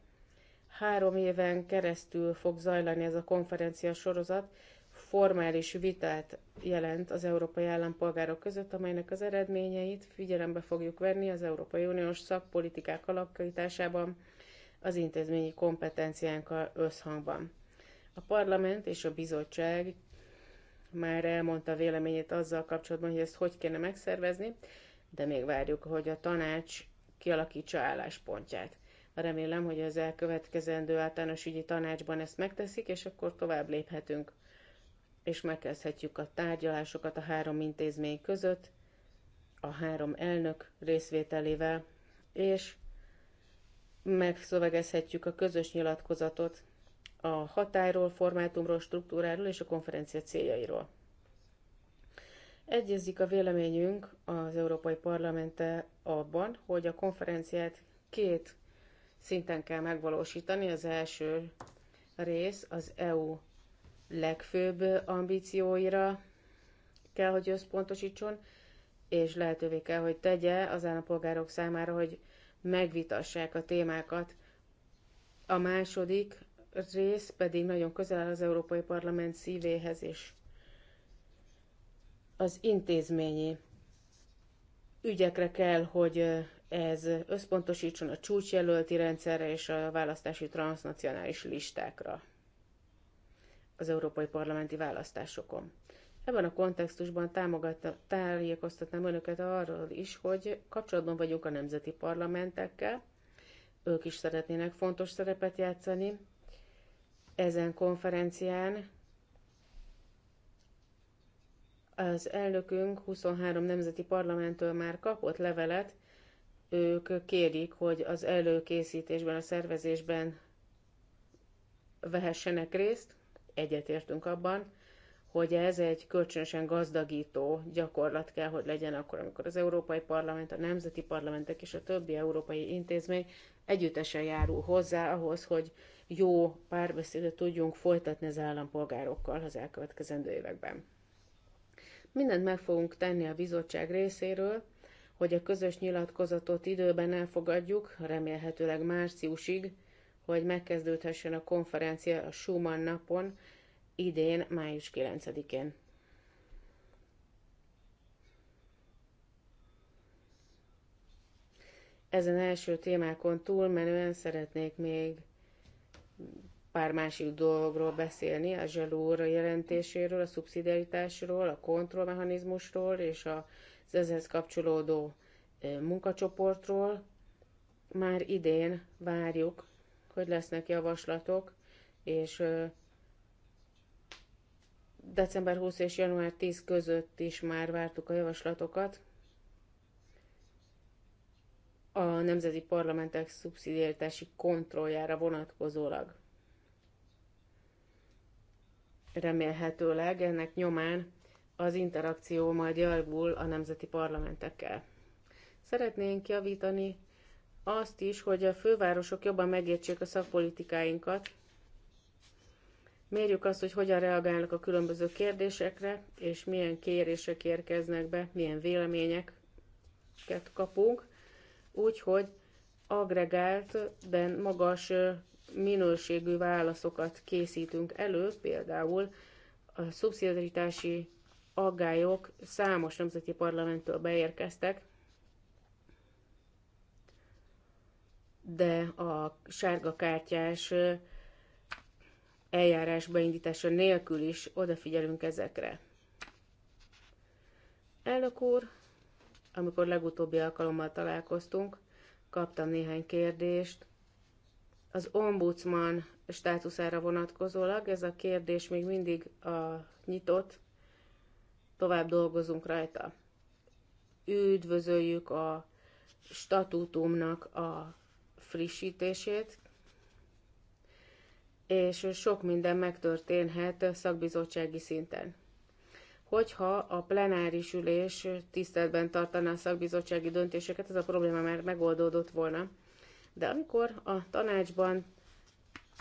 három éven keresztül fog zajlani ez a konferencia sorozat, formális vitát jelent az európai állampolgárok között, amelynek az eredményeit figyelembe fogjuk venni az Európai Uniós szakpolitikák alakításában, az intézményi kompetenciánkkal összhangban. A parlament és a bizottság már elmondta véleményét azzal kapcsolatban, hogy ezt hogy kéne megszervezni de még várjuk, hogy a tanács kialakítsa álláspontját. Remélem, hogy az elkövetkezendő általános ügyi tanácsban ezt megteszik, és akkor tovább léphetünk, és megkezdhetjük a tárgyalásokat a három intézmény között, a három elnök részvételével, és megszövegezhetjük a közös nyilatkozatot a határól, formátumról, struktúráról és a konferencia céljairól. Egyezik a véleményünk az Európai Parlamente abban, hogy a konferenciát két szinten kell megvalósítani. Az első rész az EU legfőbb ambícióira kell, hogy összpontosítson, és lehetővé kell, hogy tegye az állampolgárok számára, hogy megvitassák a témákat. A második rész pedig nagyon közel az Európai Parlament szívéhez és az intézményi ügyekre kell, hogy ez összpontosítson a csúcsjelölti rendszerre és a választási transnacionális listákra az európai parlamenti választásokon. Ebben a kontextusban tájékoztatnám önöket arról is, hogy kapcsolatban vagyunk a nemzeti parlamentekkel, ők is szeretnének fontos szerepet játszani. Ezen konferencián az elnökünk 23 nemzeti parlamenttől már kapott levelet, ők kérik, hogy az előkészítésben, a szervezésben vehessenek részt. Egyetértünk abban, hogy ez egy kölcsönösen gazdagító gyakorlat kell, hogy legyen akkor, amikor az Európai Parlament, a nemzeti parlamentek és a többi európai intézmény együttesen járul hozzá ahhoz, hogy jó párbeszédet tudjunk folytatni az állampolgárokkal az elkövetkezendő években. Mindent meg fogunk tenni a bizottság részéről, hogy a közös nyilatkozatot időben elfogadjuk, remélhetőleg márciusig, hogy megkezdődhessen a konferencia a Schumann napon, idén, május 9-én. Ezen első témákon túlmenően szeretnék még pár másik dologról beszélni, a zsalóra jelentéséről, a szubszidiaritásról, a kontrollmechanizmusról és az ezhez kapcsolódó munkacsoportról. Már idén várjuk, hogy lesznek javaslatok, és december 20 és január 10 között is már vártuk a javaslatokat. A nemzeti parlamentek szubszidiaritási kontrolljára vonatkozólag remélhetőleg ennek nyomán az interakció majd javul a nemzeti parlamentekkel. Szeretnénk javítani azt is, hogy a fővárosok jobban megértsék a szakpolitikáinkat, mérjük azt, hogy hogyan reagálnak a különböző kérdésekre, és milyen kérések érkeznek be, milyen véleményeket kapunk, úgyhogy agregáltben de magas minőségű válaszokat készítünk elő, például a szubszidiaritási aggályok számos nemzeti parlamenttől beérkeztek, de a sárga kártyás eljárás beindítása nélkül is odafigyelünk ezekre. Elnök úr, amikor legutóbbi alkalommal találkoztunk, kaptam néhány kérdést az ombudsman státuszára vonatkozólag ez a kérdés még mindig a nyitott, tovább dolgozunk rajta. Üdvözöljük a statútumnak a frissítését, és sok minden megtörténhet szakbizottsági szinten. Hogyha a plenáris ülés tiszteletben tartaná a szakbizottsági döntéseket, ez a probléma már megoldódott volna de amikor a tanácsban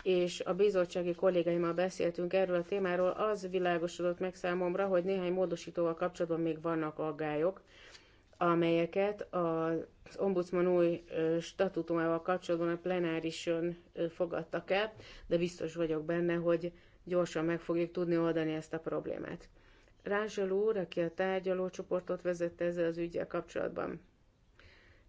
és a bizottsági kollégáimmal beszéltünk erről a témáról, az világosodott meg számomra, hogy néhány módosítóval kapcsolatban még vannak aggályok, amelyeket az ombudsman új statutumával kapcsolatban a plenárison fogadtak el, de biztos vagyok benne, hogy gyorsan meg fogjuk tudni oldani ezt a problémát. Rázsaló úr, aki a tárgyalócsoportot vezette ezzel az ügyel kapcsolatban,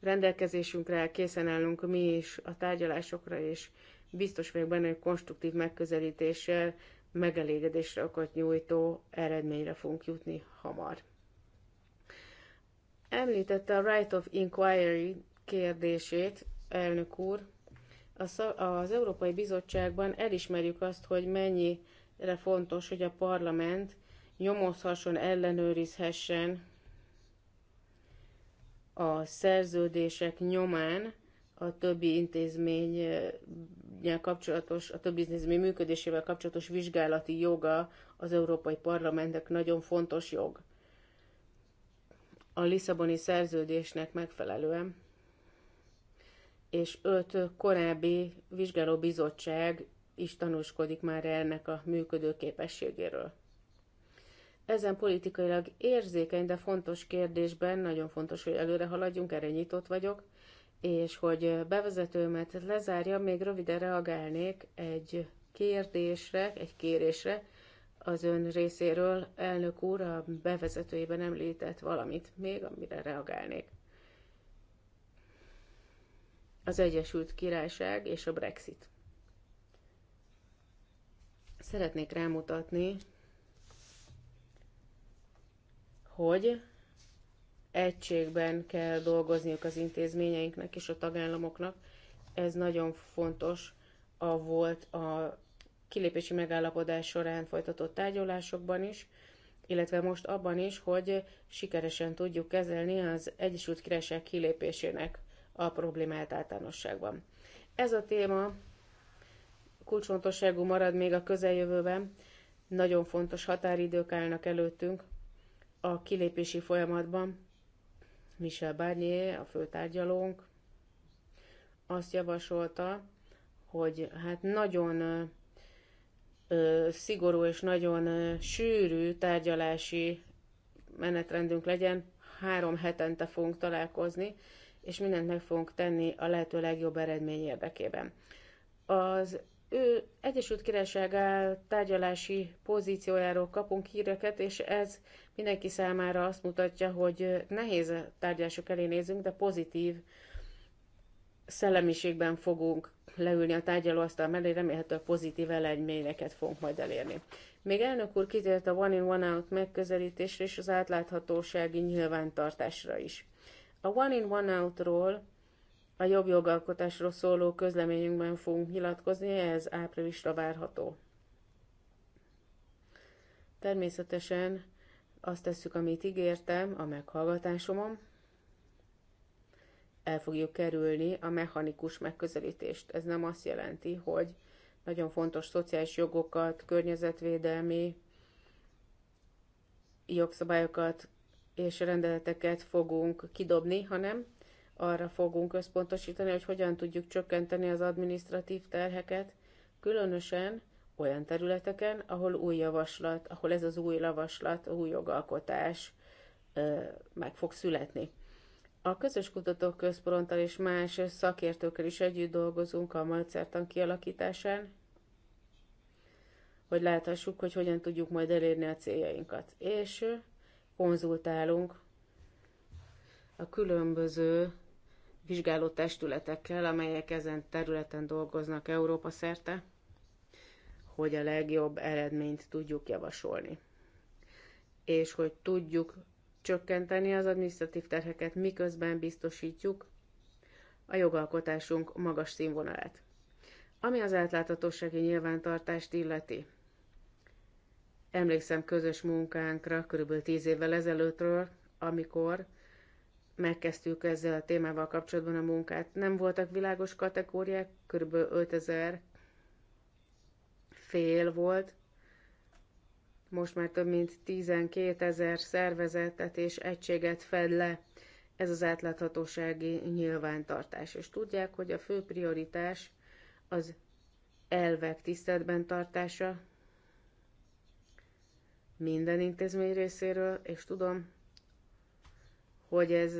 rendelkezésünkre készen állunk mi is a tárgyalásokra, és biztos vagyok benne, hogy konstruktív megközelítéssel megelégedésre okot nyújtó eredményre fogunk jutni hamar. Említette a Right of Inquiry kérdését, elnök úr. Az Európai Bizottságban elismerjük azt, hogy mennyire fontos, hogy a parlament nyomozhasson, ellenőrizhessen a szerződések nyomán a többi intézmény kapcsolatos, a többi intézmény működésével kapcsolatos vizsgálati joga az Európai Parlamentek nagyon fontos jog. A Lisszaboni szerződésnek megfelelően és öt korábbi vizsgálóbizottság is tanúskodik már ennek a működő képességéről ezen politikailag érzékeny, de fontos kérdésben nagyon fontos, hogy előre haladjunk, erre nyitott vagyok, és hogy bevezetőmet lezárja, még röviden reagálnék egy kérdésre, egy kérésre az ön részéről. Elnök úr a bevezetőjében említett valamit még, amire reagálnék. Az Egyesült Királyság és a Brexit. Szeretnék rámutatni, hogy egységben kell dolgozniuk az intézményeinknek és a tagállamoknak. Ez nagyon fontos a volt a kilépési megállapodás során folytatott tárgyalásokban is, illetve most abban is, hogy sikeresen tudjuk kezelni az Egyesült Királyság kilépésének a problémát általánosságban. Ez a téma kulcsfontosságú marad még a közeljövőben, nagyon fontos határidők állnak előttünk, a kilépési folyamatban Michel Barnier, a főtárgyalónk, azt javasolta, hogy hát nagyon ö, szigorú és nagyon ö, sűrű tárgyalási menetrendünk legyen, három hetente fogunk találkozni, és mindent meg fogunk tenni a lehető legjobb eredmény érdekében. Az ő Egyesült Királyság tárgyalási pozíciójáról kapunk híreket, és ez mindenki számára azt mutatja, hogy nehéz tárgyások elé nézünk, de pozitív szellemiségben fogunk leülni a tárgyalóasztal mellé, remélhetőleg pozitív eredményeket fogunk majd elérni. Még elnök úr kitért a one in one out megközelítésre és az átláthatósági nyilvántartásra is. A one in one outról a jobb jogalkotásról szóló közleményünkben fogunk nyilatkozni, ez áprilisra várható. Természetesen azt tesszük, amit ígértem a meghallgatásomon. El fogjuk kerülni a mechanikus megközelítést. Ez nem azt jelenti, hogy nagyon fontos szociális jogokat, környezetvédelmi jogszabályokat és rendeleteket fogunk kidobni, hanem arra fogunk összpontosítani, hogy hogyan tudjuk csökkenteni az administratív terheket, különösen olyan területeken, ahol új javaslat, ahol ez az új javaslat, új jogalkotás meg fog születni. A közös kutatóközponttal és más szakértőkkel is együtt dolgozunk a módszertan kialakításán, hogy láthassuk, hogy hogyan tudjuk majd elérni a céljainkat. És konzultálunk a különböző vizsgáló testületekkel, amelyek ezen területen dolgoznak Európa szerte hogy a legjobb eredményt tudjuk javasolni. És hogy tudjuk csökkenteni az adminisztratív terheket, miközben biztosítjuk a jogalkotásunk magas színvonalát. Ami az átláthatósági nyilvántartást illeti. Emlékszem közös munkánkra kb. 10 évvel ezelőttről, amikor megkezdtük ezzel a témával kapcsolatban a munkát. Nem voltak világos kategóriák, kb. 5000 fél volt, most már több mint 12 ezer szervezetet és egységet fed le ez az átláthatósági nyilvántartás. És tudják, hogy a fő prioritás az elvek tiszteletben tartása minden intézmény részéről, és tudom, hogy ez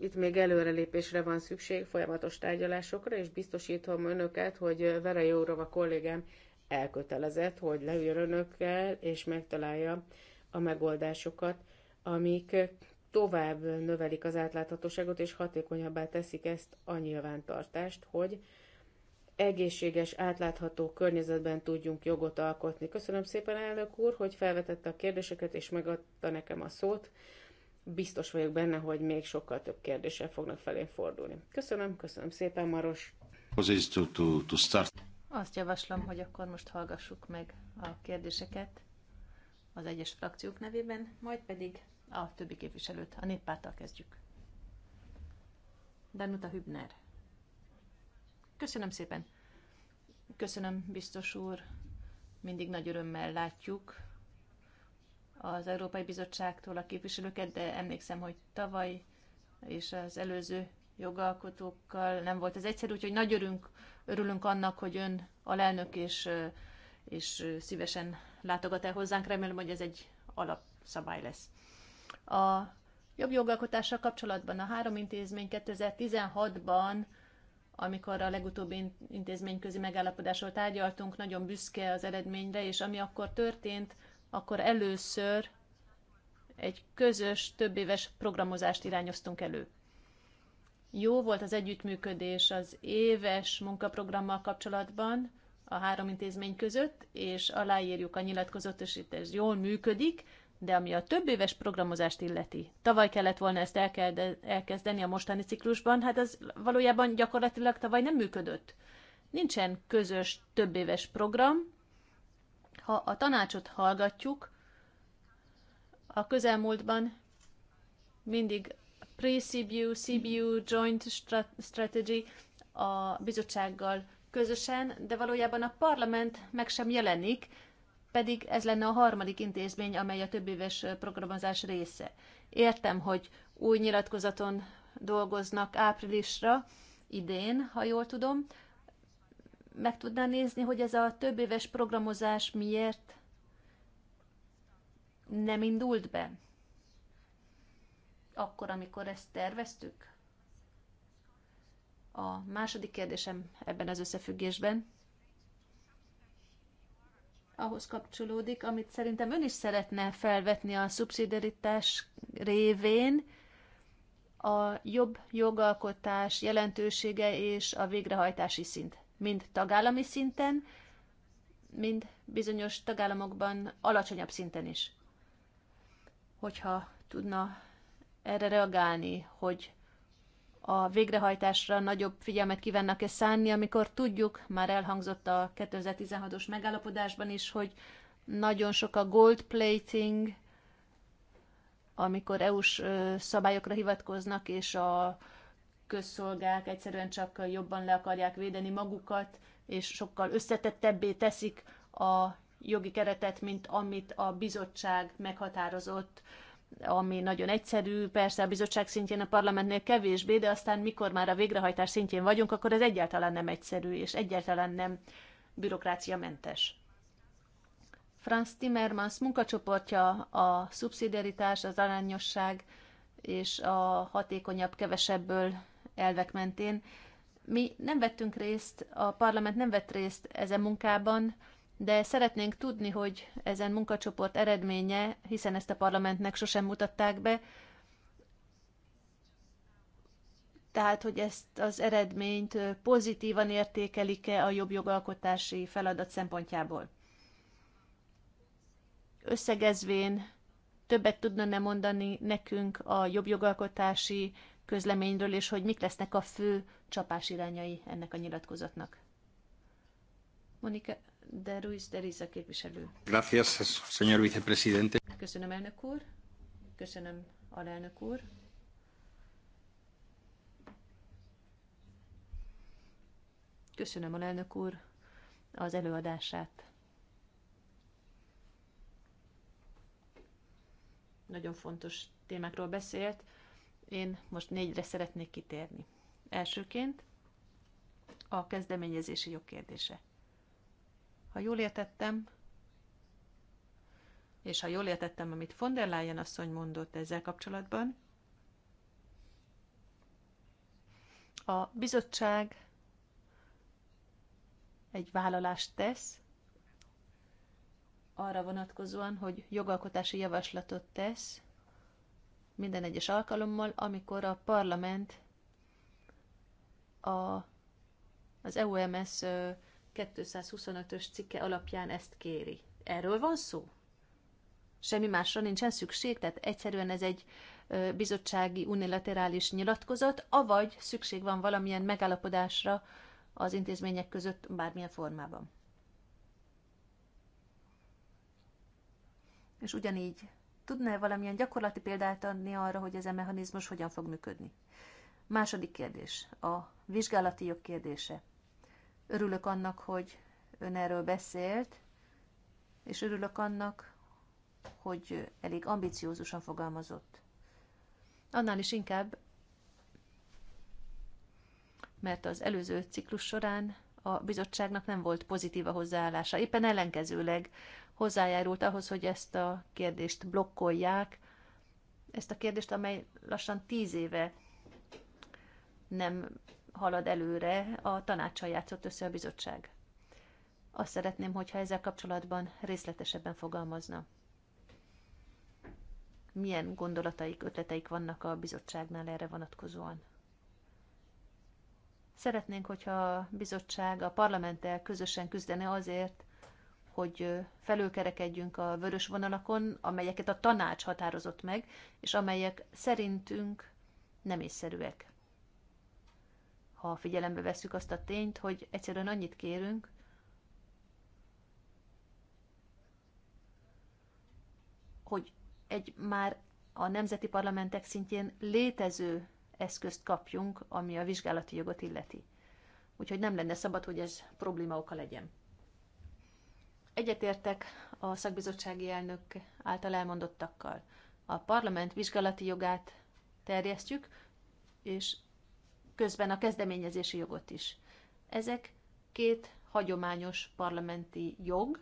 itt még előrelépésre van szükség, folyamatos tárgyalásokra, és biztosítom önöket, hogy Vera Jórova kollégám elkötelezett, hogy leüljön önökkel, és megtalálja a megoldásokat, amik tovább növelik az átláthatóságot, és hatékonyabbá teszik ezt a nyilvántartást, hogy egészséges, átlátható környezetben tudjunk jogot alkotni. Köszönöm szépen, elnök úr, hogy felvetette a kérdéseket, és megadta nekem a szót. Biztos vagyok benne, hogy még sokkal több kérdéssel fognak felén fordulni. Köszönöm, köszönöm szépen, Maros. To, to, to start. Azt javaslom, hogy akkor most hallgassuk meg a kérdéseket az egyes frakciók nevében, majd pedig a többi képviselőt, a néppártal kezdjük. Danuta Hübner. Köszönöm szépen. Köszönöm, biztos úr. Mindig nagy örömmel látjuk az Európai Bizottságtól a képviselőket, de emlékszem, hogy tavaly és az előző jogalkotókkal nem volt ez egyszerű, úgyhogy nagy örünk, Örülünk annak, hogy ön lelnök, és, és szívesen látogat el hozzánk. Remélem, hogy ez egy alapszabály lesz. A jobb jogalkotással kapcsolatban a három intézmény 2016-ban, amikor a legutóbbi intézményközi megállapodásról tárgyaltunk, nagyon büszke az eredményre, és ami akkor történt, akkor először egy közös, több éves programozást irányoztunk elő. Jó volt az együttműködés az éves munkaprogrammal kapcsolatban a három intézmény között, és aláírjuk a nyilatkozott, és itt ez jól működik, de ami a több éves programozást illeti, tavaly kellett volna ezt elkezdeni a mostani ciklusban, hát az valójában gyakorlatilag tavaly nem működött. Nincsen közös több éves program. Ha a tanácsot hallgatjuk, a közelmúltban mindig Pre-CBU, CBU, Joint Strategy a bizottsággal közösen, de valójában a parlament meg sem jelenik, pedig ez lenne a harmadik intézmény, amely a többéves programozás része. Értem, hogy új nyilatkozaton dolgoznak áprilisra, idén, ha jól tudom. Meg tudná nézni, hogy ez a többéves programozás miért nem indult be? akkor, amikor ezt terveztük? A második kérdésem ebben az összefüggésben ahhoz kapcsolódik, amit szerintem ön is szeretne felvetni a szubszidiaritás révén, a jobb jogalkotás jelentősége és a végrehajtási szint. Mind tagállami szinten, mind bizonyos tagállamokban alacsonyabb szinten is. Hogyha tudna erre reagálni, hogy a végrehajtásra nagyobb figyelmet kívánnak-e szánni, amikor tudjuk, már elhangzott a 2016-os megállapodásban is, hogy nagyon sok a gold plating, amikor EU-s szabályokra hivatkoznak, és a közszolgák egyszerűen csak jobban le akarják védeni magukat, és sokkal összetettebbé teszik a jogi keretet, mint amit a bizottság meghatározott ami nagyon egyszerű, persze a bizottság szintjén, a parlamentnél kevésbé, de aztán mikor már a végrehajtás szintjén vagyunk, akkor ez egyáltalán nem egyszerű, és egyáltalán nem bürokráciamentes. Franz Timmermans munkacsoportja a szubszidiaritás, az arányosság és a hatékonyabb, kevesebből elvek mentén. Mi nem vettünk részt, a parlament nem vett részt ezen munkában, de szeretnénk tudni, hogy ezen munkacsoport eredménye, hiszen ezt a parlamentnek sosem mutatták be, tehát, hogy ezt az eredményt pozitívan értékelik-e a jobb jogalkotási feladat szempontjából. Összegezvén többet tudna mondani nekünk a jobb jogalkotási közleményről, és hogy mik lesznek a fő csapás irányai ennek a nyilatkozatnak. Monika, de Ruiz de Riza képviselő. Gracias, señor vicepresidente. Köszönöm, elnök úr. Köszönöm, alelnök úr. Köszönöm, alelnök úr, az előadását. Nagyon fontos témákról beszélt. Én most négyre szeretnék kitérni. Elsőként a kezdeményezési jogkérdése. Ha jól értettem, és ha jól értettem, amit von der Leyen asszony mondott ezzel kapcsolatban, a bizottság egy vállalást tesz, arra vonatkozóan, hogy jogalkotási javaslatot tesz minden egyes alkalommal, amikor a parlament a, az EUMS 225-ös cikke alapján ezt kéri. Erről van szó? Semmi másra nincsen szükség, tehát egyszerűen ez egy bizottsági unilaterális nyilatkozat, avagy szükség van valamilyen megállapodásra az intézmények között bármilyen formában. És ugyanígy tudná -e valamilyen gyakorlati példát adni arra, hogy ez a mechanizmus hogyan fog működni? Második kérdés, a vizsgálati jog kérdése. Örülök annak, hogy ön erről beszélt, és örülök annak, hogy elég ambiciózusan fogalmazott. Annál is inkább, mert az előző ciklus során a bizottságnak nem volt pozitív a hozzáállása. Éppen ellenkezőleg hozzájárult ahhoz, hogy ezt a kérdést blokkolják, ezt a kérdést, amely lassan tíz éve nem halad előre, a tanácsal játszott össze a bizottság. Azt szeretném, hogyha ezzel kapcsolatban részletesebben fogalmazna. Milyen gondolataik, ötleteik vannak a bizottságnál erre vonatkozóan? Szeretnénk, hogyha a bizottság a parlamenttel közösen küzdene azért, hogy felülkerekedjünk a vörös vonalakon, amelyeket a tanács határozott meg, és amelyek szerintünk nem észszerűek ha figyelembe veszük azt a tényt, hogy egyszerűen annyit kérünk, hogy egy már a nemzeti parlamentek szintjén létező eszközt kapjunk, ami a vizsgálati jogot illeti. Úgyhogy nem lenne szabad, hogy ez probléma oka legyen. Egyetértek a szakbizottsági elnök által elmondottakkal. A parlament vizsgálati jogát terjesztjük, és közben a kezdeményezési jogot is. Ezek két hagyományos parlamenti jog.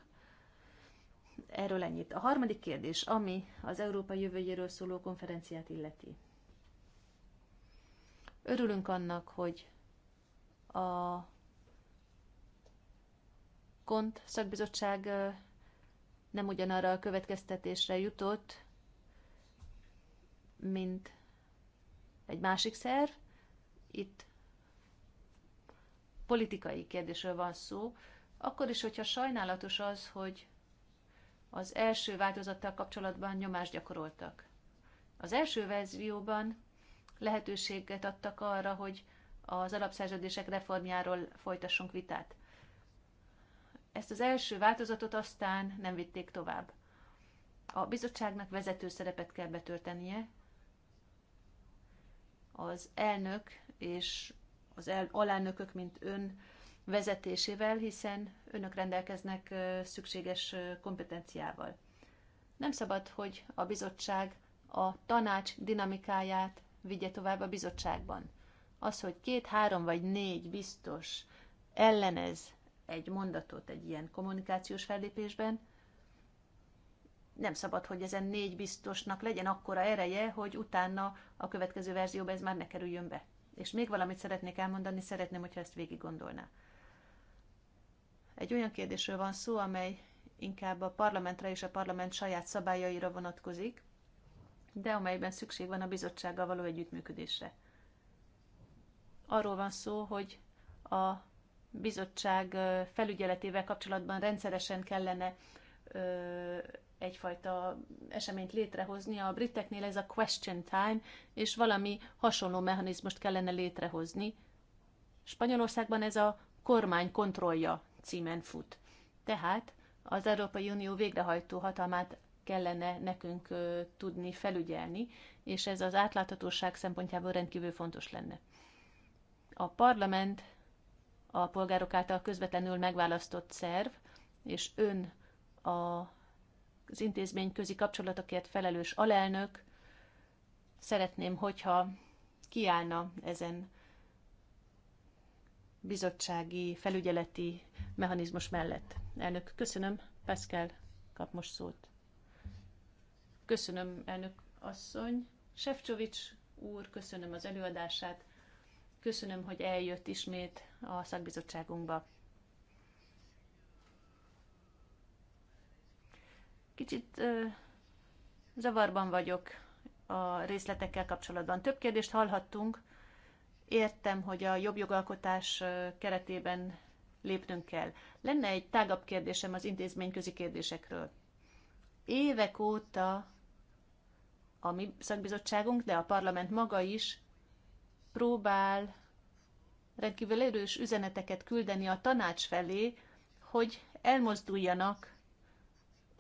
Erről ennyit. A harmadik kérdés, ami az Európai jövőjéről szóló konferenciát illeti. Örülünk annak, hogy a KONT szakbizottság nem ugyanarra a következtetésre jutott, mint egy másik szerv, itt politikai kérdésről van szó, akkor is, hogyha sajnálatos az, hogy az első változattal kapcsolatban nyomást gyakoroltak. Az első verzióban lehetőséget adtak arra, hogy az alapszerződések reformjáról folytassunk vitát. Ezt az első változatot aztán nem vitték tovább. A bizottságnak vezető szerepet kell betöltenie, az elnök és az el, alelnökök, mint ön vezetésével, hiszen önök rendelkeznek szükséges kompetenciával. Nem szabad, hogy a bizottság a tanács dinamikáját vigye tovább a bizottságban. Az, hogy két, három vagy négy biztos ellenez egy mondatot egy ilyen kommunikációs fellépésben, nem szabad, hogy ezen négy biztosnak legyen akkora ereje, hogy utána a következő verzióba ez már ne kerüljön be. És még valamit szeretnék elmondani, szeretném, hogyha ezt végig gondolná. Egy olyan kérdésről van szó, amely inkább a parlamentre és a parlament saját szabályaira vonatkozik, de amelyben szükség van a bizottsággal való együttműködésre. Arról van szó, hogy a bizottság felügyeletével kapcsolatban rendszeresen kellene egyfajta eseményt létrehozni. A briteknél ez a question time, és valami hasonló mechanizmust kellene létrehozni. Spanyolországban ez a kormány kontrollja címen fut. Tehát az Európai Unió végrehajtó hatalmát kellene nekünk tudni felügyelni, és ez az átláthatóság szempontjából rendkívül fontos lenne. A parlament a polgárok által közvetlenül megválasztott szerv, és ön a az intézményközi kapcsolatokért felelős alelnök, szeretném, hogyha kiállna ezen bizottsági felügyeleti mechanizmus mellett. Elnök, köszönöm. Pascal kap most szót. Köszönöm, elnök asszony. Sefcsovics úr, köszönöm az előadását. Köszönöm, hogy eljött ismét a szakbizottságunkba. Kicsit ö, zavarban vagyok a részletekkel kapcsolatban. Több kérdést hallhattunk. Értem, hogy a jobb jogalkotás keretében lépnünk kell. Lenne egy tágabb kérdésem az intézményközi kérdésekről. Évek óta a mi szakbizottságunk, de a parlament maga is próbál rendkívül erős üzeneteket küldeni a tanács felé, hogy elmozduljanak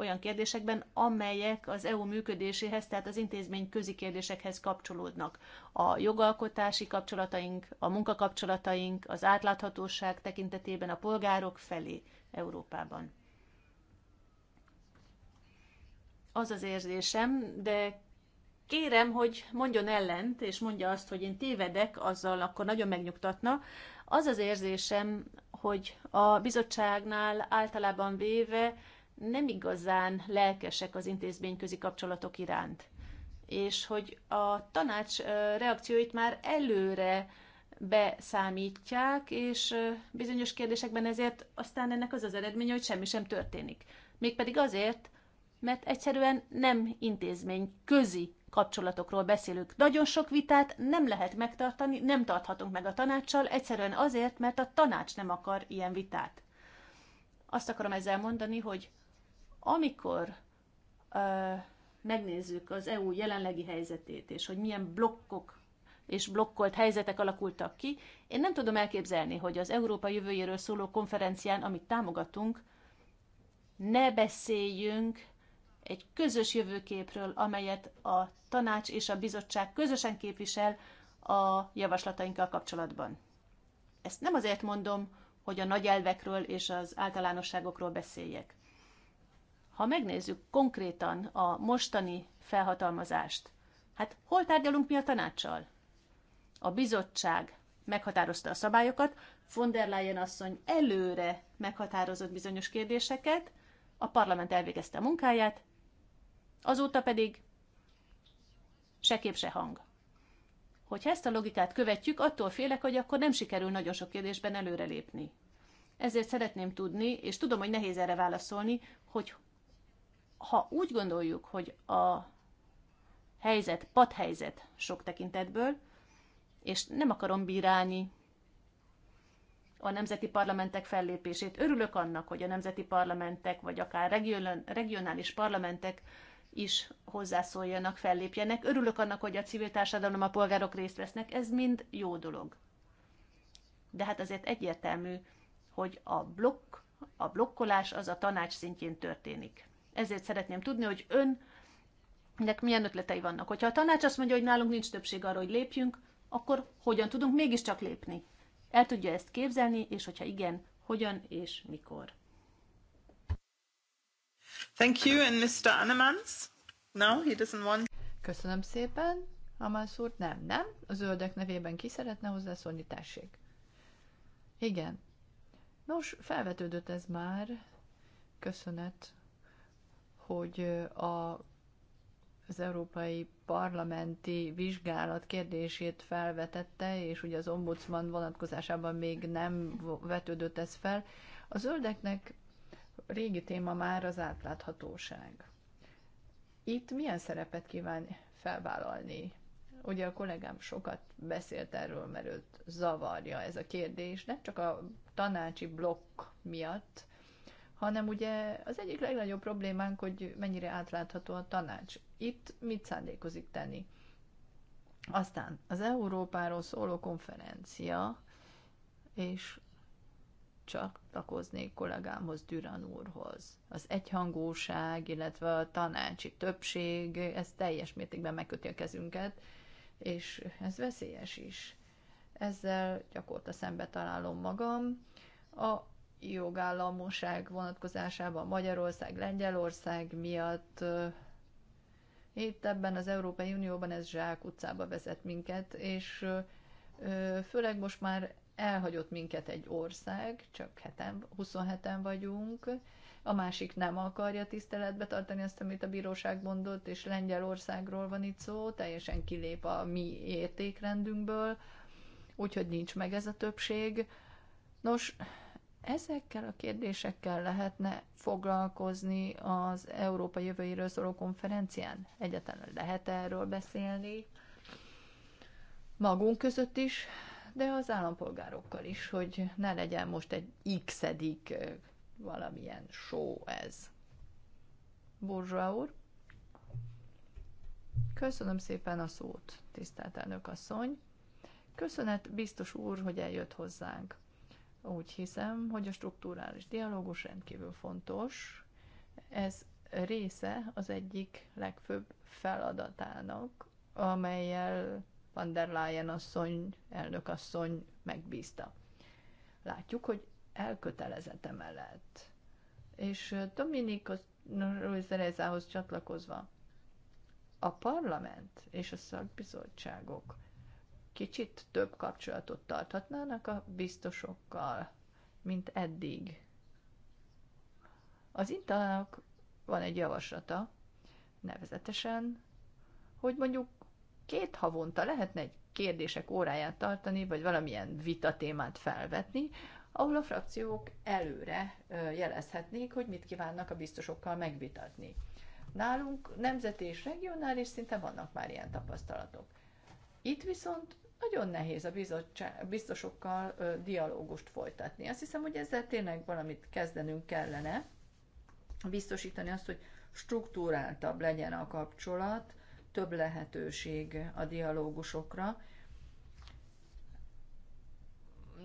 olyan kérdésekben, amelyek az EU működéséhez, tehát az intézmény közi kérdésekhez kapcsolódnak. A jogalkotási kapcsolataink, a munkakapcsolataink, az átláthatóság tekintetében a polgárok felé Európában. Az az érzésem, de kérem, hogy mondjon ellent, és mondja azt, hogy én tévedek, azzal akkor nagyon megnyugtatna. Az az érzésem, hogy a bizottságnál általában véve nem igazán lelkesek az intézményközi kapcsolatok iránt. És hogy a tanács reakcióit már előre beszámítják, és bizonyos kérdésekben ezért aztán ennek az az eredménye, hogy semmi sem történik. Mégpedig azért, mert egyszerűen nem intézmény közi kapcsolatokról beszélünk. Nagyon sok vitát nem lehet megtartani, nem tarthatunk meg a tanácssal, egyszerűen azért, mert a tanács nem akar ilyen vitát. Azt akarom ezzel mondani, hogy amikor uh, megnézzük az EU jelenlegi helyzetét, és hogy milyen blokkok és blokkolt helyzetek alakultak ki, én nem tudom elképzelni, hogy az Európa jövőjéről szóló konferencián, amit támogatunk, ne beszéljünk egy közös jövőképről, amelyet a tanács és a bizottság közösen képvisel a javaslatainkkal kapcsolatban. Ezt nem azért mondom, hogy a nagy elvekről és az általánosságokról beszéljek. Ha megnézzük konkrétan a mostani felhatalmazást, hát hol tárgyalunk mi a tanácssal? A bizottság meghatározta a szabályokat, von der Leyen asszony előre meghatározott bizonyos kérdéseket, a parlament elvégezte a munkáját, azóta pedig se kép, se hang. Hogyha ezt a logikát követjük, attól félek, hogy akkor nem sikerül nagyon sok kérdésben előrelépni. Ezért szeretném tudni, és tudom, hogy nehéz erre válaszolni, hogy ha úgy gondoljuk, hogy a helyzet, padhelyzet sok tekintetből, és nem akarom bírálni a nemzeti parlamentek fellépését. Örülök annak, hogy a nemzeti parlamentek, vagy akár regionális parlamentek is hozzászóljanak, fellépjenek. Örülök annak, hogy a civil társadalom, a polgárok részt vesznek. Ez mind jó dolog. De hát azért egyértelmű, hogy a blokk, a blokkolás az a tanács szintjén történik. Ezért szeretném tudni, hogy önnek milyen ötletei vannak. Hogyha a tanács azt mondja, hogy nálunk nincs többség arra, hogy lépjünk, akkor hogyan tudunk mégiscsak lépni? El tudja ezt képzelni, és hogyha igen, hogyan és mikor? Thank you, and Mr. Anemans. No, he doesn't want... Köszönöm szépen. Amans úr, nem, nem. A zöldek nevében ki szeretne hozzászólni, tessék. Igen. Nos, felvetődött ez már. Köszönet hogy a, az Európai Parlamenti Vizsgálat kérdését felvetette, és ugye az ombudsman vonatkozásában még nem vetődött ez fel. A zöldeknek régi téma már az átláthatóság. Itt milyen szerepet kíván felvállalni? Ugye a kollégám sokat beszélt erről, mert őt zavarja ez a kérdés, nem csak a tanácsi blokk miatt, hanem ugye az egyik legnagyobb problémánk, hogy mennyire átlátható a tanács. Itt mit szándékozik tenni? Aztán az Európáról szóló konferencia, és csak takoznék kollégámhoz, Düran úrhoz. Az egyhangúság, illetve a tanácsi többség, ez teljes mértékben megköti a kezünket, és ez veszélyes is. Ezzel gyakorta szembe találom magam. A jogállamoság vonatkozásában Magyarország, Lengyelország miatt. Itt ebben az Európai Unióban ez zsák utcába vezet minket, és főleg most már elhagyott minket egy ország, csak heten, 27-en vagyunk, a másik nem akarja tiszteletbe tartani azt, amit a bíróság mondott, és Lengyelországról van itt szó, teljesen kilép a mi értékrendünkből, úgyhogy nincs meg ez a többség. Nos, Ezekkel a kérdésekkel lehetne foglalkozni az Európa jövőjéről szóló konferencián? Egyáltalán lehet erről beszélni? Magunk között is, de az állampolgárokkal is, hogy ne legyen most egy x valamilyen show ez. Burzsa úr. Köszönöm szépen a szót, tisztelt elnök asszony. Köszönet biztos úr, hogy eljött hozzánk. Úgy hiszem, hogy a struktúrális dialógus rendkívül fontos. Ez része az egyik legfőbb feladatának, amelyel van der Leyen asszony, elnök asszony megbízta. Látjuk, hogy elkötelezett emellett. És Dominik Rózerezához csatlakozva, a parlament és a szakbizottságok kicsit több kapcsolatot tarthatnának a biztosokkal, mint eddig. Az intalának van egy javaslata, nevezetesen, hogy mondjuk két havonta lehetne egy kérdések óráját tartani, vagy valamilyen vita témát felvetni, ahol a frakciók előre jelezhetnék, hogy mit kívánnak a biztosokkal megvitatni. Nálunk nemzeti és regionális szinten vannak már ilyen tapasztalatok. Itt viszont nagyon nehéz a biztosokkal dialógust folytatni. Azt hiszem, hogy ezzel tényleg valamit kezdenünk kellene, biztosítani azt, hogy struktúráltabb legyen a kapcsolat, több lehetőség a dialógusokra.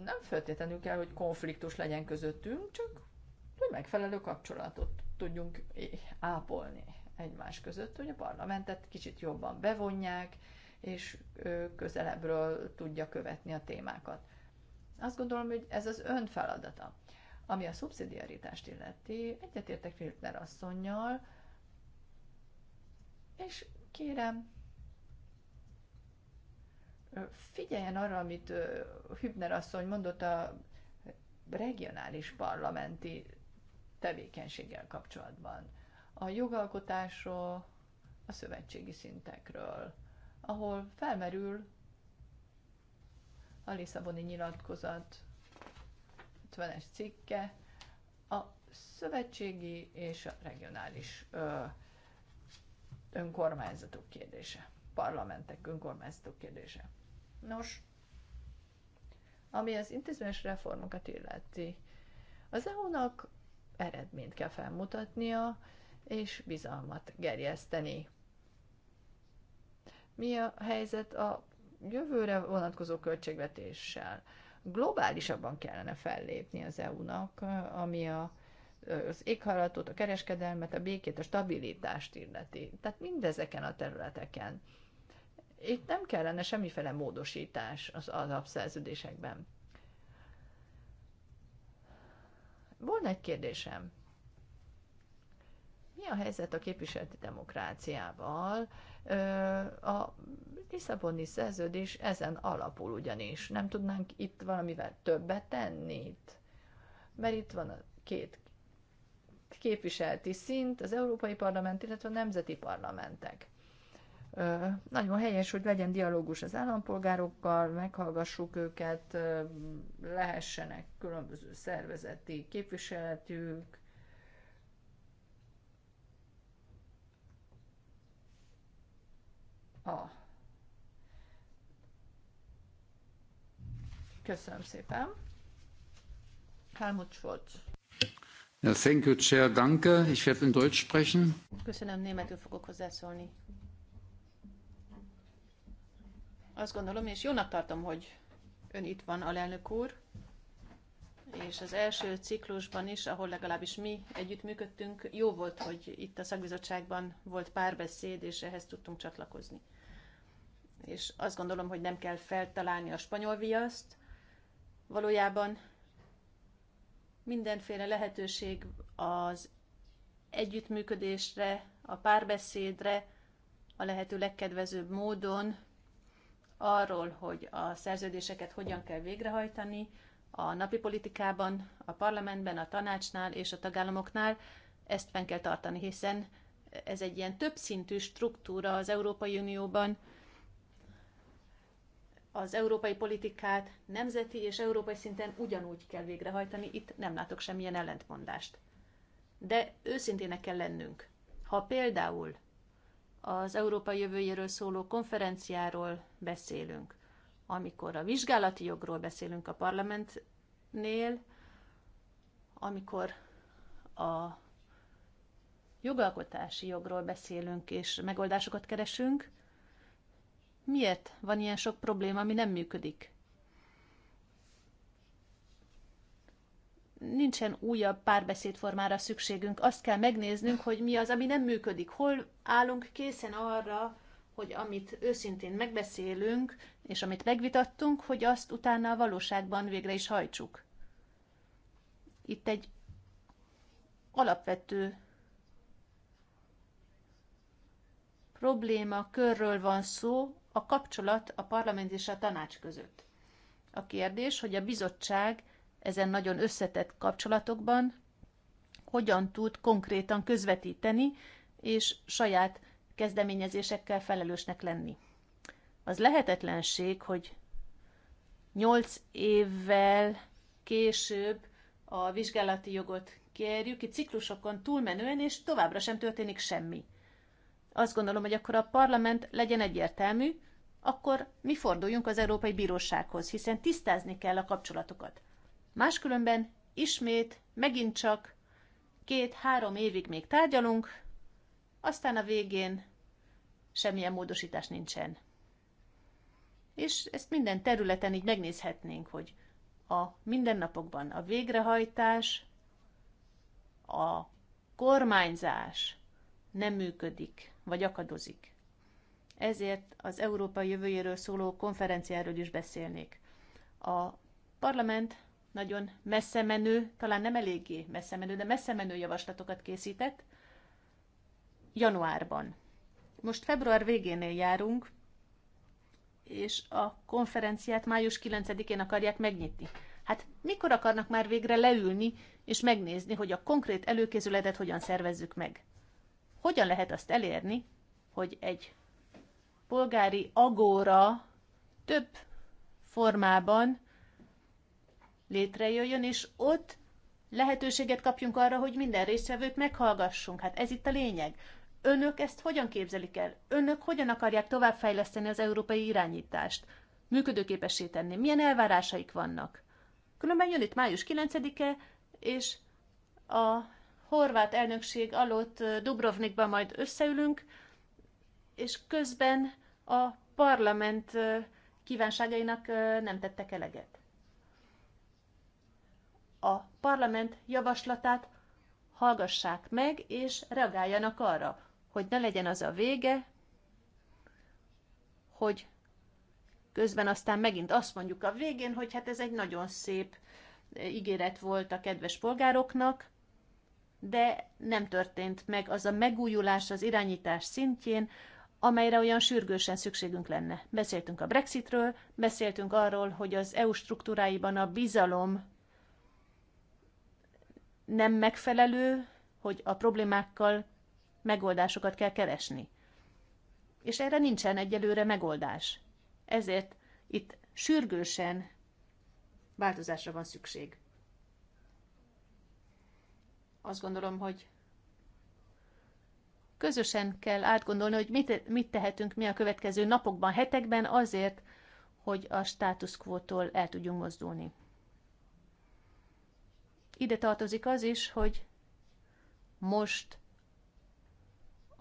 Nem feltétlenül kell, hogy konfliktus legyen közöttünk, csak hogy megfelelő kapcsolatot tudjunk ápolni egymás között, hogy a parlamentet kicsit jobban bevonják, és közelebbről tudja követni a témákat. Azt gondolom, hogy ez az ön feladata. Ami a szubszidiaritást illeti, egyetértek Filtner asszonynal, és kérem, figyeljen arra, amit Hübner asszony mondott a regionális parlamenti tevékenységgel kapcsolatban. A jogalkotásról, a szövetségi szintekről, ahol felmerül a Lisszaboni nyilatkozat 50-es cikke a szövetségi és a regionális ö, önkormányzatok kérdése, parlamentek önkormányzatok kérdése. Nos, ami az intézményes reformokat illeti, az EU-nak eredményt kell felmutatnia és bizalmat gerjeszteni mi a helyzet a jövőre vonatkozó költségvetéssel. Globálisabban kellene fellépni az EU-nak, ami a, az éghajlatot, a kereskedelmet, a békét, a stabilitást illeti. Tehát mindezeken a területeken. Itt nem kellene semmiféle módosítás az alapszerződésekben. Volna egy kérdésem. Mi a helyzet a képviseleti demokráciával? A Lisszaboni szerződés ezen alapul ugyanis. Nem tudnánk itt valamivel többet tenni? Mert itt van a két képviseleti szint, az Európai Parlament, illetve a nemzeti parlamentek. Ö, nagyon helyes, hogy legyen dialógus az állampolgárokkal, meghallgassuk őket, ö, lehessenek különböző szervezeti képviseletük, A. Köszönöm szépen. Helmut Scholz. Ja, thank you, Chair. Danke. Ich werde in Deutsch sprechen. Köszönöm, németül fogok hozzászólni. Azt gondolom, és jónak tartom, hogy ön itt van, alelnök úr és az első ciklusban is, ahol legalábbis mi együttműködtünk, jó volt, hogy itt a szakbizottságban volt párbeszéd, és ehhez tudtunk csatlakozni. És azt gondolom, hogy nem kell feltalálni a spanyol viaszt. Valójában mindenféle lehetőség az együttműködésre, a párbeszédre a lehető legkedvezőbb módon arról, hogy a szerződéseket hogyan kell végrehajtani, a napi politikában, a parlamentben, a tanácsnál és a tagállamoknál ezt fenn kell tartani, hiszen ez egy ilyen többszintű struktúra az Európai Unióban. Az európai politikát nemzeti és európai szinten ugyanúgy kell végrehajtani, itt nem látok semmilyen ellentmondást. De őszintének kell lennünk. Ha például az Európai jövőjéről szóló konferenciáról beszélünk, amikor a vizsgálati jogról beszélünk a parlamentnél, amikor a jogalkotási jogról beszélünk és megoldásokat keresünk, miért van ilyen sok probléma, ami nem működik? Nincsen újabb párbeszédformára szükségünk, azt kell megnéznünk, hogy mi az, ami nem működik, hol állunk készen arra, hogy amit őszintén megbeszélünk, és amit megvitattunk, hogy azt utána a valóságban végre is hajtsuk. Itt egy alapvető probléma körről van szó, a kapcsolat a parlament és a tanács között. A kérdés, hogy a bizottság ezen nagyon összetett kapcsolatokban hogyan tud konkrétan közvetíteni, és saját kezdeményezésekkel felelősnek lenni. Az lehetetlenség, hogy nyolc évvel később a vizsgálati jogot kérjük, itt ciklusokon túlmenően, és továbbra sem történik semmi. Azt gondolom, hogy akkor a parlament legyen egyértelmű, akkor mi forduljunk az Európai Bírósághoz, hiszen tisztázni kell a kapcsolatokat. Máskülönben ismét, megint csak két-három évig még tárgyalunk, aztán a végén semmilyen módosítás nincsen. És ezt minden területen így megnézhetnénk, hogy a mindennapokban a végrehajtás, a kormányzás nem működik, vagy akadozik. Ezért az Európai jövőjéről szóló konferenciáról is beszélnék. A parlament nagyon messze menő, talán nem eléggé messze menő, de messze menő javaslatokat készített januárban. Most február végénél járunk, és a konferenciát május 9-én akarják megnyitni. Hát mikor akarnak már végre leülni és megnézni, hogy a konkrét előkészületet hogyan szervezzük meg? Hogyan lehet azt elérni, hogy egy polgári agóra több formában létrejöjjön, és ott lehetőséget kapjunk arra, hogy minden résztvevőt meghallgassunk. Hát ez itt a lényeg. Önök ezt hogyan képzelik el? Önök hogyan akarják továbbfejleszteni az európai irányítást? Működőképessé tenni? Milyen elvárásaik vannak? Különben jön itt május 9-e, és a horvát elnökség alatt Dubrovnikban majd összeülünk, és közben a parlament kívánságainak nem tettek eleget. A parlament javaslatát hallgassák meg, és reagáljanak arra hogy ne legyen az a vége, hogy közben aztán megint azt mondjuk a végén, hogy hát ez egy nagyon szép eh, ígéret volt a kedves polgároknak, de nem történt meg az a megújulás az irányítás szintjén, amelyre olyan sürgősen szükségünk lenne. Beszéltünk a Brexitről, beszéltünk arról, hogy az EU struktúráiban a bizalom nem megfelelő, hogy a problémákkal megoldásokat kell keresni. És erre nincsen egyelőre megoldás. Ezért itt sürgősen változásra van szükség. Azt gondolom, hogy közösen kell átgondolni, hogy mit, mit tehetünk mi a következő napokban, hetekben azért, hogy a status quo-tól el tudjunk mozdulni. Ide tartozik az is, hogy most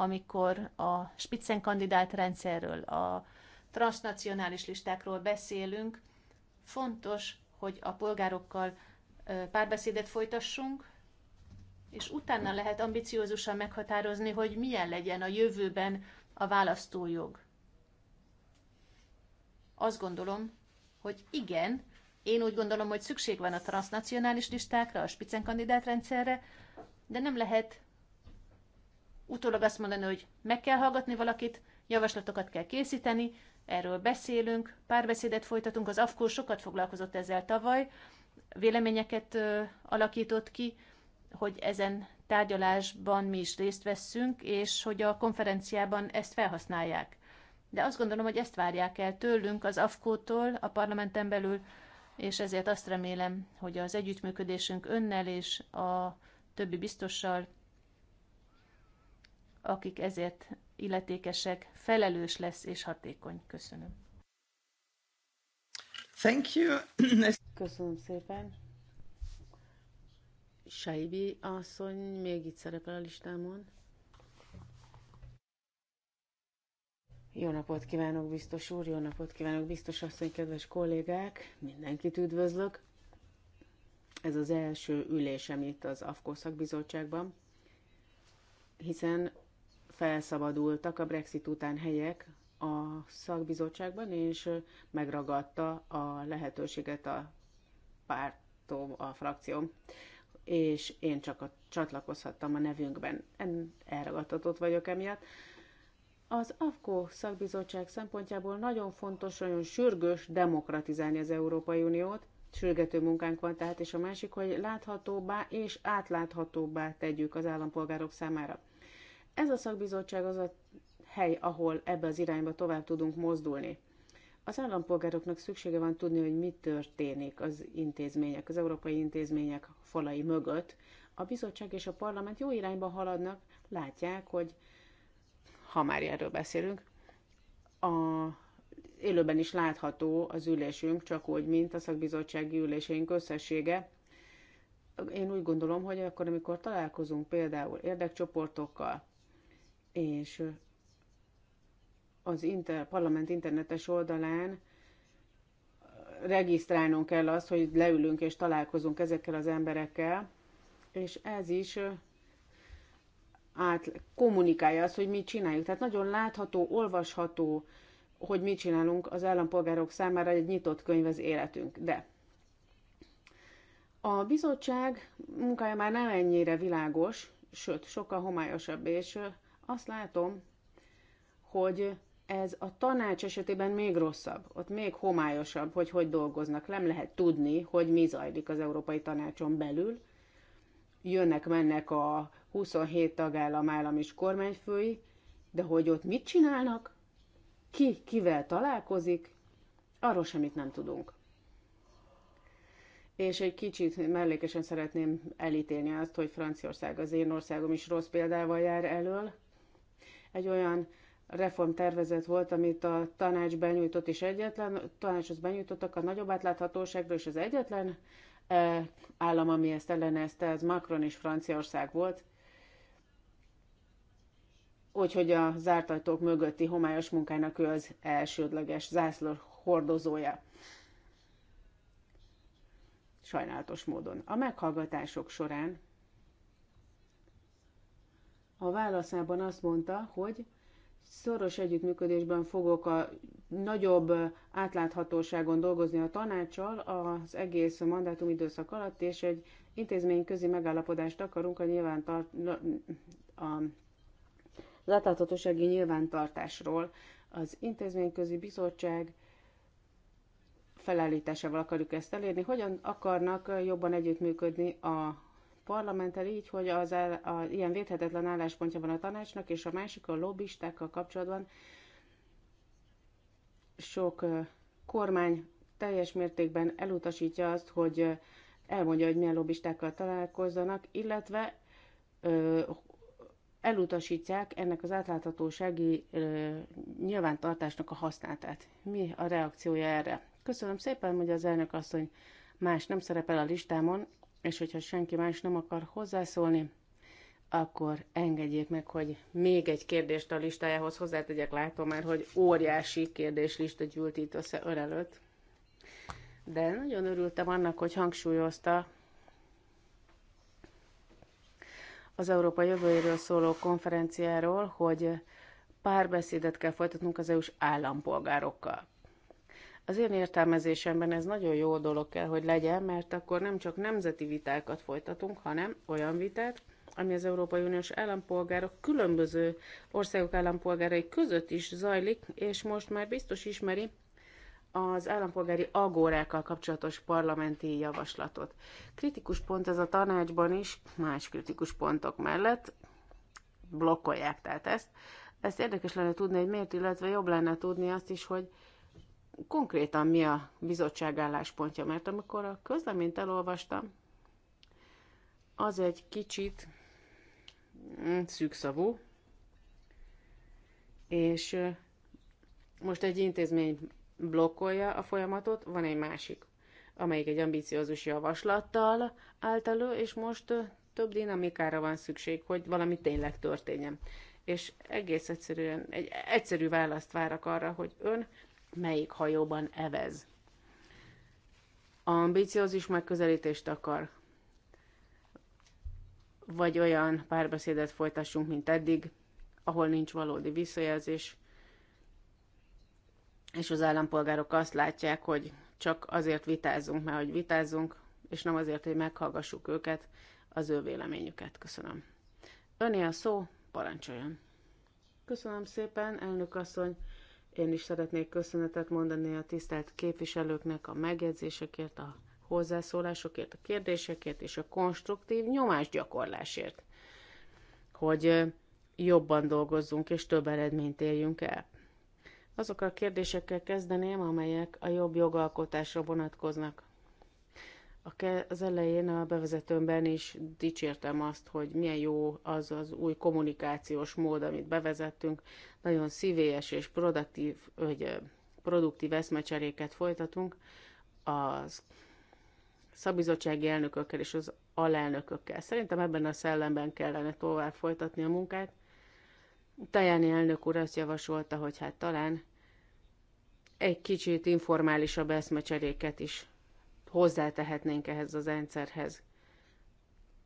amikor a spitzenkandidát rendszerről, a transnacionális listákról beszélünk, fontos, hogy a polgárokkal párbeszédet folytassunk, és utána lehet ambiciózusan meghatározni, hogy milyen legyen a jövőben a választójog. Azt gondolom, hogy igen, én úgy gondolom, hogy szükség van a transnacionális listákra, a spitzenkandidát rendszerre, de nem lehet utólag azt mondani, hogy meg kell hallgatni valakit, javaslatokat kell készíteni, erről beszélünk, párbeszédet folytatunk, az AFKO sokat foglalkozott ezzel tavaly, véleményeket ö, alakított ki, hogy ezen tárgyalásban mi is részt vesszünk, és hogy a konferenciában ezt felhasználják. De azt gondolom, hogy ezt várják el tőlünk, az AFKO-tól, a parlamenten belül, és ezért azt remélem, hogy az együttműködésünk önnel és a többi biztossal akik ezért illetékesek, felelős lesz és hatékony. Köszönöm. Thank you. Köszönöm szépen. Saibi asszony még itt szerepel a listámon. Jó napot kívánok, biztos úr, jó napot kívánok, biztos asszony, kedves kollégák, mindenkit üdvözlök. Ez az első ülésem itt az AFKO szakbizottságban, hiszen felszabadultak a Brexit után helyek a szakbizottságban, és megragadta a lehetőséget a pártom, a frakcióm, és én csak a, csatlakozhattam a nevünkben. En, elragadtatott vagyok emiatt. Az AFKO szakbizottság szempontjából nagyon fontos, nagyon sürgős demokratizálni az Európai Uniót, sürgető munkánk van tehát, és a másik, hogy láthatóbbá és átláthatóbbá tegyük az állampolgárok számára. Ez a szakbizottság az a hely, ahol ebbe az irányba tovább tudunk mozdulni. Az állampolgároknak szüksége van tudni, hogy mi történik az intézmények, az európai intézmények falai mögött. A bizottság és a parlament jó irányba haladnak, látják, hogy ha már erről beszélünk, a élőben is látható az ülésünk, csak úgy, mint a szakbizottsági üléseink összessége. Én úgy gondolom, hogy akkor, amikor találkozunk például érdekcsoportokkal, és az inter, parlament internetes oldalán regisztrálnunk kell azt, hogy leülünk és találkozunk ezekkel az emberekkel, és ez is át kommunikálja azt, hogy mit csináljuk. Tehát nagyon látható, olvasható, hogy mit csinálunk az állampolgárok számára egy nyitott könyv az életünk. De a bizottság munkája már nem ennyire világos, sőt, sokkal homályosabb, és azt látom, hogy ez a tanács esetében még rosszabb, ott még homályosabb, hogy hogy dolgoznak. Nem lehet tudni, hogy mi zajlik az Európai Tanácson belül. Jönnek-mennek a 27 tagállam állam és kormányfői, de hogy ott mit csinálnak, ki kivel találkozik, arról semmit nem tudunk. És egy kicsit mellékesen szeretném elítélni azt, hogy Franciaország az én országom is rossz példával jár elől, egy olyan reformtervezet volt, amit a tanács benyújtott, és egyetlen tanácshoz benyújtottak a nagyobb átláthatóságra, és az egyetlen eh, állam, ami ezt ellenezte, ez Macron és Franciaország volt. Úgyhogy a zárt ajtók mögötti homályos munkának ő az elsődleges zászló hordozója. Sajnálatos módon. A meghallgatások során a válaszában azt mondta, hogy szoros együttműködésben fogok a nagyobb átláthatóságon dolgozni a tanácssal az egész mandátum időszak alatt, és egy intézményközi megállapodást akarunk a nyilvántart, a, az átláthatósági nyilvántartásról. Az intézményközi bizottság felállításával akarjuk ezt elérni. Hogyan akarnak jobban együttműködni a parlamenttel így, hogy az el, a, ilyen védhetetlen álláspontja van a tanácsnak, és a másik a lobbistákkal kapcsolatban sok kormány teljes mértékben elutasítja azt, hogy elmondja, hogy milyen lobbistákkal találkozzanak, illetve ö, elutasítják ennek az átláthatósági ö, nyilvántartásnak a használatát. Mi a reakciója erre? Köszönöm szépen, hogy az elnök asszony más nem szerepel a listámon, és hogyha senki más nem akar hozzászólni, akkor engedjék meg, hogy még egy kérdést a listájához hozzátegyek. Látom már, hogy óriási kérdéslista gyűlt itt össze ön előtt. De nagyon örültem annak, hogy hangsúlyozta az Európa jövőjéről szóló konferenciáról, hogy párbeszédet kell folytatnunk az EU-s állampolgárokkal. Az én értelmezésemben ez nagyon jó dolog kell, hogy legyen, mert akkor nem csak nemzeti vitákat folytatunk, hanem olyan vitát, ami az Európai Uniós állampolgárok különböző országok állampolgárai között is zajlik, és most már biztos ismeri az állampolgári agórákkal kapcsolatos parlamenti javaslatot. Kritikus pont ez a tanácsban is, más kritikus pontok mellett blokkolják tehát ezt. Ezt érdekes lenne tudni, hogy miért, illetve jobb lenne tudni azt is, hogy konkrétan mi a bizottság álláspontja, mert amikor a közleményt elolvastam, az egy kicsit mm, szűkszavú, és most egy intézmény blokkolja a folyamatot, van egy másik, amelyik egy ambiciózus javaslattal állt elő, és most több dinamikára van szükség, hogy valami tényleg történjen. És egész egyszerűen egy egyszerű választ várak arra, hogy ön melyik hajóban evez. Ambiciózus megközelítést akar, vagy olyan párbeszédet folytassunk, mint eddig, ahol nincs valódi visszajelzés, és az állampolgárok azt látják, hogy csak azért vitázunk, mert hogy vitázunk, és nem azért, hogy meghallgassuk őket, az ő véleményüket. Köszönöm. Öné a szó, parancsoljon. Köszönöm szépen, elnök asszony. Én is szeretnék köszönetet mondani a tisztelt képviselőknek a megjegyzésekért, a hozzászólásokért, a kérdésekért és a konstruktív nyomásgyakorlásért, hogy jobban dolgozzunk és több eredményt éljünk el. Azok a kérdésekkel kezdeném, amelyek a jobb jogalkotásra vonatkoznak. Az elején a bevezetőmben is dicsértem azt, hogy milyen jó az az új kommunikációs mód, amit bevezettünk. Nagyon szívélyes és produktív, hogy produktív eszmecseréket folytatunk a szabizottsági elnökökkel és az alelnökökkel. Szerintem ebben a szellemben kellene tovább folytatni a munkát. Tajáni elnök úr azt javasolta, hogy hát talán egy kicsit informálisabb eszmecseréket is hozzátehetnénk ehhez az rendszerhez,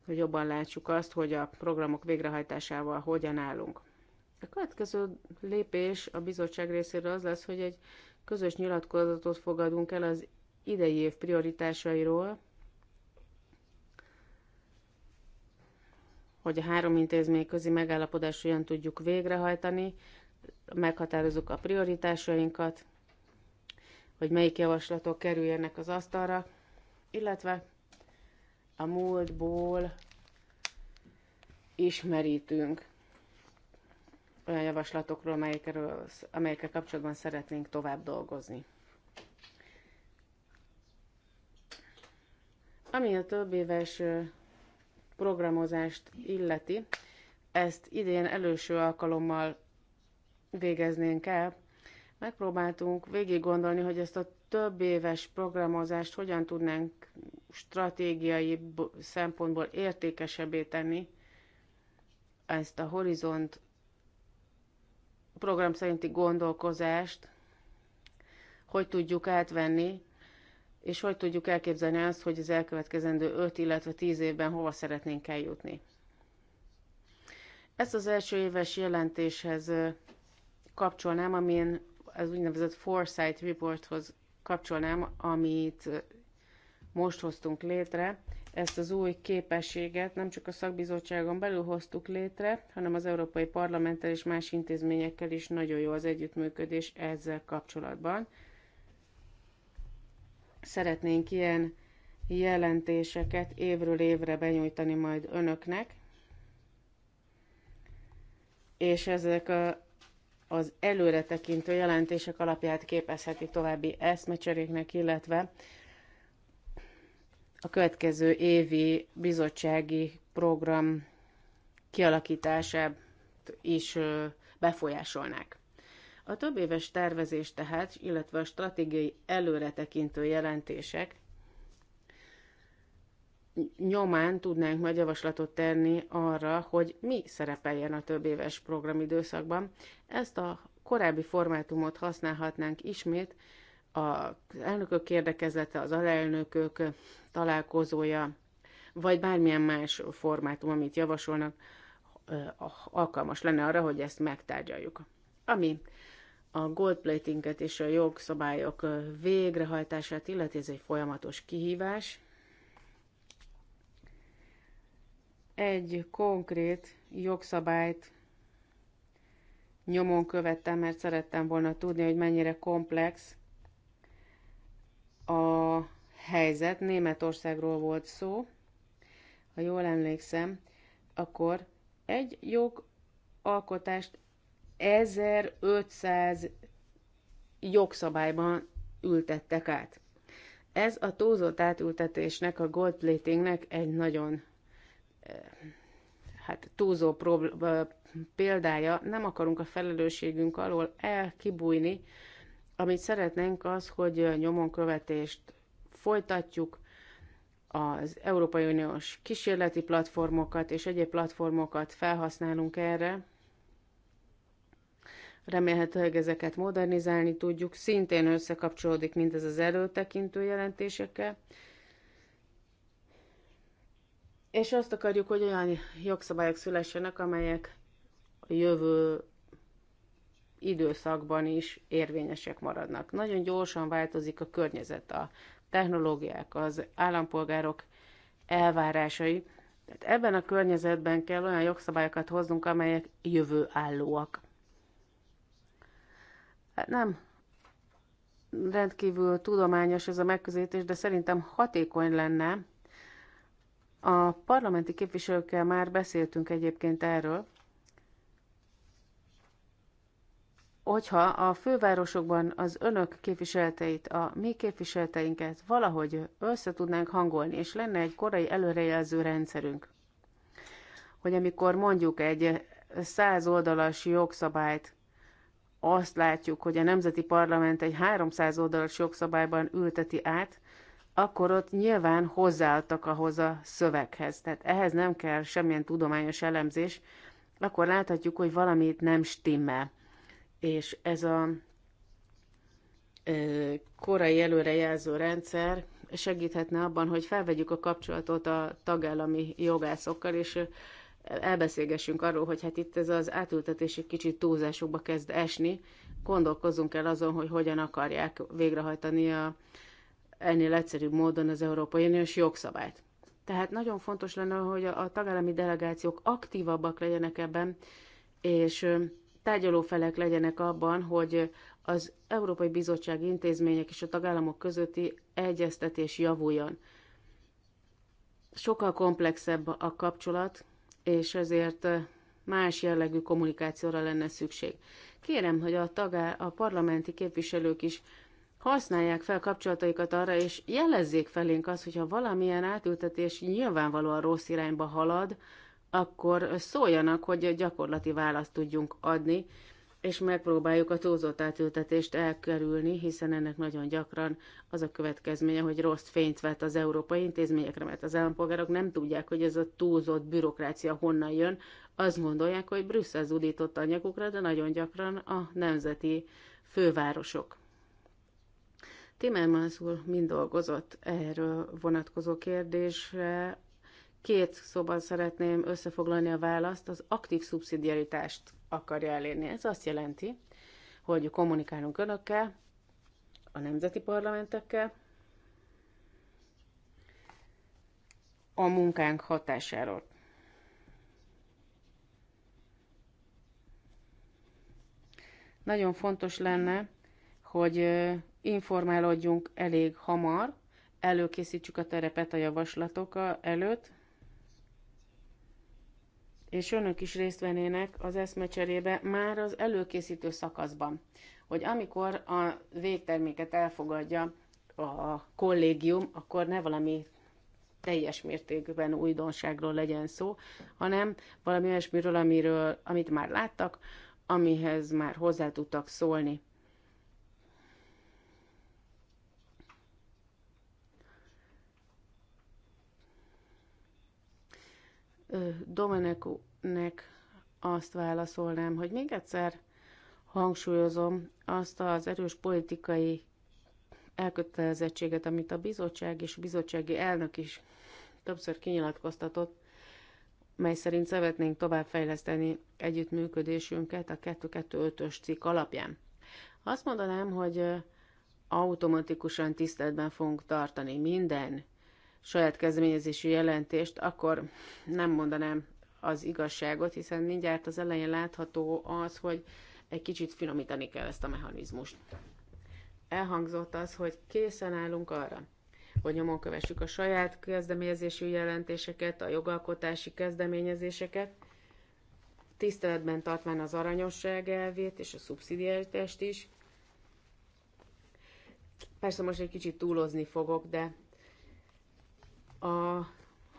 hogy jobban látsuk azt, hogy a programok végrehajtásával hogyan állunk. A következő lépés a bizottság részéről az lesz, hogy egy közös nyilatkozatot fogadunk el az idei év prioritásairól, hogy a három intézmény közi megállapodást olyan tudjuk végrehajtani, meghatározzuk a prioritásainkat, hogy melyik javaslatok kerüljenek az asztalra, illetve a múltból ismerítünk olyan javaslatokról, amelyekről, amelyekkel kapcsolatban szeretnénk tovább dolgozni. Ami a több éves programozást illeti, ezt idén előső alkalommal végeznénk el, Megpróbáltunk végig gondolni, hogy ezt a több éves programozást hogyan tudnánk stratégiai szempontból értékesebbé tenni, ezt a horizont program szerinti gondolkozást, hogy tudjuk átvenni, és hogy tudjuk elképzelni azt, hogy az elkövetkezendő 5, illetve 10 évben hova szeretnénk eljutni. Ezt az első éves jelentéshez kapcsolnám, amin az úgynevezett Foresight Reporthoz kapcsolnám, amit most hoztunk létre. Ezt az új képességet nem csak a szakbizottságon belül hoztuk létre, hanem az Európai Parlamenttel és más intézményekkel is nagyon jó az együttműködés ezzel kapcsolatban. Szeretnénk ilyen jelentéseket évről évre benyújtani majd önöknek, és ezek a az előretekintő jelentések alapját képezheti további eszmecseréknek, illetve a következő évi bizottsági program kialakítását is befolyásolnák. A több éves tervezés tehát, illetve a stratégiai előretekintő jelentések nyomán tudnánk majd javaslatot tenni arra, hogy mi szerepeljen a több éves programidőszakban. Ezt a korábbi formátumot használhatnánk ismét, az elnökök érdekezlete, az alelnökök találkozója, vagy bármilyen más formátum, amit javasolnak, alkalmas lenne arra, hogy ezt megtárgyaljuk. Ami a gold platinget és a jogszabályok végrehajtását illeti, ez egy folyamatos kihívás, egy konkrét jogszabályt nyomon követtem, mert szerettem volna tudni, hogy mennyire komplex a helyzet. Németországról volt szó, ha jól emlékszem, akkor egy jogalkotást 1500 jogszabályban ültettek át. Ez a túlzott átültetésnek, a gold platingnek egy nagyon hát túlzó példája, nem akarunk a felelősségünk alól elkibújni. Amit szeretnénk az, hogy nyomon követést folytatjuk, az Európai Uniós kísérleti platformokat és egyéb platformokat felhasználunk erre. Remélhetőleg ezeket modernizálni tudjuk. Szintén összekapcsolódik mindez az előtekintő jelentésekkel és azt akarjuk, hogy olyan jogszabályok szülessenek, amelyek a jövő időszakban is érvényesek maradnak. Nagyon gyorsan változik a környezet, a technológiák, az állampolgárok elvárásai. Tehát ebben a környezetben kell olyan jogszabályokat hoznunk, amelyek jövőállóak. Hát nem rendkívül tudományos ez a megközelítés, de szerintem hatékony lenne, a parlamenti képviselőkkel már beszéltünk egyébként erről, hogyha a fővárosokban az önök képviselteit, a mi képviselteinket valahogy össze tudnánk hangolni, és lenne egy korai előrejelző rendszerünk, hogy amikor mondjuk egy száz oldalas jogszabályt, azt látjuk, hogy a Nemzeti Parlament egy 300 oldalas jogszabályban ülteti át, akkor ott nyilván hozzáadtak ahhoz a szöveghez. Tehát ehhez nem kell semmilyen tudományos elemzés, akkor láthatjuk, hogy valamit nem stimmel. És ez a korai előrejelző rendszer segíthetne abban, hogy felvegyük a kapcsolatot a tagállami jogászokkal, és elbeszélgessünk arról, hogy hát itt ez az átültetés egy kicsit túlzásokba kezd esni, gondolkozzunk el azon, hogy hogyan akarják végrehajtani a ennél egyszerűbb módon az Európai Uniós jogszabályt. Tehát nagyon fontos lenne, hogy a tagállami delegációk aktívabbak legyenek ebben, és tárgyalófelek legyenek abban, hogy az Európai Bizottság intézmények és a tagállamok közötti egyeztetés javuljon. Sokkal komplexebb a kapcsolat, és ezért más jellegű kommunikációra lenne szükség. Kérem, hogy a, tagá- a parlamenti képviselők is használják fel kapcsolataikat arra, és jelezzék felénk azt, hogyha valamilyen átültetés nyilvánvalóan rossz irányba halad, akkor szóljanak, hogy gyakorlati választ tudjunk adni, és megpróbáljuk a túlzott átültetést elkerülni, hiszen ennek nagyon gyakran az a következménye, hogy rossz fényt vett az európai intézményekre, mert az állampolgárok nem tudják, hogy ez a túlzott bürokrácia honnan jön. Azt gondolják, hogy Brüsszel zúdított anyagukra, de nagyon gyakran a nemzeti fővárosok. Timmermans úr mind dolgozott erről vonatkozó kérdésre. Két szóban szeretném összefoglalni a választ. Az aktív szubszidiaritást akarja elérni. Ez azt jelenti, hogy kommunikálunk önökkel, a nemzeti parlamentekkel, a munkánk hatásáról. Nagyon fontos lenne, hogy informálódjunk elég hamar, előkészítsük a terepet a javaslatok előtt, és önök is részt vennének az eszmecserébe már az előkészítő szakaszban, hogy amikor a végterméket elfogadja a kollégium, akkor ne valami teljes mértékben újdonságról legyen szó, hanem valami olyasmiről, amiről, amit már láttak, amihez már hozzá tudtak szólni. Domenekunek azt válaszolnám, hogy még egyszer hangsúlyozom azt az erős politikai elkötelezettséget, amit a bizottság és a bizottsági elnök is többször kinyilatkoztatott, mely szerint szeretnénk továbbfejleszteni együttműködésünket a 225-ös cikk alapján. Azt mondanám, hogy automatikusan tiszteletben fogunk tartani minden saját kezdeményezésű jelentést, akkor nem mondanám az igazságot, hiszen mindjárt az elején látható az, hogy egy kicsit finomítani kell ezt a mechanizmust. Elhangzott az, hogy készen állunk arra, hogy nyomon kövessük a saját kezdeményezésű jelentéseket, a jogalkotási kezdeményezéseket, tiszteletben tartván az aranyosság elvét és a szubszidiaritást is. Persze most egy kicsit túlozni fogok, de a,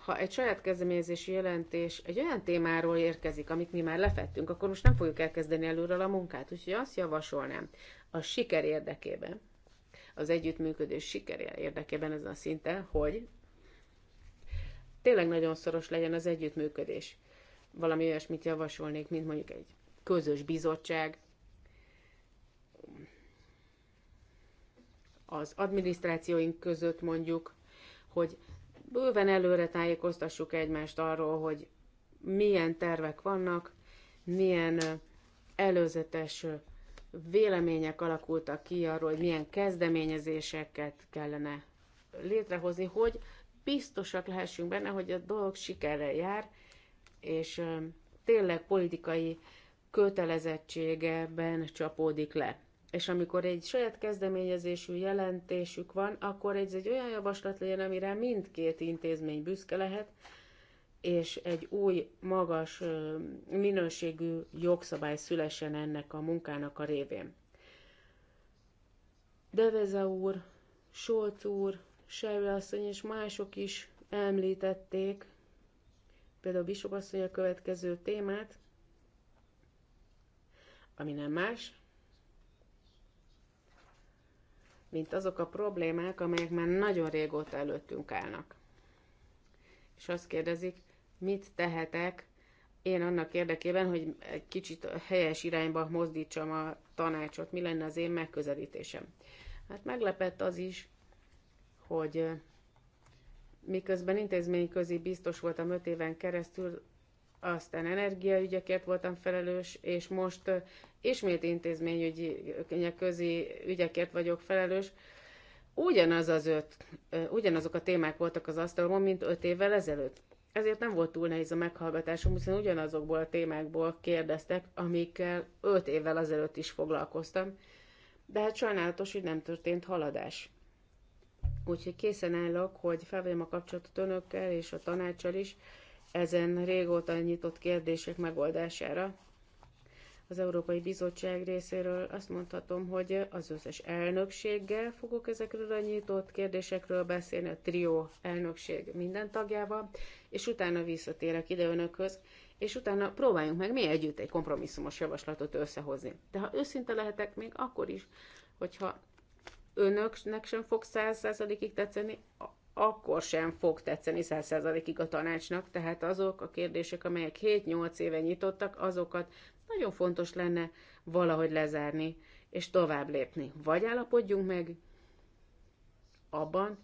ha egy saját kezdeményezési jelentés egy olyan témáról érkezik, amit mi már lefettünk, akkor most nem fogjuk elkezdeni előről a munkát. Úgyhogy azt javasolnám, a siker érdekében, az együttműködés siker érdekében ezen a szinten, hogy tényleg nagyon szoros legyen az együttműködés. Valami olyasmit javasolnék, mint mondjuk egy közös bizottság, az adminisztrációink között mondjuk, hogy bőven előre tájékoztassuk egymást arról, hogy milyen tervek vannak, milyen előzetes vélemények alakultak ki arról, hogy milyen kezdeményezéseket kellene létrehozni, hogy biztosak lehessünk benne, hogy a dolog sikerrel jár, és tényleg politikai kötelezettségeben csapódik le. És amikor egy saját kezdeményezésű jelentésük van, akkor ez egy olyan javaslat legyen, amire mindkét intézmény büszke lehet, és egy új, magas minőségű jogszabály szülessen ennek a munkának a révén. Deveza úr, Solc úr, Sejle asszony és mások is említették, például Bisop asszony a következő témát, ami nem más, mint azok a problémák, amelyek már nagyon régóta előttünk állnak. És azt kérdezik, mit tehetek én annak érdekében, hogy egy kicsit helyes irányba mozdítsam a tanácsot, mi lenne az én megközelítésem. Hát meglepett az is, hogy miközben intézményközi biztos voltam öt éven keresztül, aztán energiaügyekért voltam felelős, és most ismét intézményügyek közi ügyekért vagyok felelős. Ugyanaz az öt, ugyanazok a témák voltak az asztalon, mint öt évvel ezelőtt. Ezért nem volt túl nehéz a meghallgatásom, hiszen ugyanazokból a témákból kérdeztek, amikkel öt évvel ezelőtt is foglalkoztam, de hát sajnálatos, hogy nem történt haladás. Úgyhogy készen állok, hogy felvegyem a kapcsolatot önökkel és a tanácssal is, ezen régóta nyitott kérdések megoldására. Az Európai Bizottság részéről azt mondhatom, hogy az összes elnökséggel fogok ezekről a nyitott kérdésekről beszélni, a trió elnökség minden tagjával, és utána visszatérek ide önökhöz, és utána próbáljunk meg mi együtt egy kompromisszumos javaslatot összehozni. De ha őszinte lehetek, még akkor is, hogyha önöknek sem fog száz százalékig tetszeni, akkor sem fog tetszeni 100%-ig a tanácsnak, tehát azok a kérdések, amelyek 7-8 éve nyitottak, azokat nagyon fontos lenne valahogy lezárni és tovább lépni. Vagy állapodjunk meg abban,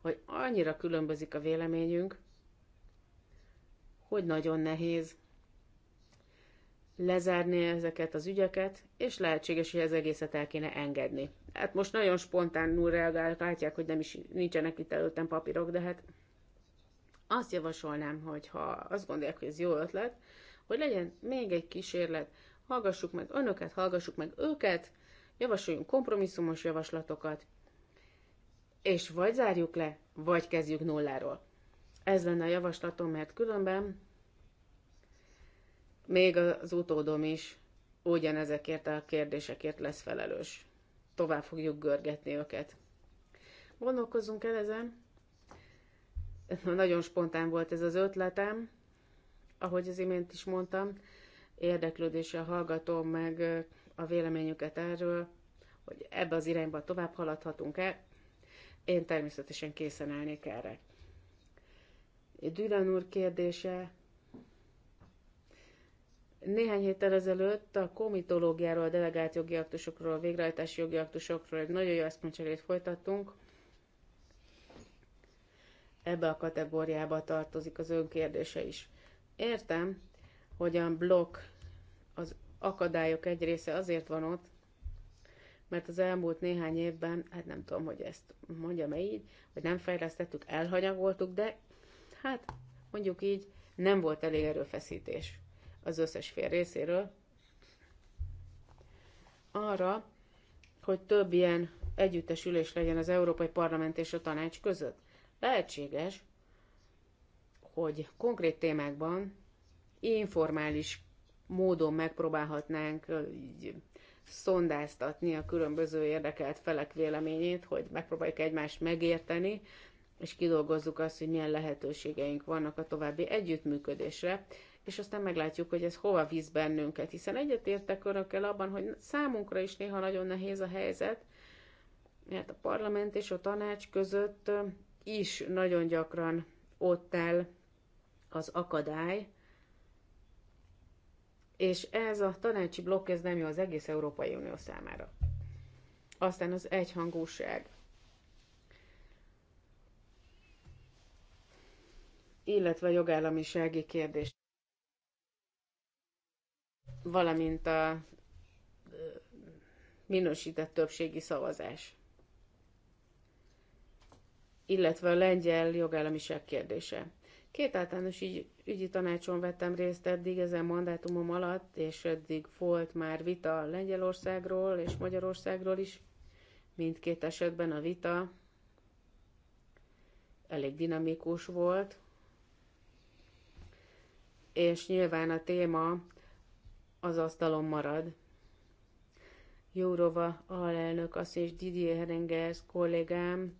hogy annyira különbözik a véleményünk, hogy nagyon nehéz lezárni ezeket az ügyeket, és lehetséges, hogy az egészet el kéne engedni. Hát most nagyon spontánul reagálok, látják, hogy nem is nincsenek itt előttem papírok, de hát azt javasolnám, hogy ha azt gondolják, hogy ez jó ötlet, hogy legyen még egy kísérlet, hallgassuk meg önöket, hallgassuk meg őket, javasoljunk kompromisszumos javaslatokat, és vagy zárjuk le, vagy kezdjük nulláról. Ez lenne a javaslatom, mert különben még az utódom is ugyanezekért a kérdésekért lesz felelős tovább fogjuk görgetni őket. Gondolkozzunk el ezen. Nagyon spontán volt ez az ötletem, ahogy az imént is mondtam, érdeklődéssel hallgatom meg a véleményüket erről, hogy ebbe az irányba tovább haladhatunk-e. Én természetesen készen állnék erre. Dülan úr kérdése néhány héttel ezelőtt a komitológiáról, a delegált jogi aktusokról, a végrehajtási jogi aktusokról egy nagyon jó eszmecserét folytattunk. Ebbe a kategóriába tartozik az önkérdése is. Értem, hogy a blokk, az akadályok egy része azért van ott, mert az elmúlt néhány évben, hát nem tudom, hogy ezt mondjam-e így, hogy nem fejlesztettük, elhanyagoltuk, de hát mondjuk így nem volt elég erőfeszítés az összes fél részéről, arra, hogy több ilyen együttesülés legyen az Európai Parlament és a Tanács között. Lehetséges, hogy konkrét témákban informális módon megpróbálhatnánk így, szondáztatni a különböző érdekelt felek véleményét, hogy megpróbáljuk egymást megérteni, és kidolgozzuk azt, hogy milyen lehetőségeink vannak a további együttműködésre, és aztán meglátjuk, hogy ez hova visz bennünket, hiszen egyetértek önökkel abban, hogy számunkra is néha nagyon nehéz a helyzet, mert a parlament és a tanács között is nagyon gyakran ott áll az akadály, és ez a tanácsi blokk, ez nem jó az egész Európai Unió számára. Aztán az egyhangúság. Illetve jogállamisági kérdés valamint a minősített többségi szavazás, illetve a lengyel jogállamiság kérdése. Két általános ügy, ügyi tanácson vettem részt eddig ezen mandátumom alatt, és eddig volt már vita Lengyelországról és Magyarországról is. Mindkét esetben a vita elég dinamikus volt, és nyilván a téma az asztalon marad. Jórova alelnök azt és Didier Herengers kollégám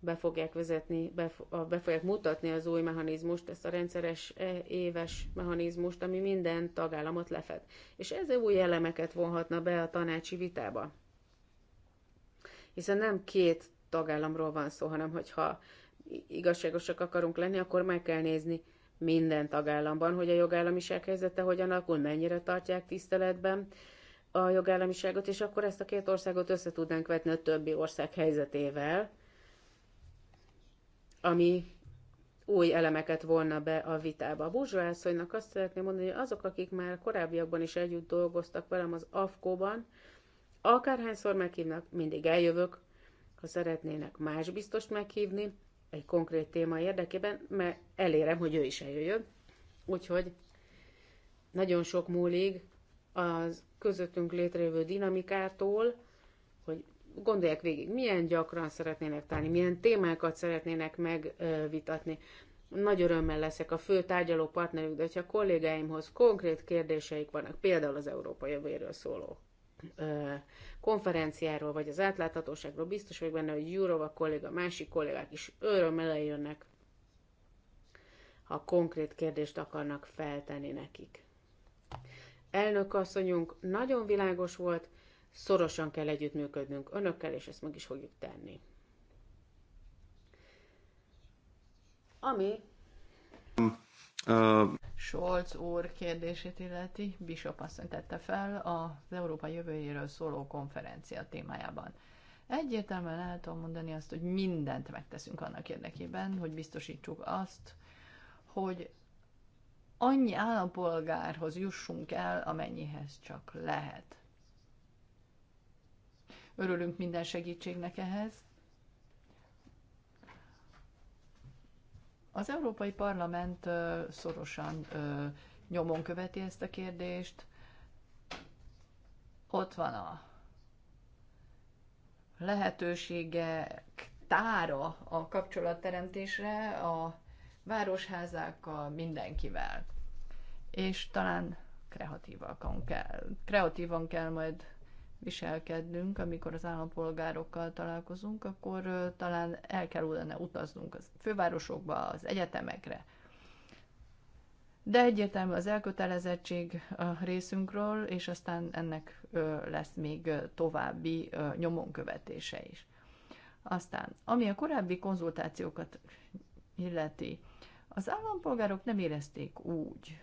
be fogják vezetni, be, be fogják mutatni az új mechanizmust, ezt a rendszeres e, éves mechanizmust, ami minden tagállamot lefed. És ez új elemeket vonhatna be a tanácsi vitába. Hiszen nem két tagállamról van szó, hanem hogyha igazságosak akarunk lenni, akkor meg kell nézni, minden tagállamban, hogy a jogállamiság helyzete hogyan alakul, mennyire tartják tiszteletben a jogállamiságot, és akkor ezt a két országot össze tudnánk vetni a többi ország helyzetével, ami új elemeket volna be a vitába. A Burzsóászonynak azt szeretném mondani, hogy azok, akik már korábbiakban is együtt dolgoztak velem az AFKO-ban, akárhányszor meghívnak, mindig eljövök, ha szeretnének más biztost meghívni, egy konkrét téma érdekében, mert elérem, hogy ő is eljöjjön. Úgyhogy nagyon sok múlik az közöttünk létrejövő dinamikától, hogy gondolják végig, milyen gyakran szeretnének tárni, milyen témákat szeretnének megvitatni. Nagy örömmel leszek a fő tárgyaló partnerük, de ha kollégáimhoz konkrét kérdéseik vannak, például az Európa jövőjéről szóló konferenciáról, vagy az átláthatóságról biztos vagyok benne, hogy Jurova kolléga, másik kollégák is örömmel jönnek, ha konkrét kérdést akarnak feltenni nekik. Elnök asszonyunk nagyon világos volt, szorosan kell együttműködnünk önökkel, és ezt meg is fogjuk tenni. Ami Scholz úr kérdését illeti, Bishop azt tette fel az Európa jövőjéről szóló konferencia témájában. Egyértelműen lehet mondani azt, hogy mindent megteszünk annak érdekében, hogy biztosítsuk azt, hogy annyi állampolgárhoz jussunk el, amennyihez csak lehet. Örülünk minden segítségnek ehhez, Az Európai Parlament szorosan nyomon követi ezt a kérdést. Ott van a lehetőségek tára a kapcsolatteremtésre a városházákkal, mindenkivel. És talán kreatívan kell, kreatívan kell majd viselkednünk, amikor az állampolgárokkal találkozunk, akkor talán el kell utaznunk a fővárosokba, az egyetemekre. De egyértelmű az elkötelezettség a részünkről, és aztán ennek lesz még további nyomonkövetése is. Aztán, ami a korábbi konzultációkat illeti, az állampolgárok nem érezték úgy,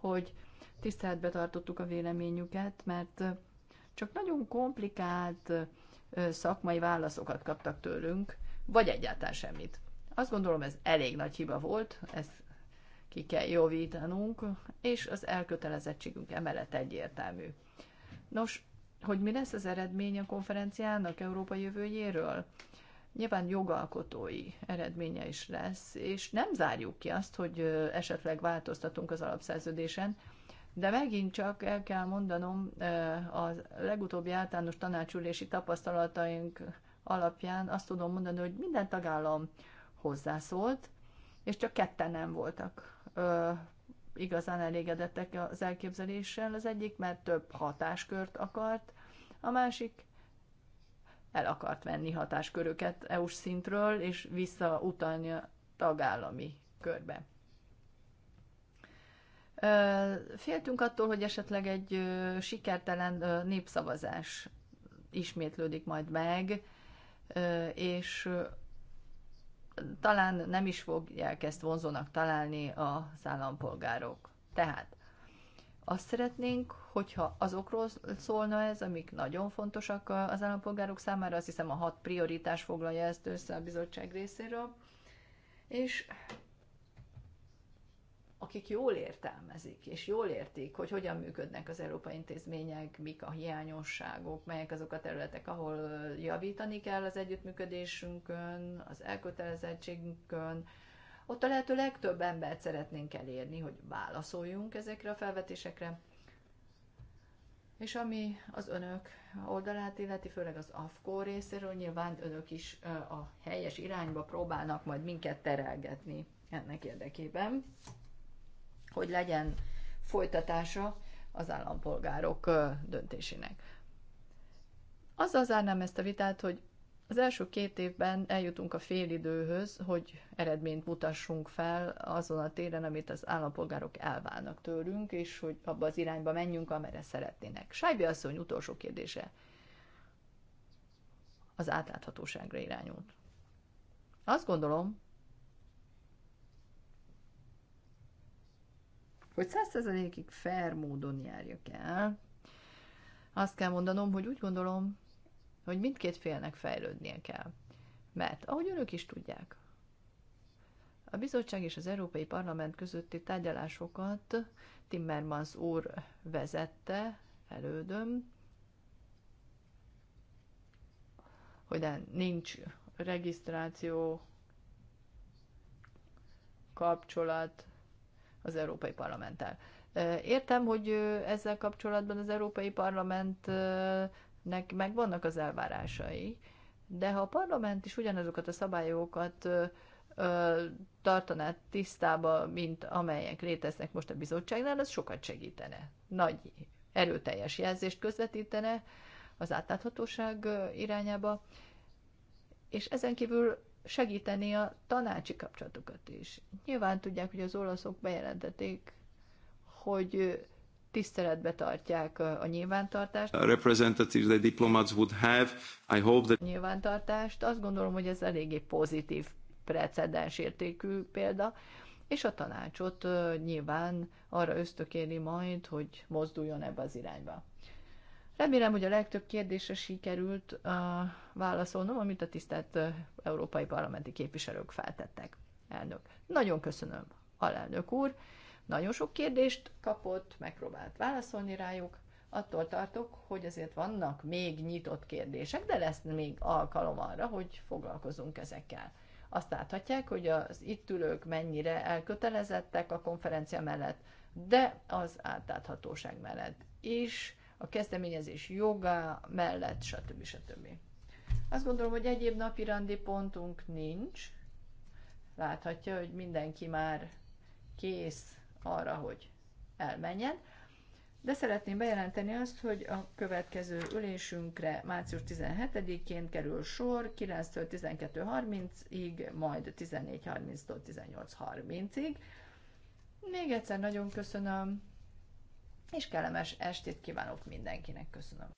hogy tiszteletbe tartottuk a véleményüket, mert csak nagyon komplikált szakmai válaszokat kaptak tőlünk, vagy egyáltalán semmit. Azt gondolom, ez elég nagy hiba volt, ezt ki kell javítanunk, és az elkötelezettségünk emellett egyértelmű. Nos, hogy mi lesz az eredmény a konferenciának Európa jövőjéről? Nyilván jogalkotói eredménye is lesz, és nem zárjuk ki azt, hogy esetleg változtatunk az alapszerződésen, de megint csak el kell mondanom a legutóbbi általános tanácsülési tapasztalataink alapján azt tudom mondani, hogy minden tagállam hozzászólt, és csak ketten nem voltak ö, igazán elégedettek az elképzeléssel. Az egyik, mert több hatáskört akart, a másik el akart venni hatásköröket EU-s szintről, és visszautalni a tagállami körbe. Féltünk attól, hogy esetleg egy sikertelen népszavazás ismétlődik majd meg, és talán nem is fogják ezt vonzónak találni az állampolgárok. Tehát azt szeretnénk, hogyha azokról szólna ez, amik nagyon fontosak az állampolgárok számára, azt hiszem a hat prioritás foglalja ezt össze a bizottság részéről, és akik jól értelmezik, és jól értik, hogy hogyan működnek az európai intézmények, mik a hiányosságok, melyek azok a területek, ahol javítani kell az együttműködésünkön, az elkötelezettségünkön. Ott a lehető legtöbb embert szeretnénk elérni, hogy válaszoljunk ezekre a felvetésekre. És ami az önök oldalát illeti, főleg az AFKO részéről, nyilván önök is a helyes irányba próbálnak majd minket terelgetni ennek érdekében hogy legyen folytatása az állampolgárok döntésének. Azzal zárnám ezt a vitát, hogy az első két évben eljutunk a félidőhöz, hogy eredményt mutassunk fel azon a téren, amit az állampolgárok elválnak tőlünk, és hogy abba az irányba menjünk, amerre szeretnének. Sajbi asszony utolsó kérdése az átláthatóságra irányult. Azt gondolom, hogy 100%-ig fair módon járjak el, azt kell mondanom, hogy úgy gondolom, hogy mindkét félnek fejlődnie kell. Mert, ahogy önök is tudják, a bizottság és az Európai Parlament közötti tárgyalásokat Timmermans úr vezette elődöm, hogy de nincs regisztráció, kapcsolat, az Európai Parlamenttel. Értem, hogy ezzel kapcsolatban az Európai Parlamentnek megvannak az elvárásai, de ha a parlament is ugyanazokat a szabályokat tartaná tisztába, mint amelyek léteznek most a bizottságnál, az sokat segítene. Nagy erőteljes jelzést közvetítene az átláthatóság irányába, és ezen kívül segíteni a tanácsi kapcsolatokat is. Nyilván tudják, hogy az olaszok bejelentették, hogy tiszteletbe tartják a nyilvántartást. A representatives the diplomats would have, I hope that... Nyilvántartást, azt gondolom, hogy ez eléggé pozitív precedens értékű példa, és a tanácsot nyilván arra ösztökéli majd, hogy mozduljon ebbe az irányba. Remélem, hogy a legtöbb kérdésre sikerült uh, válaszolnom, amit a tisztelt uh, európai parlamenti képviselők feltettek. Elnök. Nagyon köszönöm, alelnök úr. Nagyon sok kérdést kapott, megpróbált válaszolni rájuk. Attól tartok, hogy azért vannak még nyitott kérdések, de lesz még alkalom arra, hogy foglalkozunk ezekkel. Azt láthatják, hogy az itt ülők mennyire elkötelezettek a konferencia mellett, de az átláthatóság mellett is a kezdeményezés joga mellett, stb. stb. Azt gondolom, hogy egyéb napi randi pontunk nincs. Láthatja, hogy mindenki már kész arra, hogy elmenjen. De szeretném bejelenteni azt, hogy a következő ülésünkre március 17-én kerül sor 9-től 12.30-ig, majd 14.30-tól 18.30-ig. Még egyszer nagyon köszönöm és kellemes estét kívánok mindenkinek. Köszönöm.